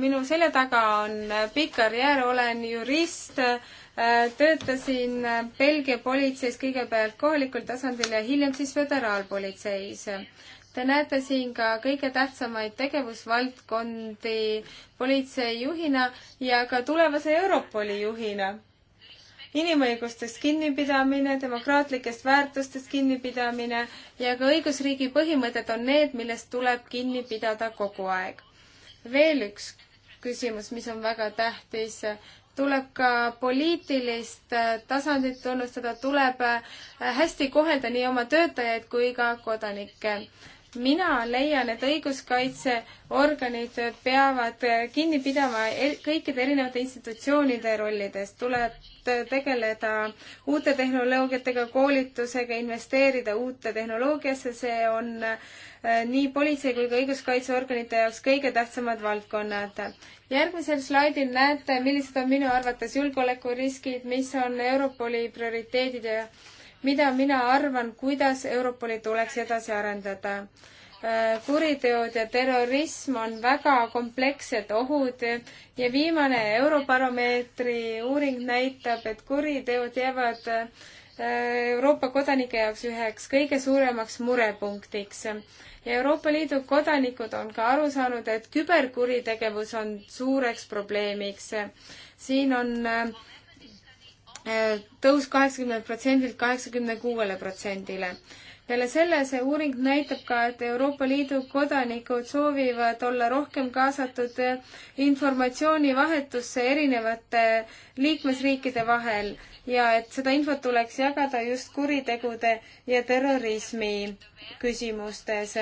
minu selja taga on äh, pikk karjäär, olen jurist, äh, töötasin Belgia politseis kõigepealt kohalikul tasandil ja hiljem siis föderaalpolitseis. Te näete siin ka kõige tähtsamaid tegevusvaldkondi politseijuhina ja ka tulevase Europoli juhina. inimõigustest kinnipidamine, demokraatlikest väärtustest kinnipidamine ja ka õigusriigi põhimõtted on need, millest tuleb kinni pidada kogu aeg. veel üks küsimus, mis on väga tähtis, tuleb ka poliitilist äh, tasandit tunnustada, tuleb äh, hästi kohelda nii oma töötajaid kui ka kodanikke mina leian, et õiguskaitseorganid peavad kinni pidama e-, kõikide erinevate institutsioonide rollidest, tuleb tegeleda uute tehnoloogiatega, koolitusega, investeerida uute tehnoloogiasse, see on äh, nii politsei kui ka õiguskaitseorganite jaoks kõige tähtsamad valdkonnad. järgmisel slaidil näete, millised on minu arvates julgeolekuriskid, mis on Europoli prioriteedid ja mida mina arvan, kuidas Europoli tuleks edasi arendada. Äh, kuriteod ja terrorism on väga komplekssed ohud ja viimane Eurobaromeetri uuring näitab, et kuriteod jäävad äh, Euroopa kodanike jaoks üheks kõige suuremaks murepunktiks. ja Euroopa Liidu kodanikud on ka aru saanud, et küberkuritegevus on suureks probleemiks. siin on äh, tõus kaheksakümnelt protsendilt kaheksakümne kuuele protsendile. peale selle see uuring näitab ka, et Euroopa Liidu kodanikud soovivad olla rohkem kaasatud informatsioonivahetusse erinevate liikmesriikide vahel ja et seda infot tuleks jagada just kuritegude ja terrorismi küsimustes.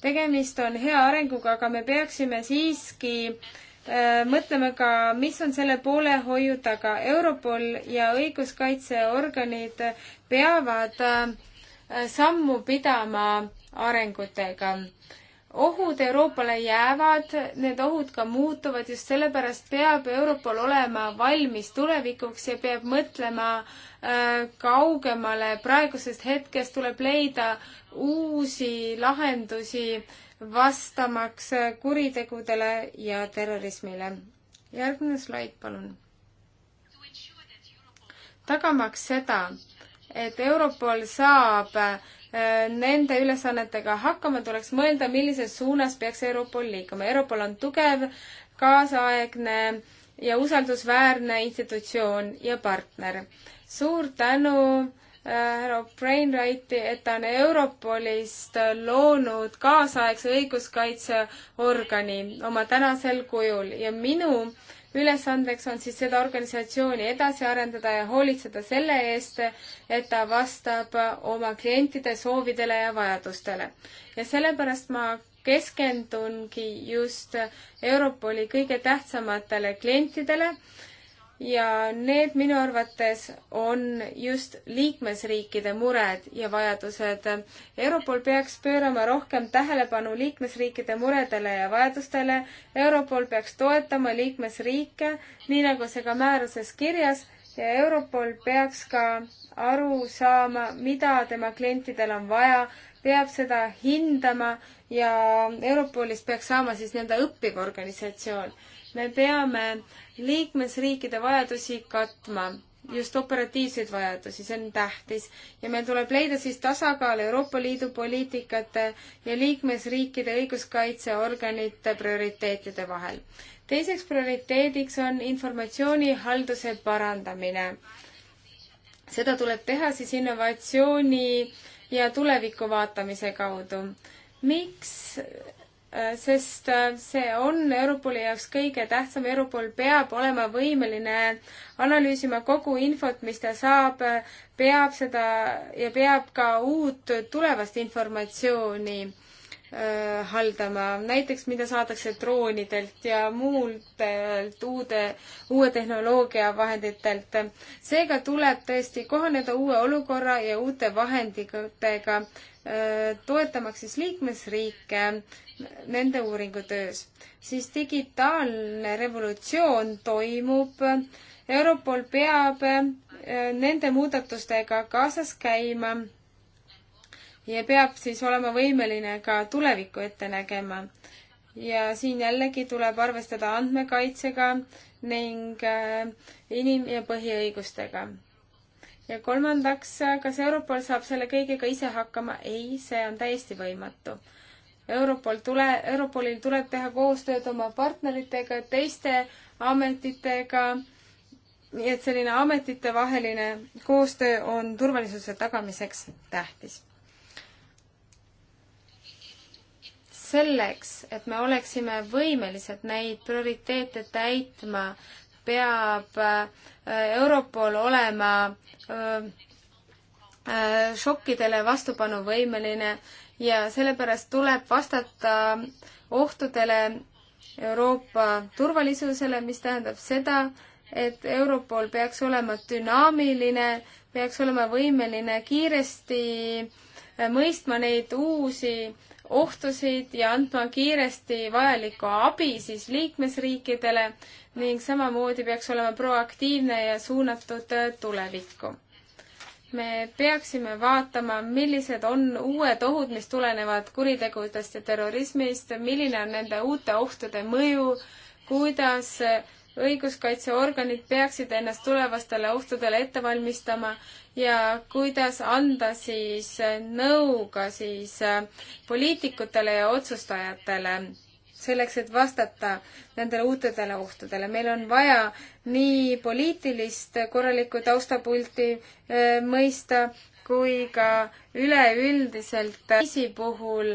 tegemist on hea arenguga, aga me peaksime siiski äh, Äh, mõtleme ka, mis on selle poolehoiu taga. Europol ja õiguskaitseorganid peavad äh, sammu pidama arengutega ohud Euroopale jäävad, need ohud ka muutuvad, just sellepärast peab Europol olema valmis tulevikuks ja peab mõtlema äh, kaugemale. praegusest hetkest tuleb leida uusi lahendusi vastamaks kuritegudele ja terrorismile. järgmine slaid, palun. tagamaks seda, et Europol saab Äh, nende ülesannetega hakkama, tuleks mõelda, millises suunas peaks Europol liikuma. Europol on tugev, kaasaegne ja usaldusväärne institutsioon ja partner. suur tänu äh, härra äh, Brainwrighti, et ta on Europolist loonud kaasaegse õiguskaitseorgani oma tänasel kujul ja minu äh, ülesandeks on siis seda organisatsiooni edasi arendada ja hoolitseda selle eest, et ta vastab oma klientide soovidele ja vajadustele. ja sellepärast ma keskendungi just Europoli kõige tähtsamatele klientidele ja need minu arvates on just liikmesriikide mured ja vajadused. Europol peaks pöörama rohkem tähelepanu liikmesriikide muredele ja vajadustele. Europol peaks toetama liikmesriike, nii nagu see ka määruses kirjas ja Europol peaks ka aru saama, mida tema klientidel on vaja, peab seda hindama ja Europolist peaks saama siis nii-öelda õppiv organisatsioon. me peame äh, liikmesriikide vajadusi katma, just operatiivseid vajadusi, see on tähtis. ja meil tuleb leida siis tasakaal Euroopa Liidu poliitikate ja liikmesriikide õiguskaitseorganite prioriteetide vahel. teiseks prioriteediks on informatsioonihalduse parandamine. seda tuleb teha siis innovatsiooni ja tuleviku vaatamise kaudu miks sest äh, see on Europoli jaoks kõige tähtsam. Europol peab olema võimeline analüüsima kogu infot, mis ta saab, peab seda ja peab ka uut tulevast informatsiooni äh, haldama, näiteks mida saadakse droonidelt ja muudelt uude, uue tehnoloogia vahenditelt. seega tuleb tõesti kohaneda uue olukorra ja uute vahenditega, äh, toetamaks siis liikmesriike nende uuringutöös, siis digitaalne revolutsioon toimub. Europol peab äh, nende muudatustega kaasas käima ja peab siis olema võimeline ka tulevikku ette nägema. ja siin jällegi tuleb arvestada andmekaitsega ning äh, inim- ja põhiõigustega. ja kolmandaks, äh, kas Europol saab selle kõigega ise hakkama? ei, see on täiesti võimatu Europol tule, Europolil tuleb teha koostööd oma partneritega, teiste ametitega, nii et selline ametitevaheline koostöö on turvalisuse tagamiseks tähtis. selleks, et me oleksime võimelised neid prioriteete täitma, peab äh, Europol olema äh, äh, šokkidele vastupanuvõimeline ja sellepärast tuleb vastata ohtudele Euroopa turvalisusele, mis tähendab seda, et Europol peaks olema dünaamiline, peaks olema võimeline kiiresti äh, mõistma neid uusi ohtusid ja andma kiiresti vajalikku abi siis liikmesriikidele ning samamoodi peaks olema proaktiivne ja suunatud äh, tulevikku me peaksime vaatama, millised on uued ohud, mis tulenevad kuritegudest ja terrorismist, milline on nende uute ohtude mõju, kuidas õiguskaitseorganid peaksid ennast tulevastele ohtudele ette valmistama ja kuidas anda siis nõu ka siis poliitikutele ja otsustajatele selleks, et vastata nendele uutedele ohtudele. meil on vaja nii poliitilist korralikku taustapulti eh, mõista, kui ka üleüldiselt kriisi puhul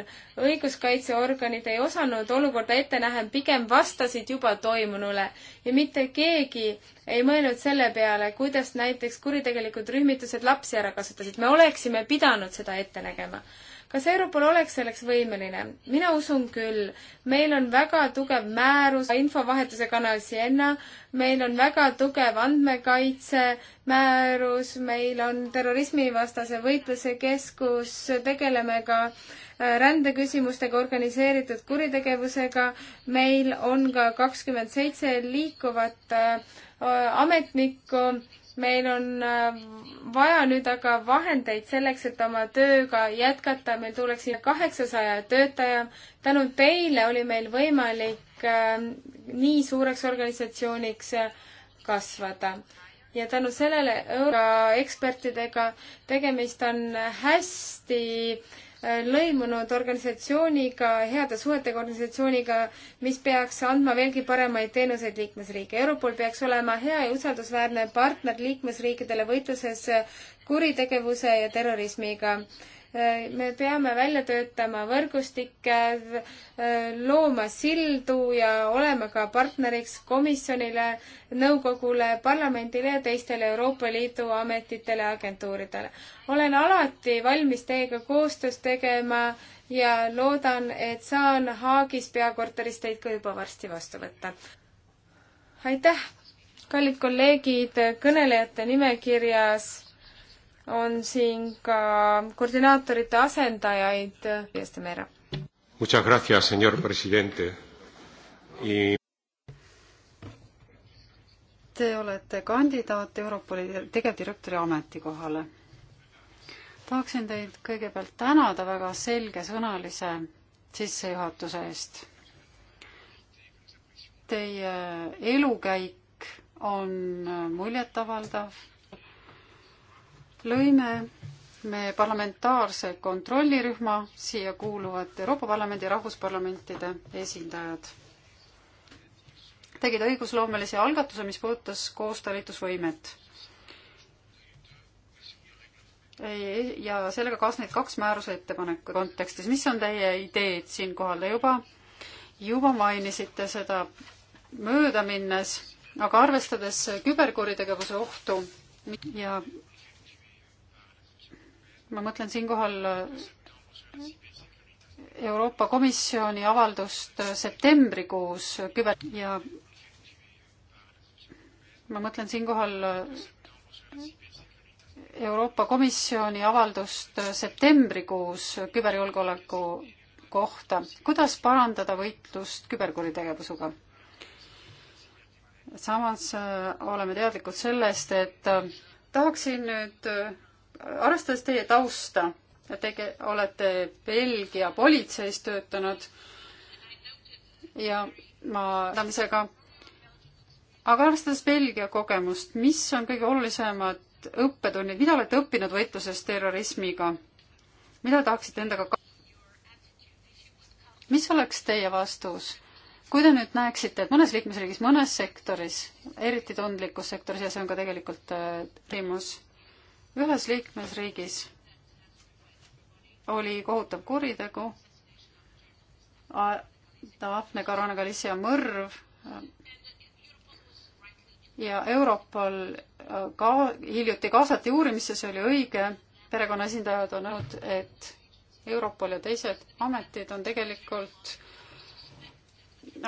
õiguskaitseorganid ei osanud olukorda ette näha, pigem vastasid juba toimunule ja mitte keegi ei mõelnud selle peale, kuidas näiteks kuritegelikud rühmitused lapsi ära kasutasid. me oleksime pidanud seda ette nägema kas Europol oleks selleks võimeline? mina usun küll. meil on väga tugev määrus, infovahetuse kanal Sienna, meil on väga tugev andmekaitse määrus, meil on terrorismivastase võitluse keskus, tegeleme ka äh, rändeküsimustega, organiseeritud kuritegevusega, meil on ka kakskümmend seitse liikuvat äh, ametnikku meil on äh, vaja nüüd aga vahendeid selleks, et oma tööga jätkata, meil tuleks siia kaheksasaja töötaja. tänu teile oli meil võimalik äh, nii suureks organisatsiooniks äh, kasvada ja tänu sellele euro ekspertidega tegemist on hästi äh, lõimunud organisatsiooniga, heade suhetega organisatsiooniga, mis peaks andma veelgi paremaid teenuseid liikmesriike. Europol peaks olema hea ja usaldusväärne partner liikmesriikidele võitluses kuritegevuse ja terrorismiga me peame välja töötama võrgustikke, looma sildu ja olema ka partneriks komisjonile, nõukogule, parlamendile ja teistele Euroopa Liidu ametitele ja agentuuridele. olen alati valmis teiega koostöös tegema ja loodan, et saan Haagis peakorteris teid ka juba varsti vastu võtta. aitäh, kallid kolleegid, kõnelejate nimekirjas on siin ka koordinaatorite asendajaid. Muchas gracias, señor presidente y.... Te olete kandidaat Euroopa Liidu tegevdirektori ametikohale. tahaksin teid kõigepealt tänada väga selgesõnalise sissejuhatuse eest. Teie elukäik on muljetavaldav lõime me parlamentaarse kontrollirühma, siia kuuluvad Euroopa Parlamendi ja rahvusparlamentide esindajad. tegid õigusloomelise algatuse, mis puudutas koostalitusvõimet. ja sellega kaasnevad kaks määruse ettepaneku kontekstis. mis on teie ideed siinkohal? Te juba, juba mainisite seda mööda minnes, aga arvestades küberkuritegevuse ohtu ja ma mõtlen siinkohal äh, Euroopa Komisjoni avaldust äh, septembrikuus äh, küber- ja ma mõtlen siinkohal Euroopa Komisjoni avaldust septembrikuus küberjulgeoleku kohta. kuidas parandada võitlust küberkuritegevusega? samas oleme teadlikud sellest, et tahaksin nüüd arvestades teie tausta, et te olete Belgia politseis töötanud ja ma andmisega, aga arvestades Belgia kogemust, mis on kõige olulisemad õppetunnid, mida olete õppinud võitluses terrorismiga? mida tahaksite endaga ka-? mis oleks teie vastus, kui te nüüd näeksite, et mõnes liikmesriigis, mõnes sektoris, eriti tundlikus sektoris ja see on ka tegelikult küsimus äh,, ühes liikmesriigis oli kohutav kuritegu, Daphne Caruana Galicia mõrv ja Europol äh, ka hiljuti kaasati uurimisse, see oli õige, perekonna esindajad on öelnud, et Europol ja teised ametid on tegelikult,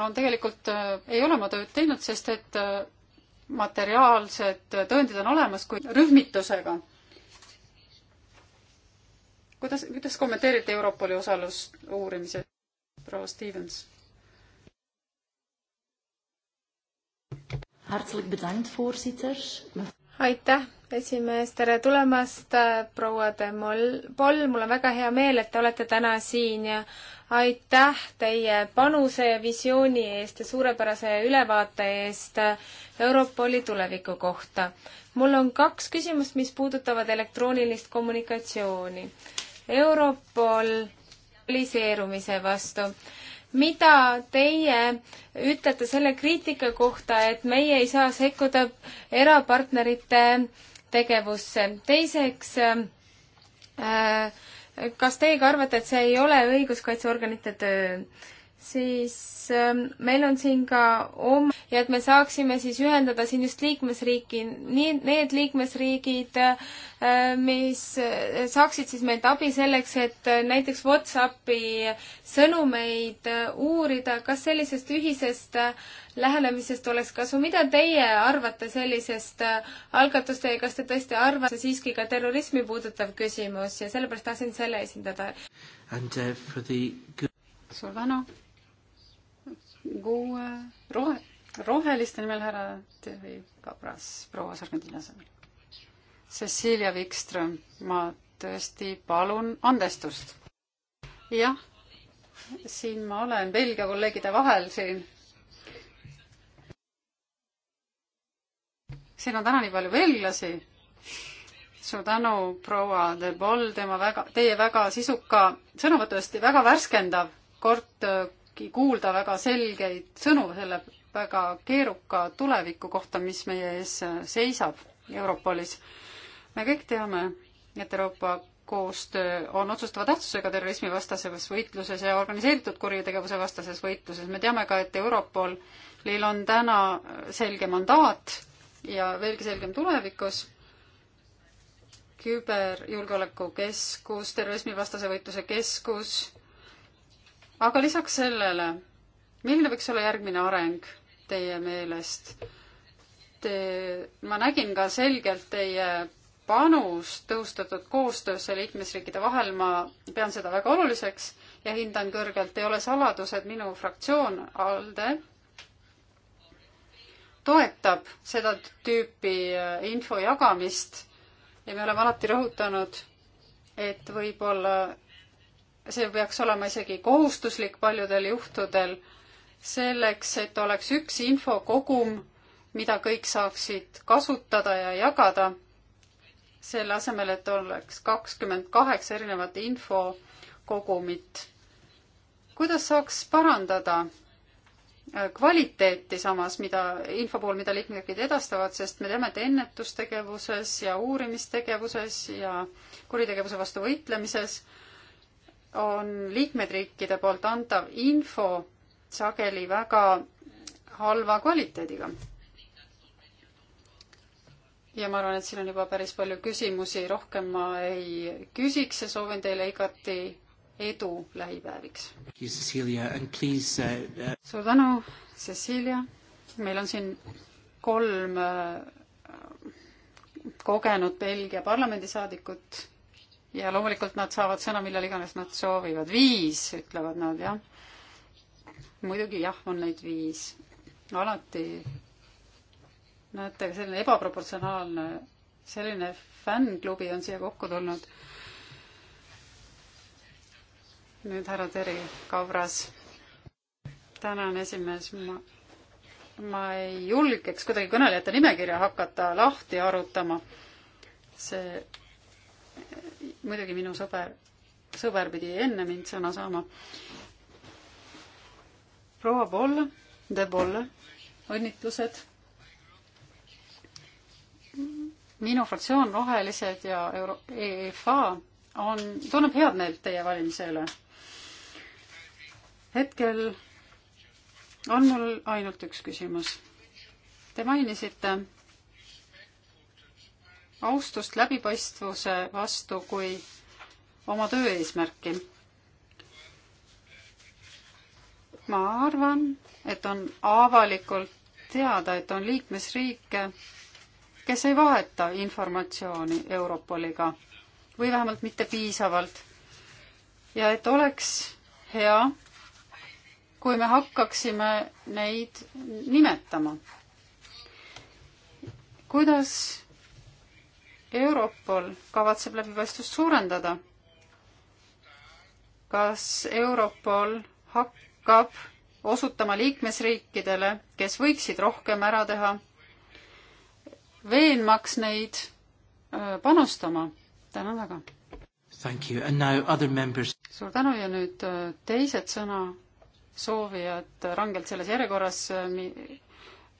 on tegelikult, äh, ei ole oma tööd teinud, sest et äh, materiaalsed tõendid on olemas, kuid rühmitusega kuidas, kuidas kommenteerite Europoli osalust uurimisel, proua Stevens? aitäh, esimees, tere tulemast, äh, proua de Mol-, Poll, mul on väga hea meel, et te olete täna siin ja aitäh teie panuse ja visiooni eest ja suurepärase ülevaate eest äh, Europoli tuleviku kohta. mul on kaks küsimust, mis puudutavad elektroonilist kommunikatsiooni. Europol realiseerumise vastu. mida teie ütlete selle kriitika kohta, et meie ei saa sekkuda erapartnerite tegevusse? teiseks äh, kas teiega arvate, et see ei ole õiguskaitseorganite töö? siis ähm, meil on siin ka oma ja et me saaksime siis ühendada siin just liikmesriiki, nii need liikmesriigid, äh, mis äh, saaksid siis meilt abi selleks, et äh, näiteks Whatsappi sõnumeid uurida, kas sellisest ühisest lähenemisest oleks kasu, mida teie arvate sellisest algatust ja kas te tõesti arvate siiski ka terrorismi puudutav küsimus ja sellepärast tahtsin selle esindada. Uh, the... suur tänu kuue rohe, roheliste nimel härra Terri Kabras, proua Sargentini asemel. Cecilia Wikström, ma tõesti palun andestust. jah, siin ma olen Belgia kolleegide vahel siin. siin on täna nii palju belglasi. suur tänu, proua De Boll, tema väga, teie väga sisuka sõnavõtu eest, väga värskendav kord ikkagi kuulda väga selgeid sõnu selle väga keeruka tuleviku kohta, mis meie ees seisab Europolis. me kõik teame, et Euroopa koostöö on otsustava tähtsusega terrorismivastases võitluses ja organiseeritud kuritegevuse vastases võitluses. me teame ka, et Europolil on täna selge mandaat ja veelgi selgem tulevikus. küberjulgeolekukeskus, terrorismivastase võitluse keskus aga lisaks sellele, milline võiks olla järgmine areng teie meelest? Te, ma nägin ka selgelt teie panust tõhustatud koostöösse liikmesriikide vahel, ma pean seda väga oluliseks ja hindan kõrgelt, ei ole saladus, et minu fraktsioon, ALDE, toetab seda tüüpi äh, info jagamist ja me oleme alati rõhutanud, et võib-olla see peaks olema isegi kohustuslik paljudel juhtudel, selleks, et oleks üks infokogum, mida kõik saaksid kasutada ja jagada, selle asemel, et oleks kakskümmend kaheksa erinevat infokogumit. kuidas saaks parandada äh, kvaliteeti samas, mida, info puhul, mida liikmesriigid edastavad, sest me teame, et ennetustegevuses ja uurimistegevuses ja kuritegevuse vastu võitlemises äh, on liikmedriikide poolt antav info sageli väga halva kvaliteediga. ja ma arvan, et siin on juba päris palju küsimusi, rohkem ma ei küsiks ja soovin teile igati edu lähipäeviks. Uh, uh, suur tänu, Cecilia. meil on siin kolm äh, kogenud Belgia parlamendisaadikut ja loomulikult nad saavad sõna, millal iganes nad soovivad. viis, ütlevad nad, jah. muidugi jah, on neid viis. alati näete, selline ebaproportsionaalne, selline fännklubi on siia kokku tulnud. nüüd härra Teri Kavras. tänan, esimees. ma, ma ei julgeks kuidagi kõnelejate nimekirja hakata lahti arutama. see muidugi minu sõber, sõber pidi enne mind sõna saama. proua Poll, De Poll, õnnitlused. minu fraktsioon Rohelised ja Euro-, EFA on, tunneb head meelt teie valimise üle. hetkel on mul ainult üks küsimus. Te mainisite austust läbipaistvuse vastu kui oma töö eesmärki. ma arvan, et on avalikult teada, et on liikmesriike, kes ei vaheta informatsiooni Europoliga või vähemalt mitte piisavalt. ja et oleks hea, kui me hakkaksime neid nimetama. kuidas Europol kavatseb läbipaistvust suurendada. kas Europol hakkab osutama liikmesriikidele, kes võiksid rohkem ära teha, veenmaks neid panustama. tänan väga. suur tänu ja nüüd teised sõnasoovijad rangelt selles järjekorras,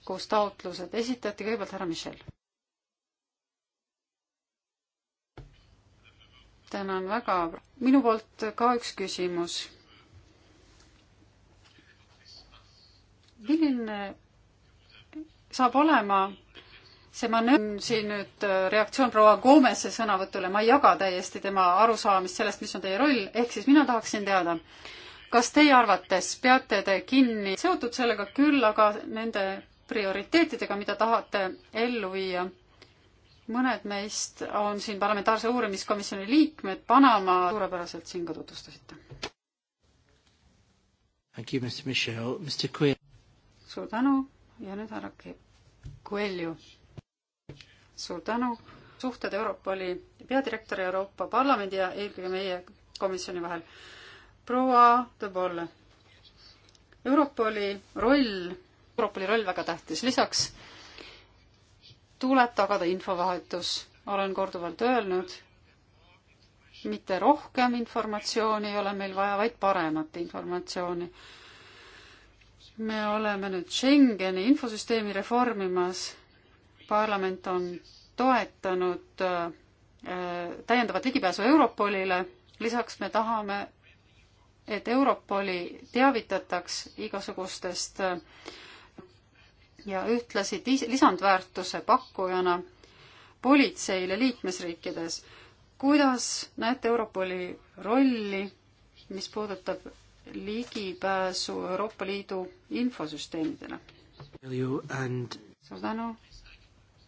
kus taotlused esitati, kõigepealt härra Michel tänan väga. minu poolt ka üks küsimus. milline saab olema see manöör, siin nüüd äh, reaktsioon proua Gomese sõnavõtule, ma ei jaga täiesti tema arusaamist sellest, mis on teie roll, ehk siis mina tahaksin teada, kas teie arvates peate te kinni seotud sellega küll, aga nende prioriteetidega, mida tahate ellu viia mõned meist on siin parlamentaarse uurimiskomisjoni liikmed, Panama suurepäraselt siin ka tutvustasite. suur tänu ja nüüd härra Coelho. suur tänu, suhted Europoli peadirektori Euroopa Parlamendi ja eelkõige meie komisjoni vahel. proua De Bolle, Europoli roll, Europoli roll väga tähtis, lisaks tuleb tagada infovahetus. olen korduvalt öelnud, mitte rohkem informatsiooni ei ole meil vaja, vaid paremat informatsiooni. me oleme nüüd Schengeni infosüsteemi reformimas. parlament on toetanud äh, täiendavat ligipääsu Europolile, lisaks me tahame, et Europoli teavitataks igasugustest äh, ja ühtlasi lisandväärtuse pakkujana politseile liikmesriikides. kuidas näete Europoli rolli, mis puudutab ligipääsu Euroopa Liidu infosüsteemidele? suur tänu,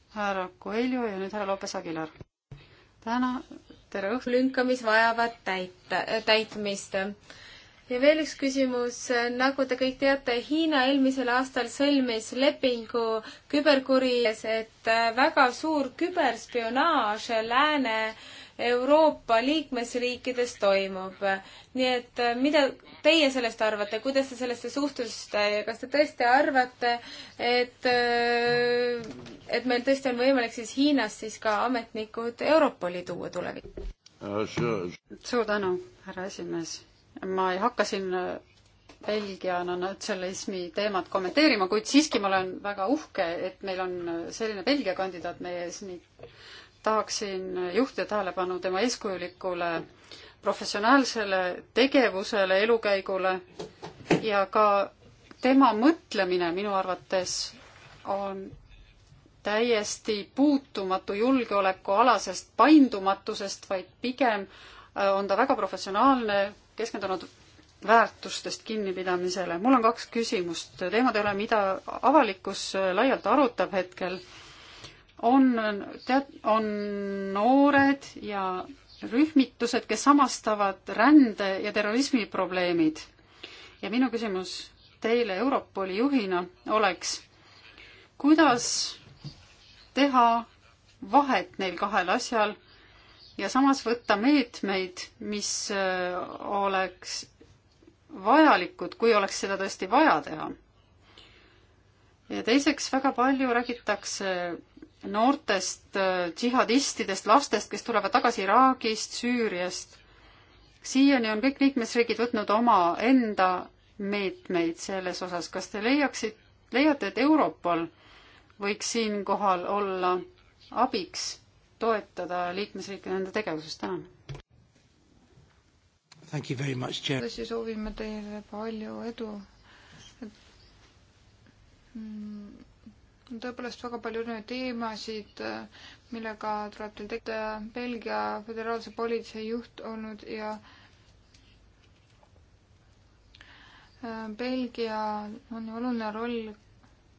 härra Coelho ja nüüd härra Lopes Aguilar. täna, tere õhtut! lünka, mis vajavad täita, täitmist ja veel üks küsimus, nagu te kõik teate, Hiina eelmisel aastal sõlmis lepingu küberkurjas, et äh, väga suur küberspionaaž Lääne-Euroopa liikmesriikides toimub. nii et äh, mida teie sellest arvate, kuidas te sellesse suhtusite ja kas te tõesti arvate, et, äh, et meil tõesti on võimalik siis Hiinas siis ka ametnikud Europoli tuua tulevikus? suur tänu, härra esimees ma ei hakka siin äh, Belgiana natsionalismi teemat kommenteerima, kuid siiski ma olen väga uhke, et meil on äh, selline Belgia kandidaat meie ees, nii tahaksin äh, juhtida tähelepanu tema eeskujulikule professionaalsele tegevusele, elukäigule ja ka tema mõtlemine minu arvates on täiesti puutumatu julgeolekualasest paindumatusest, vaid pigem on ta väga professionaalne, keskendunud väärtustest kinnipidamisele. mul on kaks küsimust teemade üle, mida avalikkus laialt arutab hetkel. on tead-, on noored ja rühmitused, kes samastavad rände ja terrorismi probleemid. ja minu küsimus teile Europoli juhina oleks, kuidas teha vahet neil kahel asjal ja samas võtta meetmeid, mis äh, oleks vajalikud, kui oleks seda tõesti vaja teha. ja teiseks, väga palju räägitakse noortest äh, džihadistidest, lastest, kes tulevad tagasi Iraagist, Süüriast. siiani on kõik liikmesriigid võtnud omaenda meetmeid selles osas. kas te leiaksid, leiate, et Europol võiks siinkohal olla abiks? toetada liikmesriike nende tegevuses, tänan. tõesti soovime teile palju edu. Mm, tõepoolest väga palju neid teemasid, millega te olete tegelikult Belgia föderaalse politsei juht olnud ja äh, Belgia on oluline roll